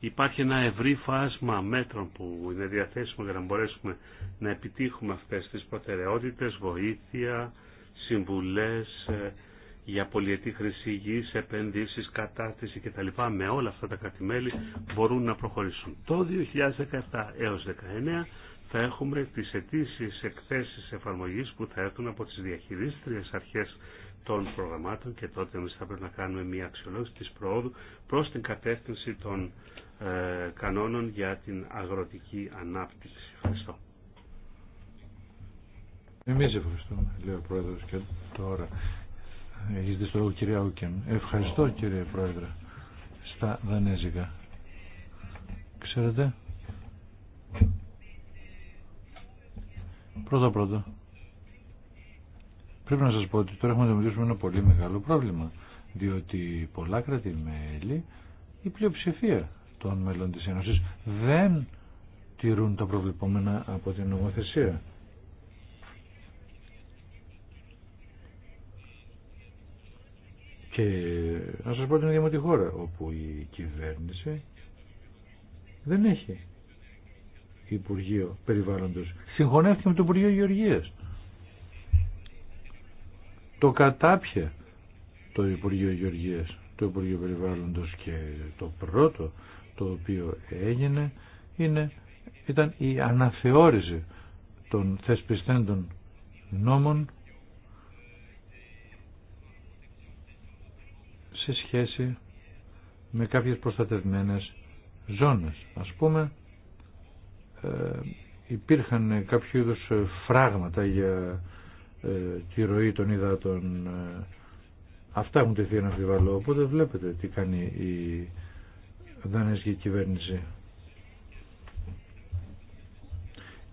Speaker 2: Υπάρχει ένα ευρύ φάσμα μέτρων που είναι διαθέσιμο για να μπορέσουμε να επιτύχουμε αυτές τις προτεραιότητες, βοήθεια, συμβουλές ε, για πολιετή χρυσή γης, επενδύσεις, κατάρτιση κτλ. Με όλα αυτά τα μέλη μπορούν να προχωρήσουν. Το 2017 έως 2019 θα έχουμε τις αιτήσει εκθέσεις εφαρμογής που θα έρθουν από τις διαχειρίστριες αρχές των προγραμμάτων και τότε εμείς θα πρέπει να κάνουμε μια αξιολόγηση της προόδου προς την κατεύθυνση των ε, κανόνων για την αγροτική ανάπτυξη. Ευχαριστώ.
Speaker 1: Εμείς ευχαριστούμε, λέει ο Πρόεδρος και τώρα. Έχεις δει στο κυρία Ούκεν. Ευχαριστώ κύριε Πρόεδρε. Στα Δανέζικα. Ξέρετε, Πρώτα πρώτα. Πρέπει να σας πω ότι τώρα έχουμε αντιμετωπίσουμε ένα πολύ μεγάλο πρόβλημα. Διότι πολλά η πλειοψηφία των μέλων της Ένωσης δεν τηρούν τα προβλεπόμενα από την νομοθεσία. Και να σας πω την ίδια μου τη χώρα, όπου η κυβέρνηση δεν έχει Υπουργείο Περιβάλλοντος. Συγχωνεύτηκε με το Υπουργείο Γεωργίας. Το κατάπιε το Υπουργείο Γεωργίας, το Υπουργείο Περιβάλλοντος και το πρώτο το οποίο έγινε είναι, ήταν η αναθεώρηση των θεσπιστέντων νόμων σε σχέση με κάποιες προστατευμένες ζώνες. Ας πούμε, ε, υπήρχαν κάποιο είδου ε, φράγματα για ε, τη ροή των υδάτων. Αυτά έχουν τεθεί ένα αμφιβαλό, οπότε βλέπετε τι κάνει η δανέζικη κυβέρνηση.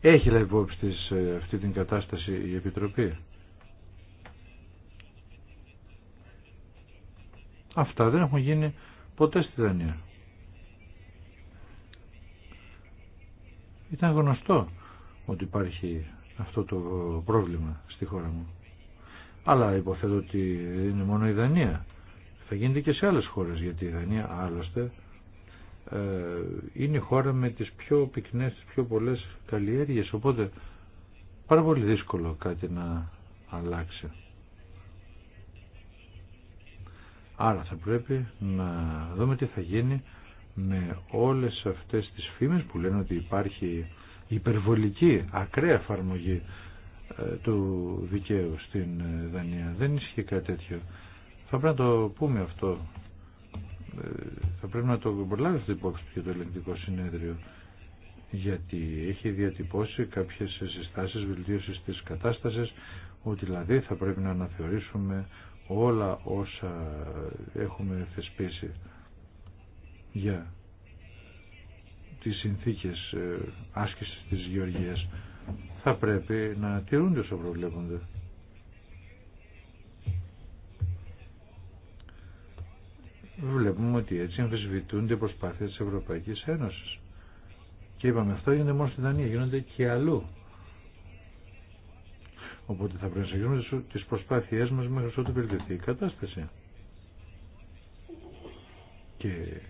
Speaker 1: Έχει λάβει υπόψη της αυτή την κατάσταση η Επιτροπή. Αυτά δεν έχουν γίνει ποτέ στη Δανία. Ήταν γνωστό ότι υπάρχει αυτό το πρόβλημα στη χώρα μου. Αλλά υποθέτω ότι είναι μόνο η Δανία. Θα γίνεται και σε άλλες χώρες, γιατί η Δανία άλλωστε ε, είναι η χώρα με τις πιο πυκνές, τις πιο πολλές καλλιέργειες. Οπότε πάρα πολύ δύσκολο κάτι να αλλάξει. Άρα θα πρέπει να δούμε τι θα γίνει με ναι, όλες αυτές τις φήμες που λένε ότι υπάρχει υπερβολική, ακραία εφαρμογή ε, του δικαίου στην ε, Δανία. Δεν ισχύει κάτι τέτοιο. Θα πρέπει να το πούμε αυτό. Ε, θα πρέπει να το προλάβει αυτό υπόψη και το ελεγκτικό συνέδριο γιατί έχει διατυπώσει κάποιες συστάσεις βελτίωση της κατάστασης ότι δηλαδή θα πρέπει να αναθεωρήσουμε όλα όσα έχουμε θεσπίσει για τις συνθήκες ε, άσκησης της γεωργίας θα πρέπει να τηρούνται όσο προβλέπονται. Βλέπουμε ότι έτσι αμφισβητούνται οι προσπάθειες της Ευρωπαϊκής Ένωσης. Και είπαμε αυτό γίνεται μόνο στην Δανία, γίνονται και αλλού. Οπότε θα πρέπει να συγκρίνουμε τις προσπάθειές μας μέχρι ότου βελτιωθεί η κατάσταση. Και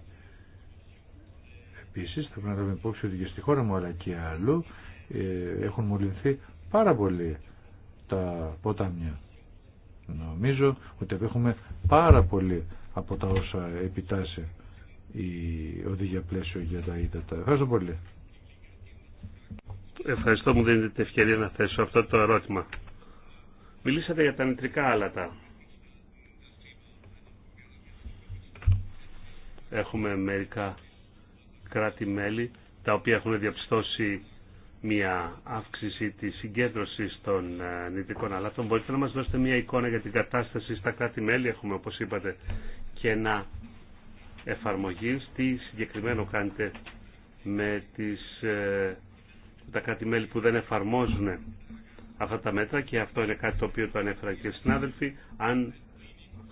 Speaker 1: Επίσης θα πρέπει να λάβουμε υπόψη ότι και στη χώρα μου αλλά και αλλού ε, έχουν μολυνθεί πάρα πολύ τα ποτάμια. Νομίζω ότι έχουμε πάρα πολύ από τα όσα επιτάσσει η οδηγία πλαίσιο για τα ύδατα. Ευχαριστώ πολύ.
Speaker 2: Ευχαριστώ μου δίνετε την ευκαιρία να θέσω αυτό το ερώτημα. Μιλήσατε για τα νητρικά άλατα. Έχουμε μερικά κράτη-μέλη τα οποία έχουν διαπιστώσει μια αύξηση της συγκέντρωσης των ε, νητικών αλάτων. Μπορείτε να μα δώσετε μια εικόνα για την κατάσταση στα κράτη-μέλη. Έχουμε, όπως είπατε, και ένα εφαρμογή. Τι συγκεκριμένο κάνετε με τις, ε, τα κράτη-μέλη που δεν εφαρμόζουν αυτά τα μέτρα και αυτό είναι κάτι το οποίο το ανέφερα και οι συνάδελφοι. Αν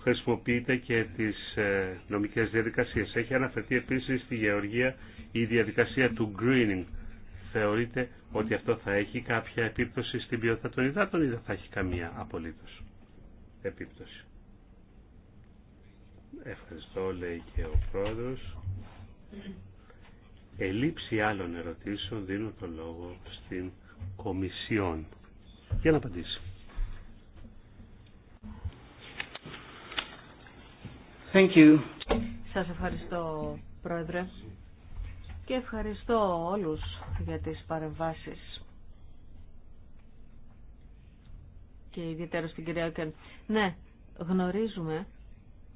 Speaker 2: χρησιμοποιείται και τις ε, νομικές διαδικασίες. Έχει αναφερθεί επίσης στη Γεωργία η διαδικασία του greening. Θεωρείτε ότι αυτό θα έχει κάποια επίπτωση στην ποιότητα των υδάτων ή δεν θα έχει καμία απολύτως επίπτωση. Ευχαριστώ, λέει και ο πρόεδρος. Ελήψη άλλων ερωτήσεων δίνω το λόγο στην Κομισιόν για
Speaker 3: να απαντήσει. Thank Σας ευχαριστώ, Πρόεδρε. Και ευχαριστώ όλους για τις παρεμβάσεις. Και ιδιαίτερα στην κυρία Κεν. Ναι, γνωρίζουμε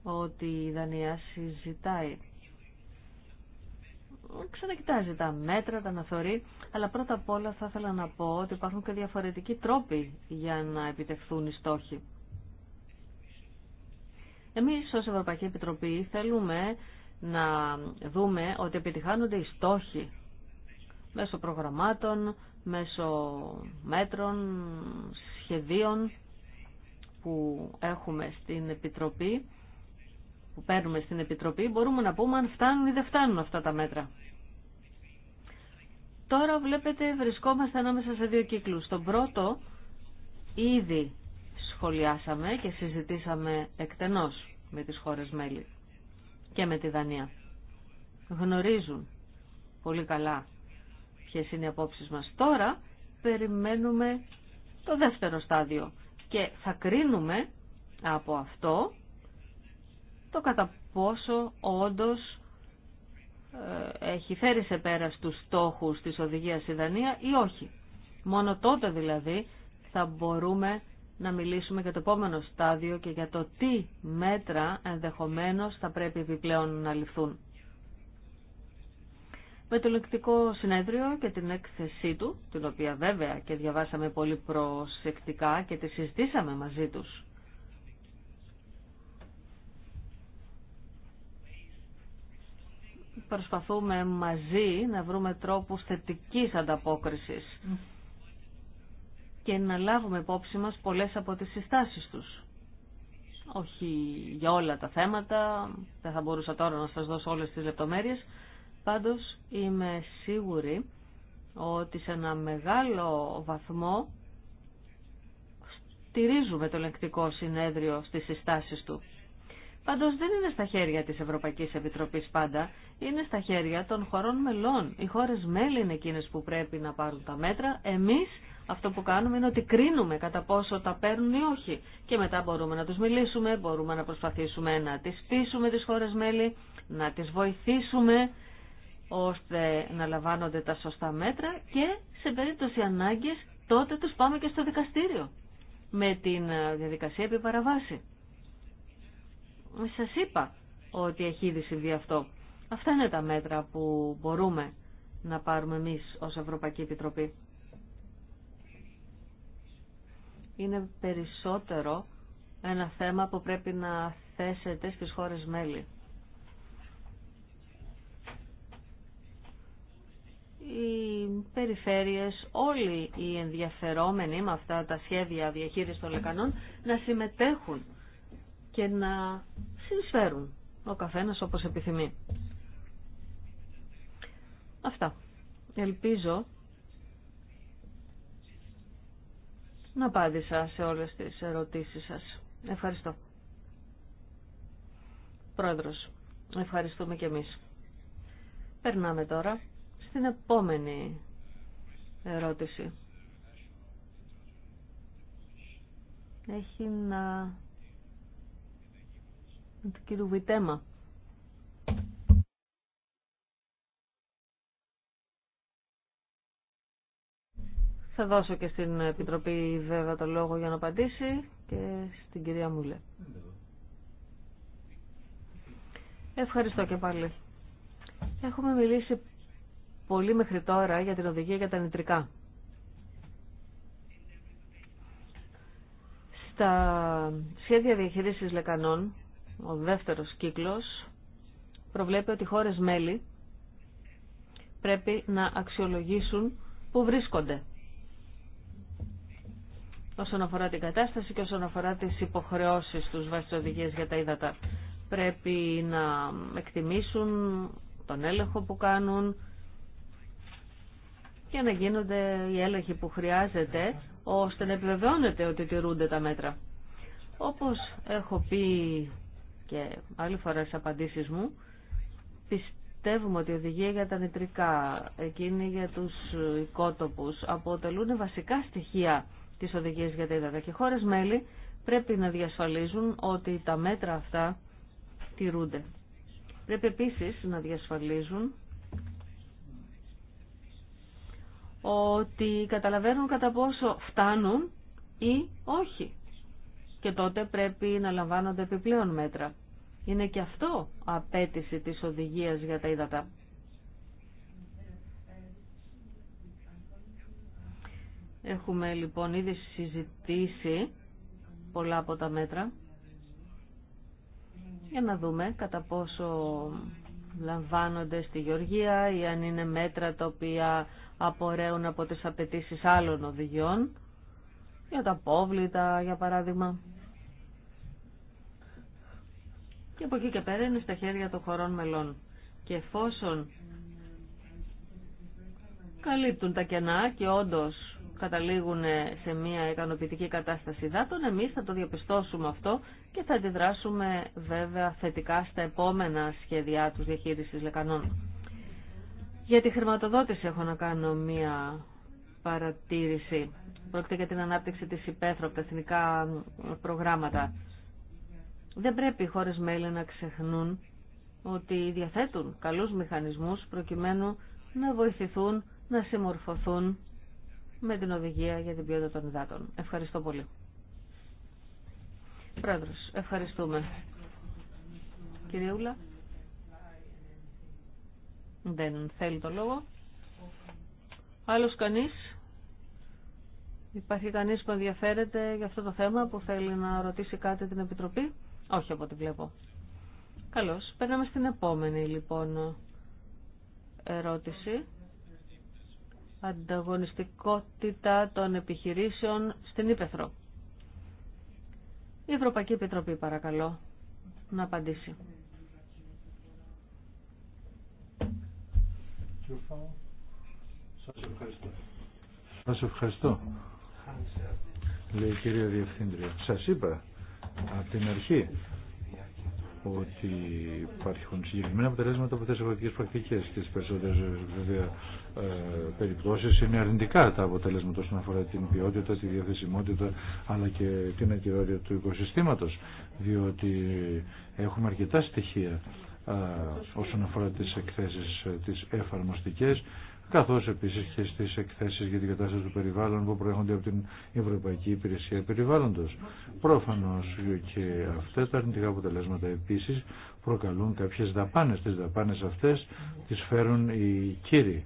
Speaker 3: ότι η Δανία συζητάει. Ξανακοιτάζει τα μέτρα, τα αναθωρεί, αλλά πρώτα απ' όλα θα ήθελα να πω ότι υπάρχουν και διαφορετικοί τρόποι για να επιτευχθούν οι στόχοι. Εμείς ως Ευρωπαϊκή Επιτροπή θέλουμε να δούμε ότι επιτυχάνονται οι στόχοι μέσω προγραμμάτων, μέσω μέτρων, σχεδίων που έχουμε στην Επιτροπή, που παίρνουμε στην Επιτροπή, μπορούμε να πούμε αν φτάνουν ή δεν φτάνουν αυτά τα μέτρα. Τώρα βλέπετε βρισκόμαστε ανάμεσα σε δύο κύκλους. Στον πρώτο ήδη σχολιάσαμε και συζητήσαμε εκτενώς με τις χώρες μέλη και με τη Δανία. Γνωρίζουν πολύ καλά ποιες είναι οι απόψεις μας. Τώρα περιμένουμε το δεύτερο στάδιο και θα κρίνουμε από αυτό το κατά πόσο όντως ε, έχει φέρει σε πέρα στους στόχους της οδηγίας η Δανία ή όχι. Μόνο τότε δηλαδή θα μπορούμε να μιλήσουμε για το επόμενο στάδιο και για το τι μέτρα ενδεχομένως θα πρέπει επιπλέον να ληφθούν. Με το λεκτικό συνέδριο και την έκθεσή του, την οποία βέβαια και διαβάσαμε πολύ προσεκτικά και τη συζητήσαμε μαζί τους, προσπαθούμε μαζί να βρούμε τρόπους θετικής ανταπόκρισης και να λάβουμε υπόψη μας πολλές από τις συστάσεις τους. Όχι για όλα τα θέματα, δεν θα μπορούσα τώρα να σας δώσω όλες τις λεπτομέρειες, πάντως είμαι σίγουρη ότι σε ένα μεγάλο βαθμό στηρίζουμε το ελεγκτικό συνέδριο στις συστάσεις του. Πάντως δεν είναι στα χέρια της Ευρωπαϊκής Επιτροπής πάντα, είναι στα χέρια των χωρών μελών. Οι χώρες μέλη είναι εκείνες που πρέπει να πάρουν τα μέτρα, εμείς αυτό που κάνουμε είναι ότι κρίνουμε κατά πόσο τα παίρνουν ή όχι. Και μετά μπορούμε να τους μιλήσουμε, μπορούμε να προσπαθήσουμε να τις πείσουμε τις χώρες μέλη, να τις βοηθήσουμε ώστε να λαμβάνονται τα σωστά μέτρα και σε περίπτωση ανάγκης τότε τους πάμε και στο δικαστήριο με την ε, διαδικασία επιπαραβάση Σας είπα ότι έχει ήδη συμβεί αυτό. Αυτά είναι τα μέτρα που μπορούμε να πάρουμε εμείς ως Ευρωπαϊκή Επιτροπή. είναι περισσότερο ένα θέμα που πρέπει να θέσετε στις χώρες μέλη. οι περιφέρειες, όλοι οι ενδιαφερόμενοι με αυτά τα σχέδια διαχείρισης των λεκανών να συμμετέχουν και να συνεισφέρουν ο καθένας όπως επιθυμεί. Αυτά. Ελπίζω να απάντησα σε όλες τις ερωτήσεις σας. Ευχαριστώ. Πρόεδρος, ευχαριστούμε και εμείς. Περνάμε τώρα στην επόμενη ερώτηση. Έχει να... του κύριου Βιτέμα. Θα δώσω και στην Επιτροπή βέβαια το λόγο για να απαντήσει και στην κυρία Μούλε. Ευχαριστώ και πάλι. Έχουμε μιλήσει πολύ μέχρι τώρα για την οδηγία για τα νητρικά. Στα σχέδια διαχείρισης λεκανών, ο δεύτερος κύκλος προβλέπει ότι οι χώρες μέλη πρέπει να αξιολογήσουν που βρίσκονται όσον αφορά την κατάσταση και όσον αφορά τις υποχρεώσεις τους βάσει οδηγίες για τα ύδατα. Πρέπει να εκτιμήσουν τον έλεγχο που κάνουν και να γίνονται οι έλεγχοι που χρειάζεται ώστε να επιβεβαιώνεται ότι τηρούνται τα μέτρα. Όπως έχω πει και άλλη φορά στις απαντήσεις μου, πιστεύουμε ότι η οδηγία για τα νητρικά, εκείνη για τους οικότοπους, αποτελούν βασικά στοιχεία τις οδηγίες για τα ύδατα και χώρες μέλη πρέπει να διασφαλίζουν ότι τα μέτρα αυτά τηρούνται. Πρέπει επίσης να διασφαλίζουν ότι καταλαβαίνουν κατά πόσο φτάνουν ή όχι. Και τότε πρέπει να λαμβάνονται επιπλέον μέτρα. Είναι και αυτό απέτηση της οδηγίας για τα ύδατα. Έχουμε λοιπόν ήδη συζητήσει πολλά από τα μέτρα για να δούμε κατά πόσο λαμβάνονται στη Γεωργία ή αν είναι μέτρα τα οποία απορρέουν από τις απαιτήσει άλλων οδηγιών για τα πόβλητα για παράδειγμα και από εκεί και πέρα είναι στα χέρια των χωρών μελών και εφόσον καλύπτουν τα κενά και όντως καταλήγουν σε μια ικανοποιητική κατάσταση υδάτων, εμείς θα το διαπιστώσουμε αυτό και θα αντιδράσουμε βέβαια θετικά στα επόμενα σχέδιά τους διαχείρισης λεκανών. Για τη χρηματοδότηση έχω να κάνω μια παρατήρηση. Πρόκειται για την ανάπτυξη της υπαίθρου από τα εθνικά προγράμματα. Δεν πρέπει οι χώρες μέλη να ξεχνούν ότι διαθέτουν καλούς μηχανισμούς προκειμένου να βοηθηθούν να συμμορφωθούν με την οδηγία για την ποιότητα των υδάτων. Ευχαριστώ πολύ. Πρόεδρος, ευχαριστούμε. Κυρίουλα. Ούλα. Δεν θέλει το λόγο. Άλλος κανείς. Υπάρχει κανείς που ενδιαφέρεται για αυτό το θέμα που θέλει να ρωτήσει κάτι την Επιτροπή. Όχι από ό,τι βλέπω. Καλώς. Περνάμε στην επόμενη λοιπόν ερώτηση ανταγωνιστικότητα των επιχειρήσεων στην Ήπεθρο. Η Ευρωπαϊκή Επιτροπή παρακαλώ να απαντήσει.
Speaker 1: Σας ευχαριστώ. Σας ευχαριστώ. Λέει η κυρία Διευθύντρια. Σας είπα από την αρχή ότι υπάρχουν συγκεκριμένα αποτελέσματα από τι ευρωπαϊκέ πρακτικέ και στι περισσότερε ε, περιπτώσει είναι αρνητικά τα αποτελέσματα όσον αφορά την ποιότητα, τη διαθεσιμότητα αλλά και την ακυρότητα του οικοσυστήματο. Διότι έχουμε αρκετά στοιχεία ε, όσον αφορά τι εκθέσει ε, τι εφαρμοστικέ Καθώ επίση και στι εκθέσεις για την κατάσταση του περιβάλλον που προέρχονται από την Ευρωπαϊκή Υπηρεσία Περιβάλλοντος. Προφανώ και αυτά τα αρνητικά αποτελέσματα επίση προκαλούν κάποιε δαπάνε. Τις δαπάνε αυτές τις φέρουν οι κύριοι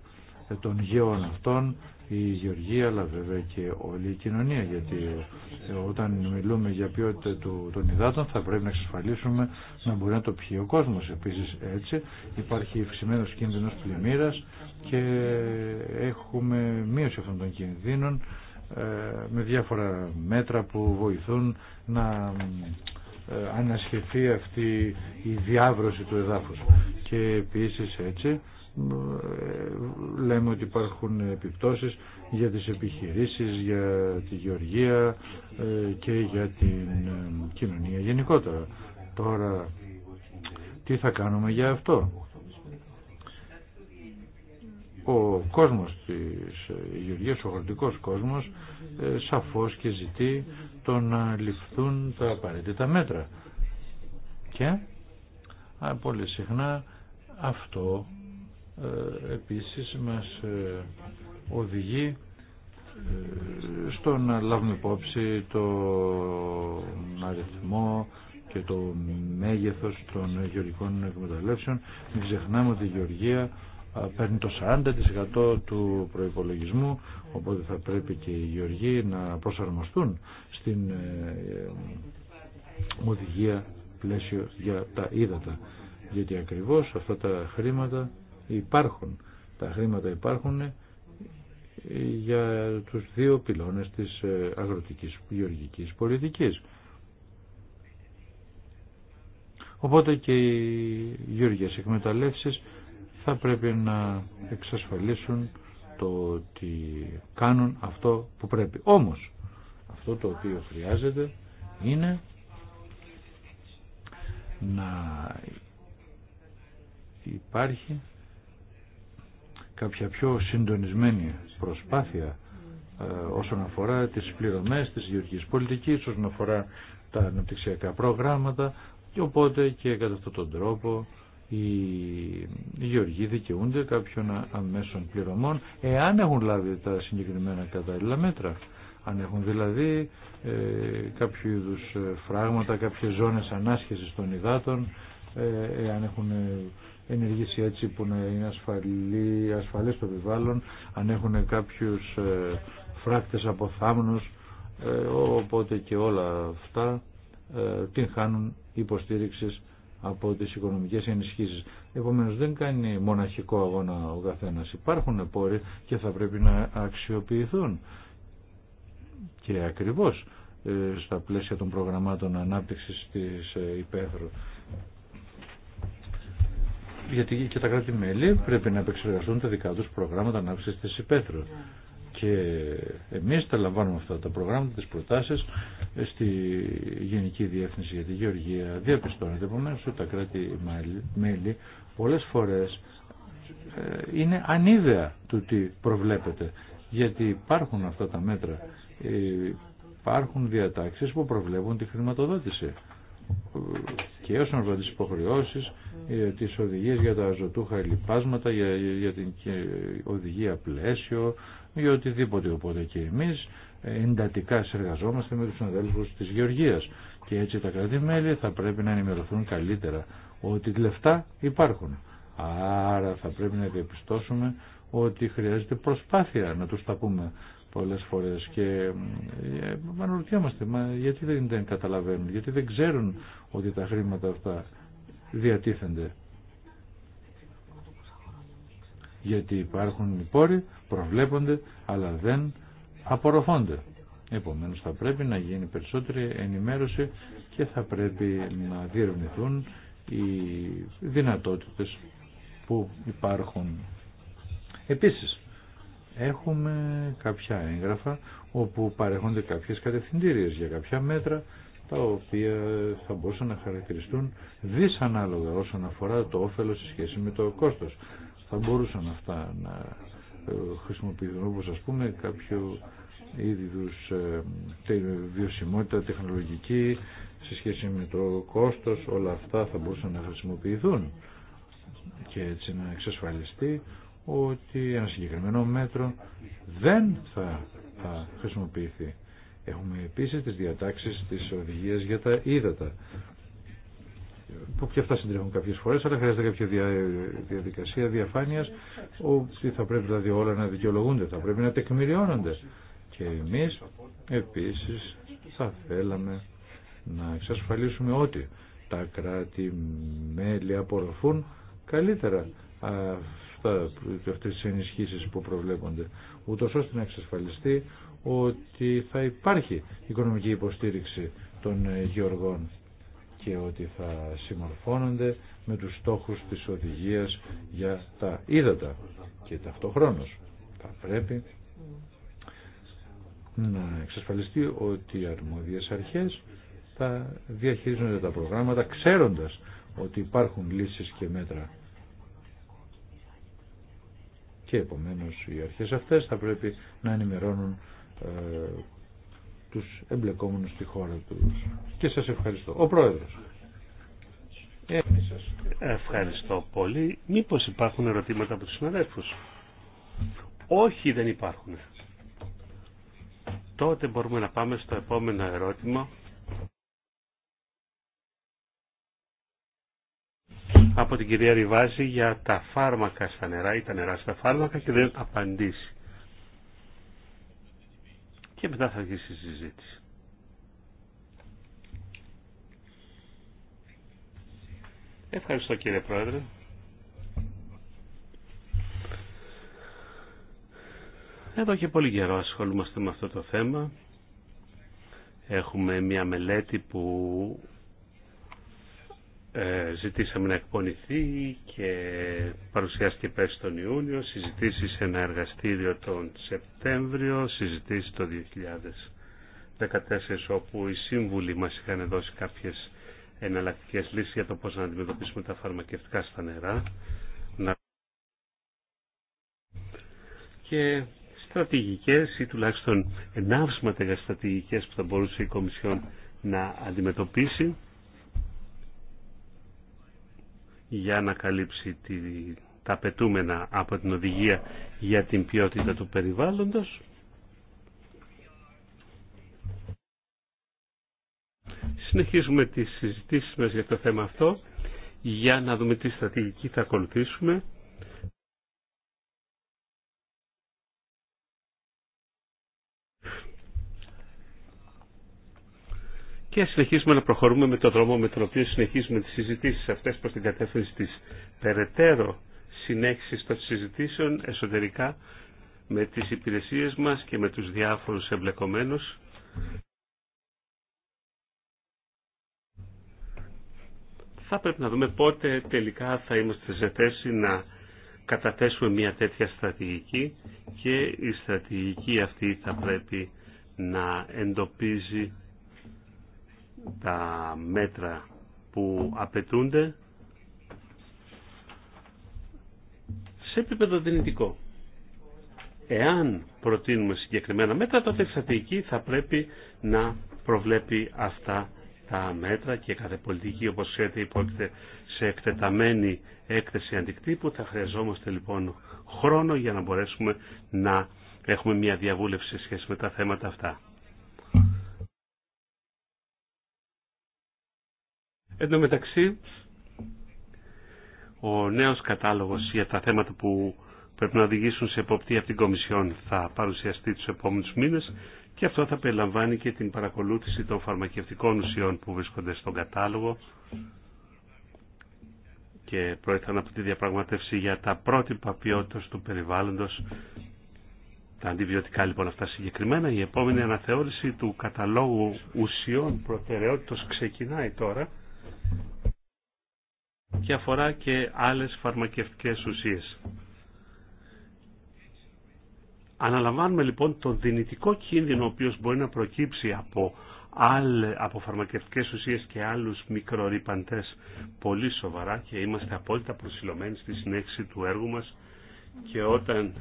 Speaker 1: των γεών αυτών η γεωργία αλλά βέβαια και όλη η κοινωνία γιατί όταν μιλούμε για ποιότητα των υδάτων θα πρέπει να εξασφαλίσουμε να μπορεί να το πιει ο κόσμος επίσης έτσι υπάρχει ευξημένος κίνδυνος πλημμύρα και έχουμε μείωση αυτών των κινδύνων ε, με διάφορα μέτρα που βοηθούν να ε, ανασχεθεί αυτή η διάβρωση του εδάφους και επίσης έτσι ε, λέμε ότι υπάρχουν επιπτώσεις για τις επιχειρήσεις, για τη γεωργία ε, και για την ε, κοινωνία γενικότερα. Τώρα, τι θα κάνουμε για αυτό. Ο κόσμος της γεωργίας, ο χορτικός κόσμος, σαφώς και ζητεί το να ληφθούν τα απαραίτητα μέτρα. Και, πολύ συχνά, αυτό ε, επίσης μας ε, οδηγεί ε, στο να λάβουμε υπόψη το αριθμό και το μέγεθος των γεωργικών εκμεταλλεύσεων. Μην ξεχνάμε ότι η γεωργία παίρνει το 40% του προϋπολογισμού, οπότε θα πρέπει και οι γεωργοί να προσαρμοστούν στην οδηγία πλαίσιο για τα ύδατα. Γιατί ακριβώς αυτά τα χρήματα υπάρχουν. Τα χρήματα υπάρχουν για τους δύο πυλώνες της ε, αγροτικής γεωργικής πολιτικής. Οπότε και οι γεωργίες εκμεταλλεύσεις θα πρέπει να εξασφαλίσουν το ότι κάνουν αυτό που πρέπει. Όμως, αυτό το οποίο χρειάζεται είναι να υπάρχει κάποια πιο συντονισμένη προσπάθεια ε, όσον αφορά τις πληρωμές της γεωργικής πολιτικής, όσον αφορά τα αναπτυξιακά προγράμματα και οπότε και κατά αυτόν τον τρόπο οι γεωργοί δικαιούνται κάποιων αμέσων πληρωμών εάν έχουν λάβει τα συγκεκριμένα κατάλληλα μέτρα. Αν έχουν δηλαδή ε, κάποιο είδου ε, φράγματα, κάποιες ζώνες ανάσχεσης των υδάτων, ε, έχουν ενεργήσει έτσι που να είναι ασφαλή, ασφαλές το επιβάλλον, αν έχουν κάποιους ε, φράκτες από θάμνους, ε, οπότε και όλα αυτά ε, την χάνουν υποστήριξης από τις οικονομικές ενισχύσεις. Επομένως δεν κάνει μοναχικό αγώνα ο καθένας. Υπάρχουν πόροι και θα πρέπει να αξιοποιηθούν. Και ακριβώς στα πλαίσια των προγραμμάτων ανάπτυξης της υπαίθρου γιατί και τα κράτη-μέλη πρέπει να επεξεργαστούν τα δικά τους προγράμματα ανάπτυξης της υπαίθρου. Και εμείς τα λαμβάνουμε αυτά τα προγράμματα, τις προτάσεις στη Γενική Διεύθυνση για τη Γεωργία. Διαπιστώνεται επομένως ότι τα κράτη-μέλη πολλές φορές ε, είναι ανίδεα του τι προβλέπεται. Γιατί υπάρχουν αυτά τα μέτρα, ε, υπάρχουν διατάξεις που προβλέπουν τη χρηματοδότηση ε, και όσον αφορά τις υποχρεώσεις ε, τις οδηγίες για τα αζωτούχα λοιπάσματα, για, για την οδηγία πλαίσιο, για οτιδήποτε. Οπότε και εμείς ε, εντατικά συνεργαζόμαστε με τους συναδέλφους της Γεωργίας. Και έτσι τα κρατημέλη θα πρέπει να ενημερωθούν καλύτερα ότι λεφτά υπάρχουν. Άρα θα πρέπει να διαπιστώσουμε ότι χρειάζεται προσπάθεια να τους τα πούμε πολλές φορές και ε, αναρωτιόμαστε μα γιατί δεν καταλαβαίνουν, γιατί δεν ξέρουν ότι τα χρήματα αυτά διατίθενται. Γιατί υπάρχουν οι πόροι, προβλέπονται, αλλά δεν απορροφώνται. Επομένως θα πρέπει να γίνει περισσότερη ενημέρωση και θα πρέπει να διερευνηθούν οι δυνατότητες που υπάρχουν. Επίσης, έχουμε κάποια έγγραφα όπου παρέχονται κάποιες κατευθυντήριες για κάποια μέτρα τα οποία θα μπορούσαν να χαρακτηριστούν δυσανάλογα όσον αφορά το όφελο σε σχέση με το κόστος. Θα μπορούσαν αυτά να ε, χρησιμοποιηθούν όπως ας πούμε κάποιο είδους ε, βιωσιμότητα τεχνολογική σε σχέση με το κόστος, όλα αυτά θα μπορούσαν να χρησιμοποιηθούν και έτσι να εξασφαλιστεί ότι ένα συγκεκριμένο μέτρο δεν θα χρησιμοποιηθεί Έχουμε επίσης τις διατάξεις της οδηγίας για τα ύδατα που και αυτά συντρέχουν κάποιες φορές αλλά χρειάζεται κάποια διαδικασία διαφάνειας ότι θα πρέπει δηλαδή όλα να δικαιολογούνται, θα πρέπει να τεκμηριώνονται και εμείς επίσης θα θέλαμε να εξασφαλίσουμε ότι τα κράτη-μέλη απορροφούν καλύτερα αυτά, αυτές τις ενισχύσεις που προβλέπονται ούτως ώστε να εξασφαλιστεί ότι θα υπάρχει οικονομική υποστήριξη των ε, γεωργών και ότι θα συμμορφώνονται με τους στόχους της οδηγίας για τα ύδατα και ταυτόχρονος θα πρέπει να εξασφαλιστεί ότι οι αρμόδιες αρχές θα διαχειρίζονται τα προγράμματα ξέροντας ότι υπάρχουν λύσεις και μέτρα και επομένως οι αρχές αυτές θα πρέπει να ενημερώνουν ε, τους εμπλεκόμενους στη χώρα τους. Και σας ευχαριστώ. Ο Πρόεδρος. Ε,
Speaker 2: ευχαριστώ πολύ. Μήπως υπάρχουν ερωτήματα από τους συναδέλφους. Όχι δεν υπάρχουν. Τότε μπορούμε να πάμε στο επόμενο ερώτημα. Από την κυρία Ριβάζη για τα φάρμακα στα νερά ή τα νερά στα φάρμακα και δεν απαντήσει και μετά θα αρχίσει η συζήτηση. Ευχαριστώ κύριε Πρόεδρε. Εδώ και πολύ καιρό ασχολούμαστε με αυτό το θέμα. Έχουμε μια μελέτη που ε, ζητήσαμε να εκπονηθεί και παρουσιάστηκε πέρσι τον Ιούνιο, συζητήσει σε ένα εργαστήριο τον Σεπτέμβριο, συζητήσει το 2014 όπου οι σύμβουλοι μας είχαν δώσει κάποιες εναλλακτικές λύσεις για το πώς να αντιμετωπίσουμε τα φαρμακευτικά στα νερά. Και στρατηγικές ή τουλάχιστον ενάψματα για στρατηγικές που θα μπορούσε η Κομισιόν να αντιμετωπίσει για να καλύψει τη, τα πετούμενα από την οδηγία για την ποιότητα του περιβάλλοντος. Συνεχίζουμε τις συζητήσεις μας για το θέμα αυτό για να δούμε τι στρατηγική θα ακολουθήσουμε. και ας συνεχίσουμε να προχωρούμε με τον δρόμο με τον οποίο συνεχίζουμε τις συζητήσεις αυτές προς την κατεύθυνση της περαιτέρω συνέχισης των συζητήσεων εσωτερικά με τις υπηρεσίες μας και με τους διάφορους εμπλεκομένους. Θα πρέπει να δούμε πότε τελικά θα είμαστε σε θέση να καταθέσουμε μια τέτοια στρατηγική και η στρατηγική αυτή θα πρέπει να εντοπίζει τα μέτρα που απαιτούνται σε επίπεδο δυνητικό. Εάν προτείνουμε συγκεκριμένα μέτρα, τότε η στρατηγική θα πρέπει να προβλέπει αυτά τα μέτρα και κάθε πολιτική, όπως ξέρετε, υπόκειται σε εκτεταμένη έκθεση αντικτύπου. Θα χρειαζόμαστε λοιπόν χρόνο για να μπορέσουμε να έχουμε μια διαβούλευση σε σχέση με τα θέματα αυτά. Εν τω μεταξύ, ο νέος κατάλογος για τα θέματα που πρέπει να οδηγήσουν σε εποπτεία από την Κομισιόν θα παρουσιαστεί τους επόμενους μήνες και αυτό θα περιλαμβάνει και την παρακολούθηση των φαρμακευτικών ουσιών που βρίσκονται στον κατάλογο και προέρχονται από τη διαπραγματεύση για τα πρότυπα ποιότητα του περιβάλλοντος. Τα αντιβιωτικά λοιπόν αυτά συγκεκριμένα. Η επόμενη αναθεώρηση του καταλόγου ουσιών προτεραιότητος ξεκινάει τώρα και αφορά και άλλες φαρμακευτικές ουσίες. Αναλαμβάνουμε λοιπόν τον δυνητικό κίνδυνο ο οποίος μπορεί να προκύψει από, άλλε, από φαρμακευτικές ουσίες και άλλους μικρορύπαντες πολύ σοβαρά και είμαστε απόλυτα προσιλωμένοι στη συνέχιση του έργου μας και όταν,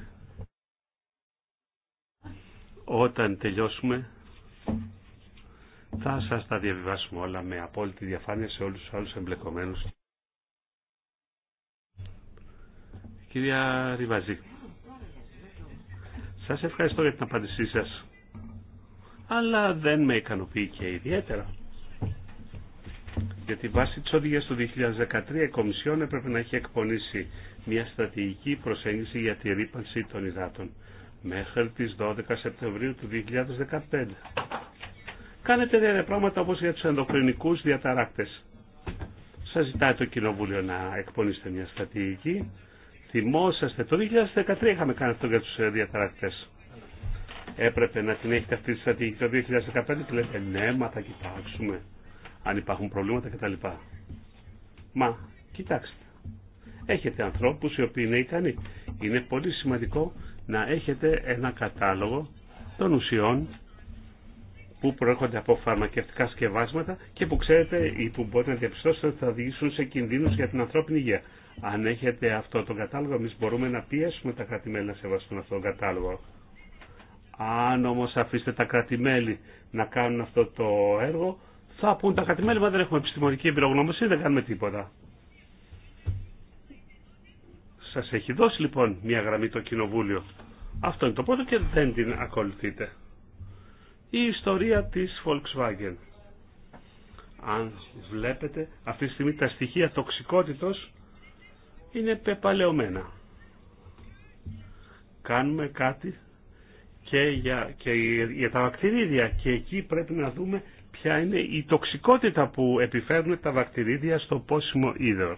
Speaker 2: όταν τελειώσουμε θα σας τα διαβιβάσουμε όλα με απόλυτη διαφάνεια σε όλους τους άλλους εμπλεκομένους.
Speaker 1: Κυρία
Speaker 2: Ριβαζή, σας ευχαριστώ για την απάντησή σας, αλλά δεν με ικανοποιεί και ιδιαίτερα. Γιατί βάσει της οδηγίας του 2013 η Κομισιόν έπρεπε να έχει εκπονήσει μια στρατηγική προσέγγιση για τη ρήπανση των υδάτων μέχρι τις 12 Σεπτεμβρίου του 2015. Κάνετε νέα πράγματα όπως για τους ενδοκρινικούς διαταράκτες. Σας ζητάει το Κοινοβούλιο να εκπονήσετε μια στρατηγική. Θυμόσαστε, το 2013 είχαμε κάνει αυτό για τους ε, διαταράκτες. Έπρεπε να την έχετε αυτή τη στρατηγική το 2015 και λέτε ναι, μα θα κοιτάξουμε αν υπάρχουν προβλήματα κτλ. Μα, κοιτάξτε. Έχετε ανθρώπους οι οποίοι είναι ικανοί. Είναι πολύ σημαντικό να έχετε ένα κατάλογο των ουσιών που προέρχονται από φαρμακευτικά σκευάσματα και που ξέρετε ή που μπορείτε να διαπιστώσετε ότι θα οδηγήσουν σε κινδύνους για την ανθρώπινη υγεία. Αν έχετε αυτό τον κατάλογο, εμεί μπορούμε να πιέσουμε τα κρατημέλη μελη να σεβαστούν αυτόν τον κατάλογο. Αν όμω αφήσετε τα κρατημέλη να κάνουν αυτό το έργο, θα πούν τα κρατημέλη μα δεν έχουμε επιστημονική εμπειρογνώμηση, δεν κάνουμε τίποτα. Σα έχει δώσει λοιπόν μια γραμμή το Κοινοβούλιο. Αυτό είναι το πρώτο και δεν την ακολουθείτε η ιστορία της Volkswagen. Αν βλέπετε, αυτή τη στιγμή τα στοιχεία τοξικότητος είναι πεπαλαιωμένα. Κάνουμε κάτι και για, και για τα βακτηρίδια και εκεί πρέπει να δούμε ποια είναι η τοξικότητα που επιφέρουν τα βακτηρίδια στο πόσιμο ύδωρ.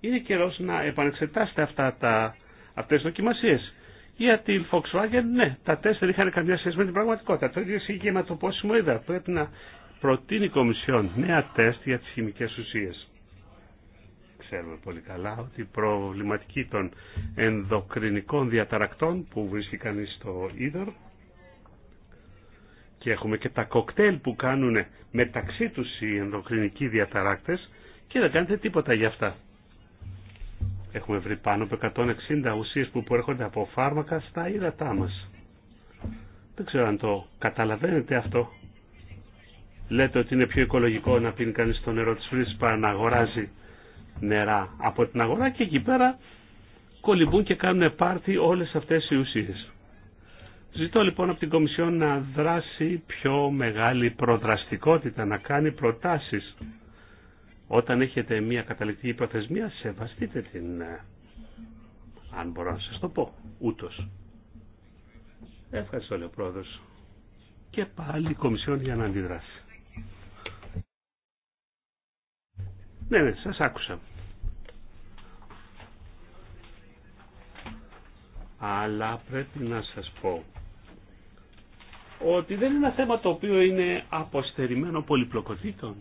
Speaker 2: Είναι καιρός να επανεξετάσετε αυτά τα, αυτές τις δοκιμασίες. Για την Volkswagen, ναι, τα τεστ δεν είχαν καμιά σχέση με την πραγματικότητα. Το ίδιο ισχύει και με το πόσιμο είδα. Πρέπει να προτείνει η Κομισιόν νέα τεστ για τι χημικέ ουσίε. Ξέρουμε πολύ καλά ότι η προβληματική των ενδοκρινικών διαταρακτών που βρίσκει κανεί στο είδωρ και έχουμε και τα κοκτέιλ που κάνουν μεταξύ τους οι ενδοκρινικοί διαταράκτες και δεν κάνετε τίποτα για αυτά. Έχουμε βρει πάνω από 160 ουσίες που προέρχονται από φάρμακα στα ύδατά μας. Δεν ξέρω αν το καταλαβαίνετε αυτό. Λέτε ότι είναι πιο οικολογικό να πίνει κανείς το νερό της φρύσης παρά να αγοράζει νερά από την αγορά και εκεί πέρα κολυμπούν και κάνουν πάρτι όλες αυτές οι ουσίες. Ζητώ λοιπόν από την Κομισιόν να δράσει πιο μεγάλη προδραστικότητα, να κάνει προτάσεις όταν έχετε μια καταληκτική προθεσμία, σεβαστείτε την, ε, αν μπορώ να σας το πω, ούτως. Ευχαριστώ, λέει ο πρόεδρος. Και πάλι η Κομισιόν για να αντιδράσει. Ναι, ναι, σας άκουσα. Αλλά πρέπει να σας πω ότι δεν είναι ένα θέμα το οποίο είναι αποστερημένο πολυπλοκοτήτων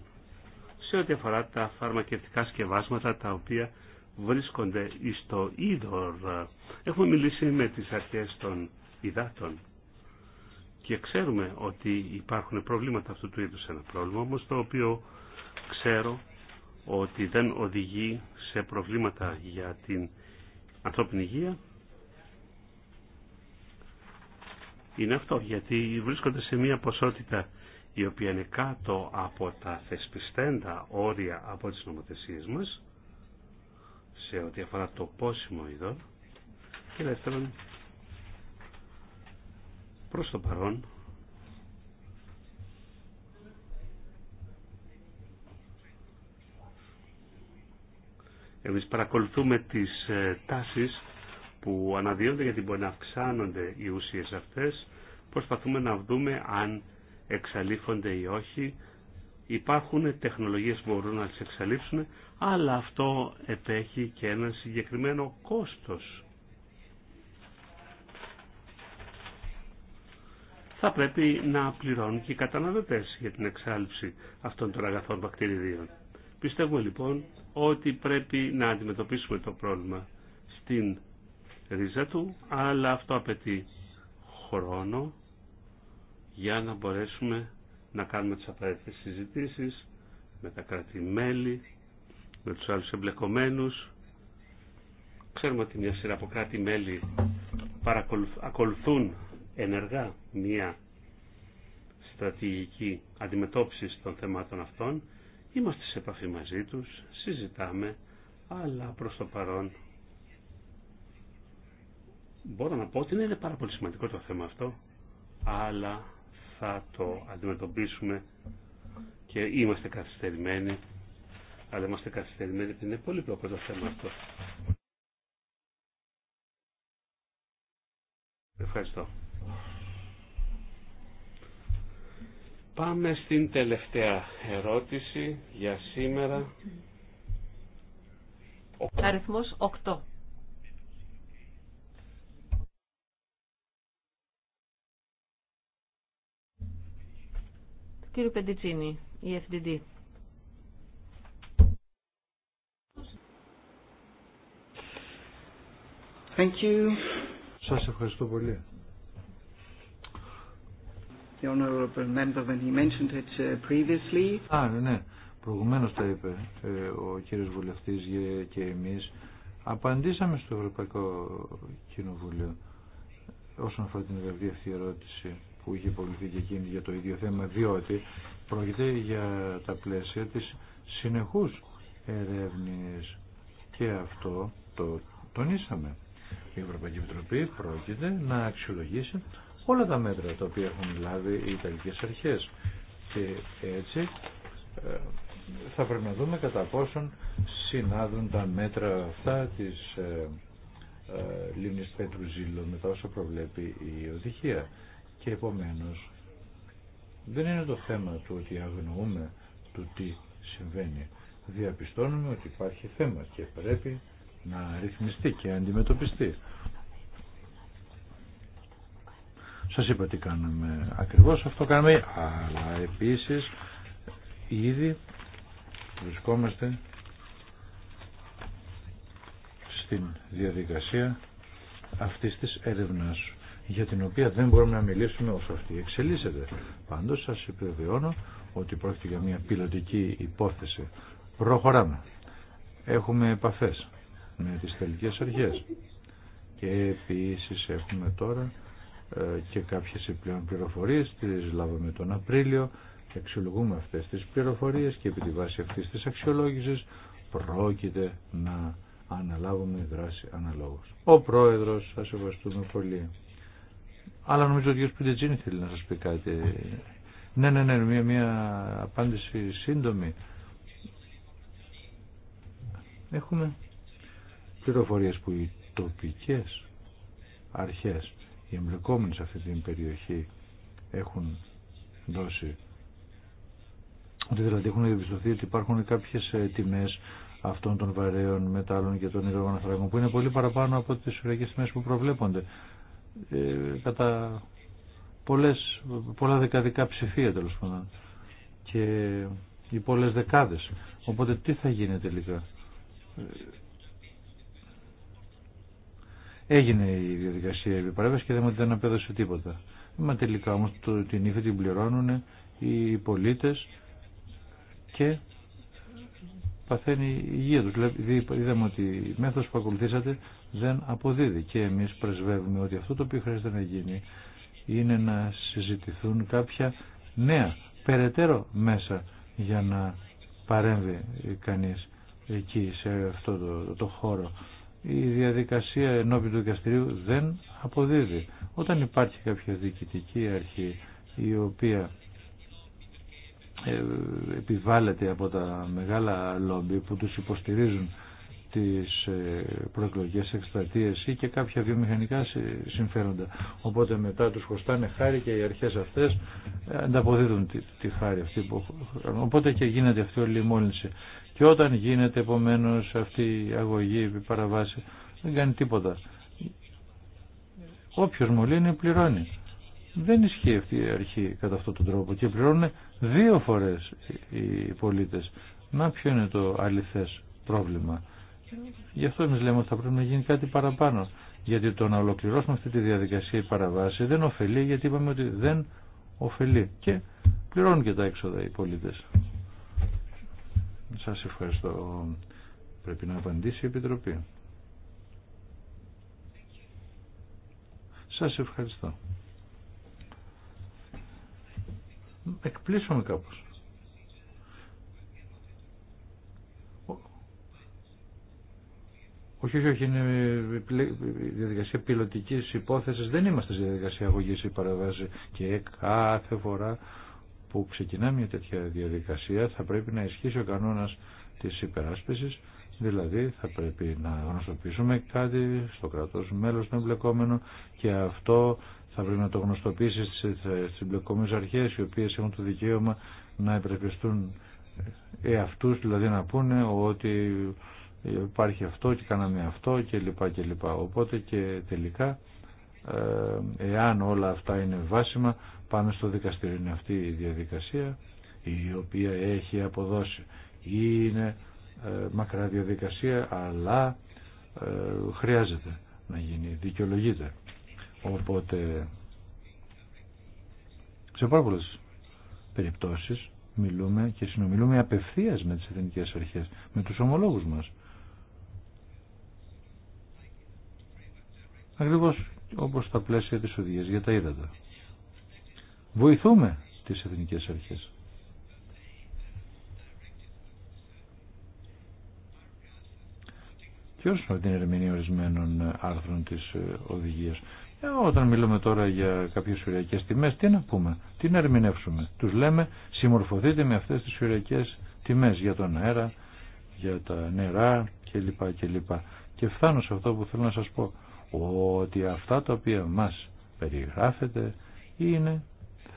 Speaker 2: σε ό,τι αφορά τα φαρμακευτικά σκευάσματα τα οποία βρίσκονται στο είδωρ. Έχουμε μιλήσει με τις αρχές των υδάτων και ξέρουμε ότι υπάρχουν προβλήματα αυτού του είδους ένα πρόβλημα όμως το οποίο ξέρω ότι δεν οδηγεί σε προβλήματα για την ανθρώπινη υγεία είναι αυτό γιατί βρίσκονται σε μια ποσότητα η οποία είναι κάτω από τα θεσπιστέντα όρια από τις νομοθεσίες μας σε ό,τι αφορά το πόσιμο ειδό και δεύτερον προς το παρόν εμείς παρακολουθούμε τις ε, τάσεις που αναδύονται γιατί μπορεί να αυξάνονται οι ουσίες αυτές προσπαθούμε να δούμε αν εξαλείφονται ή όχι. Υπάρχουν τεχνολογίες που μπορούν να τις εξαλείψουν, αλλά αυτό επέχει και ένα συγκεκριμένο κόστος. Θα πρέπει να πληρώνουν και οι καταναλωτές για την εξάλληψη αυτών των αγαθών βακτηριδίων. Πιστεύουμε λοιπόν ότι πρέπει να αντιμετωπίσουμε το πρόβλημα στην ρίζα του, αλλά αυτό απαιτεί χρόνο για να μπορέσουμε να κάνουμε τις απαραίτητες συζητήσεις με τα κράτη-μέλη, με τους άλλους εμπλεκομένους. Ξέρουμε ότι μια σειρά από κράτη-μέλη ακολουθούν ενεργά μια στρατηγική αντιμετώπιση των θεμάτων αυτών. Είμαστε σε επαφή μαζί τους, συζητάμε, αλλά προς το παρόν μπορώ να πω ότι είναι πάρα πολύ σημαντικό το θέμα αυτό, αλλά θα το αντιμετωπίσουμε και είμαστε καθυστερημένοι, αλλά είμαστε καθυστερημένοι επειδή είναι πολύ πλοκό το θέμα αυτό. Ευχαριστώ. Πάμε στην τελευταία ερώτηση για σήμερα.
Speaker 3: Αριθμός 8. Κύριο Πεντιτσίνη, η FDD.
Speaker 1: Thank you.
Speaker 4: Σας ευχαριστώ πολύ. The honorable member when he mentioned it uh, previously.
Speaker 1: Α, ναι, ναι. Προηγουμένως τα είπε ε, ο κύριος βουλευτής και εμείς. Απαντήσαμε στο Ευρωπαϊκό Κοινοβούλιο όσον αφορά την γραβή ερώτηση που είχε υποβληθεί και εκείνη για το ίδιο θέμα, διότι πρόκειται για τα πλαίσια της συνεχούς ερεύνης και αυτό το τονίσαμε. Η Ευρωπαϊκή Επιτροπή πρόκειται να αξιολογήσει όλα τα μέτρα τα οποία έχουν λάβει οι Ιταλικές Αρχές και έτσι ε, θα πρέπει να δούμε κατά πόσον συνάδουν τα μέτρα αυτά της ε, ε, λίμνης Πέτρου Ζήλου με τα όσα προβλέπει η οδηγία. Και επομένως δεν είναι το θέμα του ότι αγνοούμε του τι συμβαίνει. Διαπιστώνουμε ότι υπάρχει θέμα και πρέπει να ρυθμιστεί και αντιμετωπιστεί. Σας είπα τι κάναμε ακριβώς, αυτό κάναμε, αλλά επίσης ήδη βρισκόμαστε στην διαδικασία αυτής της έρευνας για την οποία δεν μπορούμε να μιλήσουμε όσο αυτή εξελίσσεται. Πάντως σας επιβεβαιώνω ότι πρόκειται για μια πιλωτική υπόθεση. Προχωράμε. Έχουμε επαφές με τις τελικές αρχές και επίσης έχουμε τώρα ε, και κάποιες επιπλέον πληροφορίες τις λάβαμε τον Απρίλιο και αξιολογούμε αυτές τις πληροφορίες και επί τη βάση αυτής της αξιολόγησης πρόκειται να αναλάβουμε δράση αναλόγως. Ο Πρόεδρος, σας ευχαριστούμε πολύ. Αλλά νομίζω ότι ο κ. Πιτετζίνη θέλει να σας πει κάτι. Ναι, ναι, ναι, μια, μια απάντηση σύντομη. Έχουμε πληροφορίες που οι τοπικές αρχές, οι εμπλεκόμενοι σε αυτή την περιοχή έχουν δώσει ότι δηλαδή έχουν διαπιστωθεί ότι υπάρχουν κάποιες ε, τιμές αυτών των βαρέων μετάλλων και των αθράγων που είναι πολύ παραπάνω από τις ουρακές τιμές που προβλέπονται κατά ε, πολλές, πολλά δεκαδικά ψηφία τέλο πάντων και οι πολλές δεκάδες. Οπότε τι θα γίνει τελικά. Ε, έγινε η διαδικασία επιπαρέμβαση και δεν απέδωσε τίποτα. Μα τελικά όμως το, την ύφη την πληρώνουν οι πολίτες και παθαίνει η υγεία τους. Δηλαδή είδαμε ότι η μέθοδος που ακολουθήσατε δεν αποδίδει. Και εμείς πρεσβεύουμε ότι αυτό το οποίο χρειάζεται να γίνει είναι να συζητηθούν κάποια νέα, περαιτέρω μέσα για να παρέμβει κανείς εκεί σε αυτό το, χώρο. Η διαδικασία ενώπιν του δικαστηρίου δεν αποδίδει. Όταν υπάρχει κάποια διοικητική αρχή η οποία ε, επιβάλλεται από τα μεγάλα λόμπι που τους υποστηρίζουν τις ε, προεκλογές εκστρατείες ή και κάποια βιομηχανικά συμφέροντα. Οπότε μετά τους χωστάνε χάρη και οι αρχές αυτές ε, ανταποδίδουν τη, τη χάρη αυτή. Που, οπότε και γίνεται αυτή όλη η μόλυνση. Και όταν γίνεται επομένω αυτή η αγωγή η παραβάση δεν κάνει τίποτα. Όποιος μολύνει πληρώνει. Δεν ισχύει αυτή η αρχή κατά αυτόν τον τρόπο και πληρώνουν δύο φορές οι πολίτες. Να ποιο είναι το αληθές πρόβλημα. Γι' αυτό εμεί λέμε ότι θα πρέπει να γίνει κάτι παραπάνω. Γιατί το να ολοκληρώσουμε αυτή τη διαδικασία η παραβάση δεν ωφελεί, γιατί είπαμε ότι δεν ωφελεί. Και πληρώνουν και τα έξοδα οι πολίτε. Σα ευχαριστώ. Πρέπει να απαντήσει η Επιτροπή. Σας ευχαριστώ. Εκπλήσουμε κάπως. Όχι, όχι, όχι, είναι ε, ε, διαδικασία πιλωτική υπόθεση. Δεν είμαστε στη διαδικασία αγωγή ή παραβάση. Και κάθε φορά που ξεκινά μια τέτοια διαδικασία θα πρέπει να ισχύσει ο κανόνα τη υπεράσπιση. Δηλαδή θα πρέπει να γνωστοποιήσουμε κάτι στο κρατό μέλο των εμπλεκόμενων και αυτό θα πρέπει να το γνωστοποιήσει στι εμπλεκόμενε αρχέ οι οποίε έχουν το δικαίωμα να υπερασπιστούν ε, εαυτού, δηλαδή να πούνε ότι υπάρχει αυτό και κάναμε αυτό και λοιπά και λοιπά. Οπότε και τελικά ε, εάν όλα αυτά είναι βάσιμα πάμε στο δικαστήριο. Είναι αυτή η διαδικασία η οποία έχει αποδώσει. Είναι ε, μακρά διαδικασία αλλά ε, χρειάζεται να γίνει, δικαιολογείται. Οπότε σε πάρα πολλές περιπτώσεις μιλούμε και συνομιλούμε απευθείας με τις εθνικές αρχές, με τους ομολόγους μας. Ακριβώς όπως τα πλαίσια της οδηγίας για τα ύδατα. Βοηθούμε τις εθνικές αρχές. Και όσον την ερμηνεία ορισμένων άρθρων της ε, οδηγίας. Ε, όταν μιλούμε τώρα για κάποιες οριακέ τιμές, τι να πούμε, τι να ερμηνεύσουμε. Τους λέμε συμμορφωθείτε με αυτές τις οριακές τιμές για τον αέρα, για τα νερά κλπ. Και, και φτάνω σε αυτό που θέλω να σας πω ότι αυτά τα οποία μας περιγράφεται είναι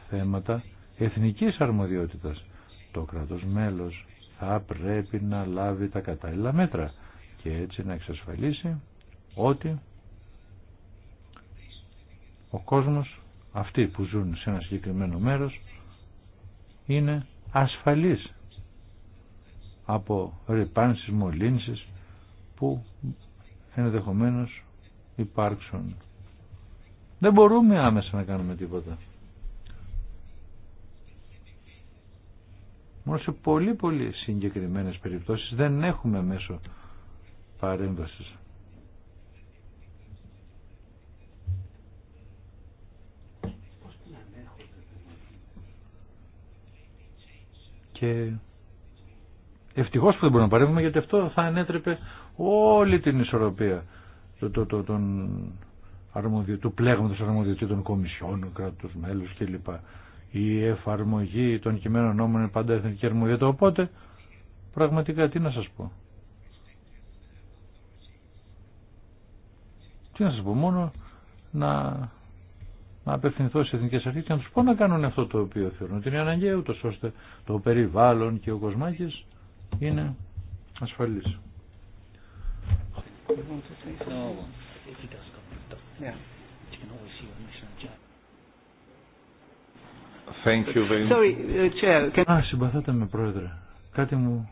Speaker 1: θέματα εθνικής αρμοδιότητας. Το κρατός μέλος θα πρέπει να λάβει τα κατάλληλα μέτρα και έτσι να εξασφαλίσει ότι ο κόσμος αυτοί που ζουν σε ένα συγκεκριμένο μέρος είναι ασφαλής από ρυπάνσεις, μολύνσεις που ενδεχομένως υπάρξουν. Δεν μπορούμε άμεσα να κάνουμε τίποτα. Μόνο σε πολύ πολύ συγκεκριμένες περιπτώσεις δεν έχουμε μέσο παρέμβασης. Και ευτυχώς που δεν μπορούμε να παρέμβουμε γιατί αυτό θα ανέτρεπε όλη την ισορροπία το, το, το, τον αρμοδιο, του πλέγματος αρμοδιοτήτων κομισιών, κράτους μέλους κλπ. Η εφαρμογή των κειμένων νόμων είναι πάντα εθνική αρμοδιότητα. Οπότε, πραγματικά, τι να σας πω. Τι να σας πω, μόνο να, να απευθυνθώ σε εθνικές αρχές και να τους πω να κάνουν αυτό το οποίο θεωρούν ότι είναι αναγκαίο, ούτως ώστε το περιβάλλον και ο κοσμάκης είναι ασφαλής.
Speaker 4: You uh,
Speaker 1: με, Πρόεδρε. Κάτι μου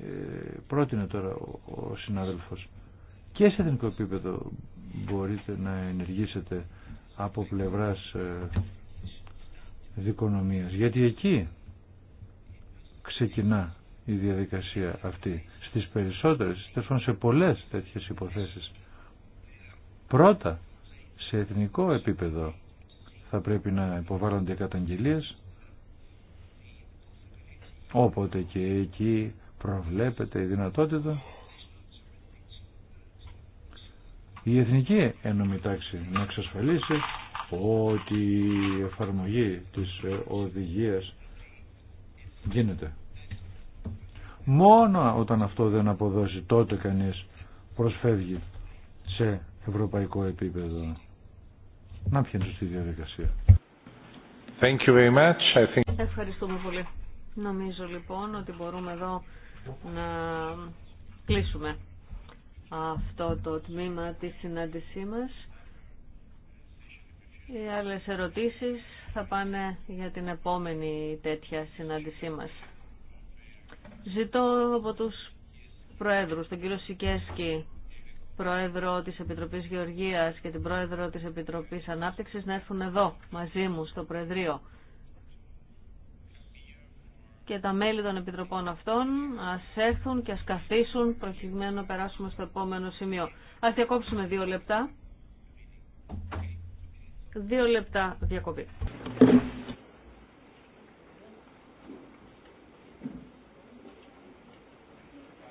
Speaker 1: ε, πρότεινε τώρα ο, ο συνάδελφος. Και σε εθνικό επίπεδο μπορείτε να ενεργήσετε από πλευράς ε, δικονομίας. Γιατί εκεί ξεκινά η διαδικασία αυτή στις περισσότερες, σε πολλές τέτοιες υποθέσεις. Πρώτα, σε εθνικό επίπεδο θα πρέπει να υποβάλλονται καταγγελίες, όποτε και εκεί προβλέπεται η δυνατότητα η Εθνική Ένωμη να εξασφαλίσει ότι η εφαρμογή της οδηγίας γίνεται Μόνο όταν αυτό δεν αποδώσει τότε κανείς προσφεύγει σε ευρωπαϊκό επίπεδο. Να πιένσω στη διαδικασία. Thank you very much. I think...
Speaker 3: Ευχαριστούμε πολύ. Νομίζω λοιπόν ότι μπορούμε εδώ να κλείσουμε αυτό το τμήμα της συνάντησή μας. Οι άλλες ερωτήσεις θα πάνε για την επόμενη τέτοια συνάντησή μας. Ζητώ από τους Προέδρους, τον κύριο Σικέσκι, Πρόεδρο της Επιτροπής Γεωργίας και την Πρόεδρο της Επιτροπής Ανάπτυξης να έρθουν εδώ μαζί μου στο Προεδρείο. Και τα μέλη των Επιτροπών αυτών ας έρθουν και ας καθίσουν προκειμένου να περάσουμε στο επόμενο σημείο. Ας διακόψουμε δύο λεπτά. Δύο λεπτά διακοπή.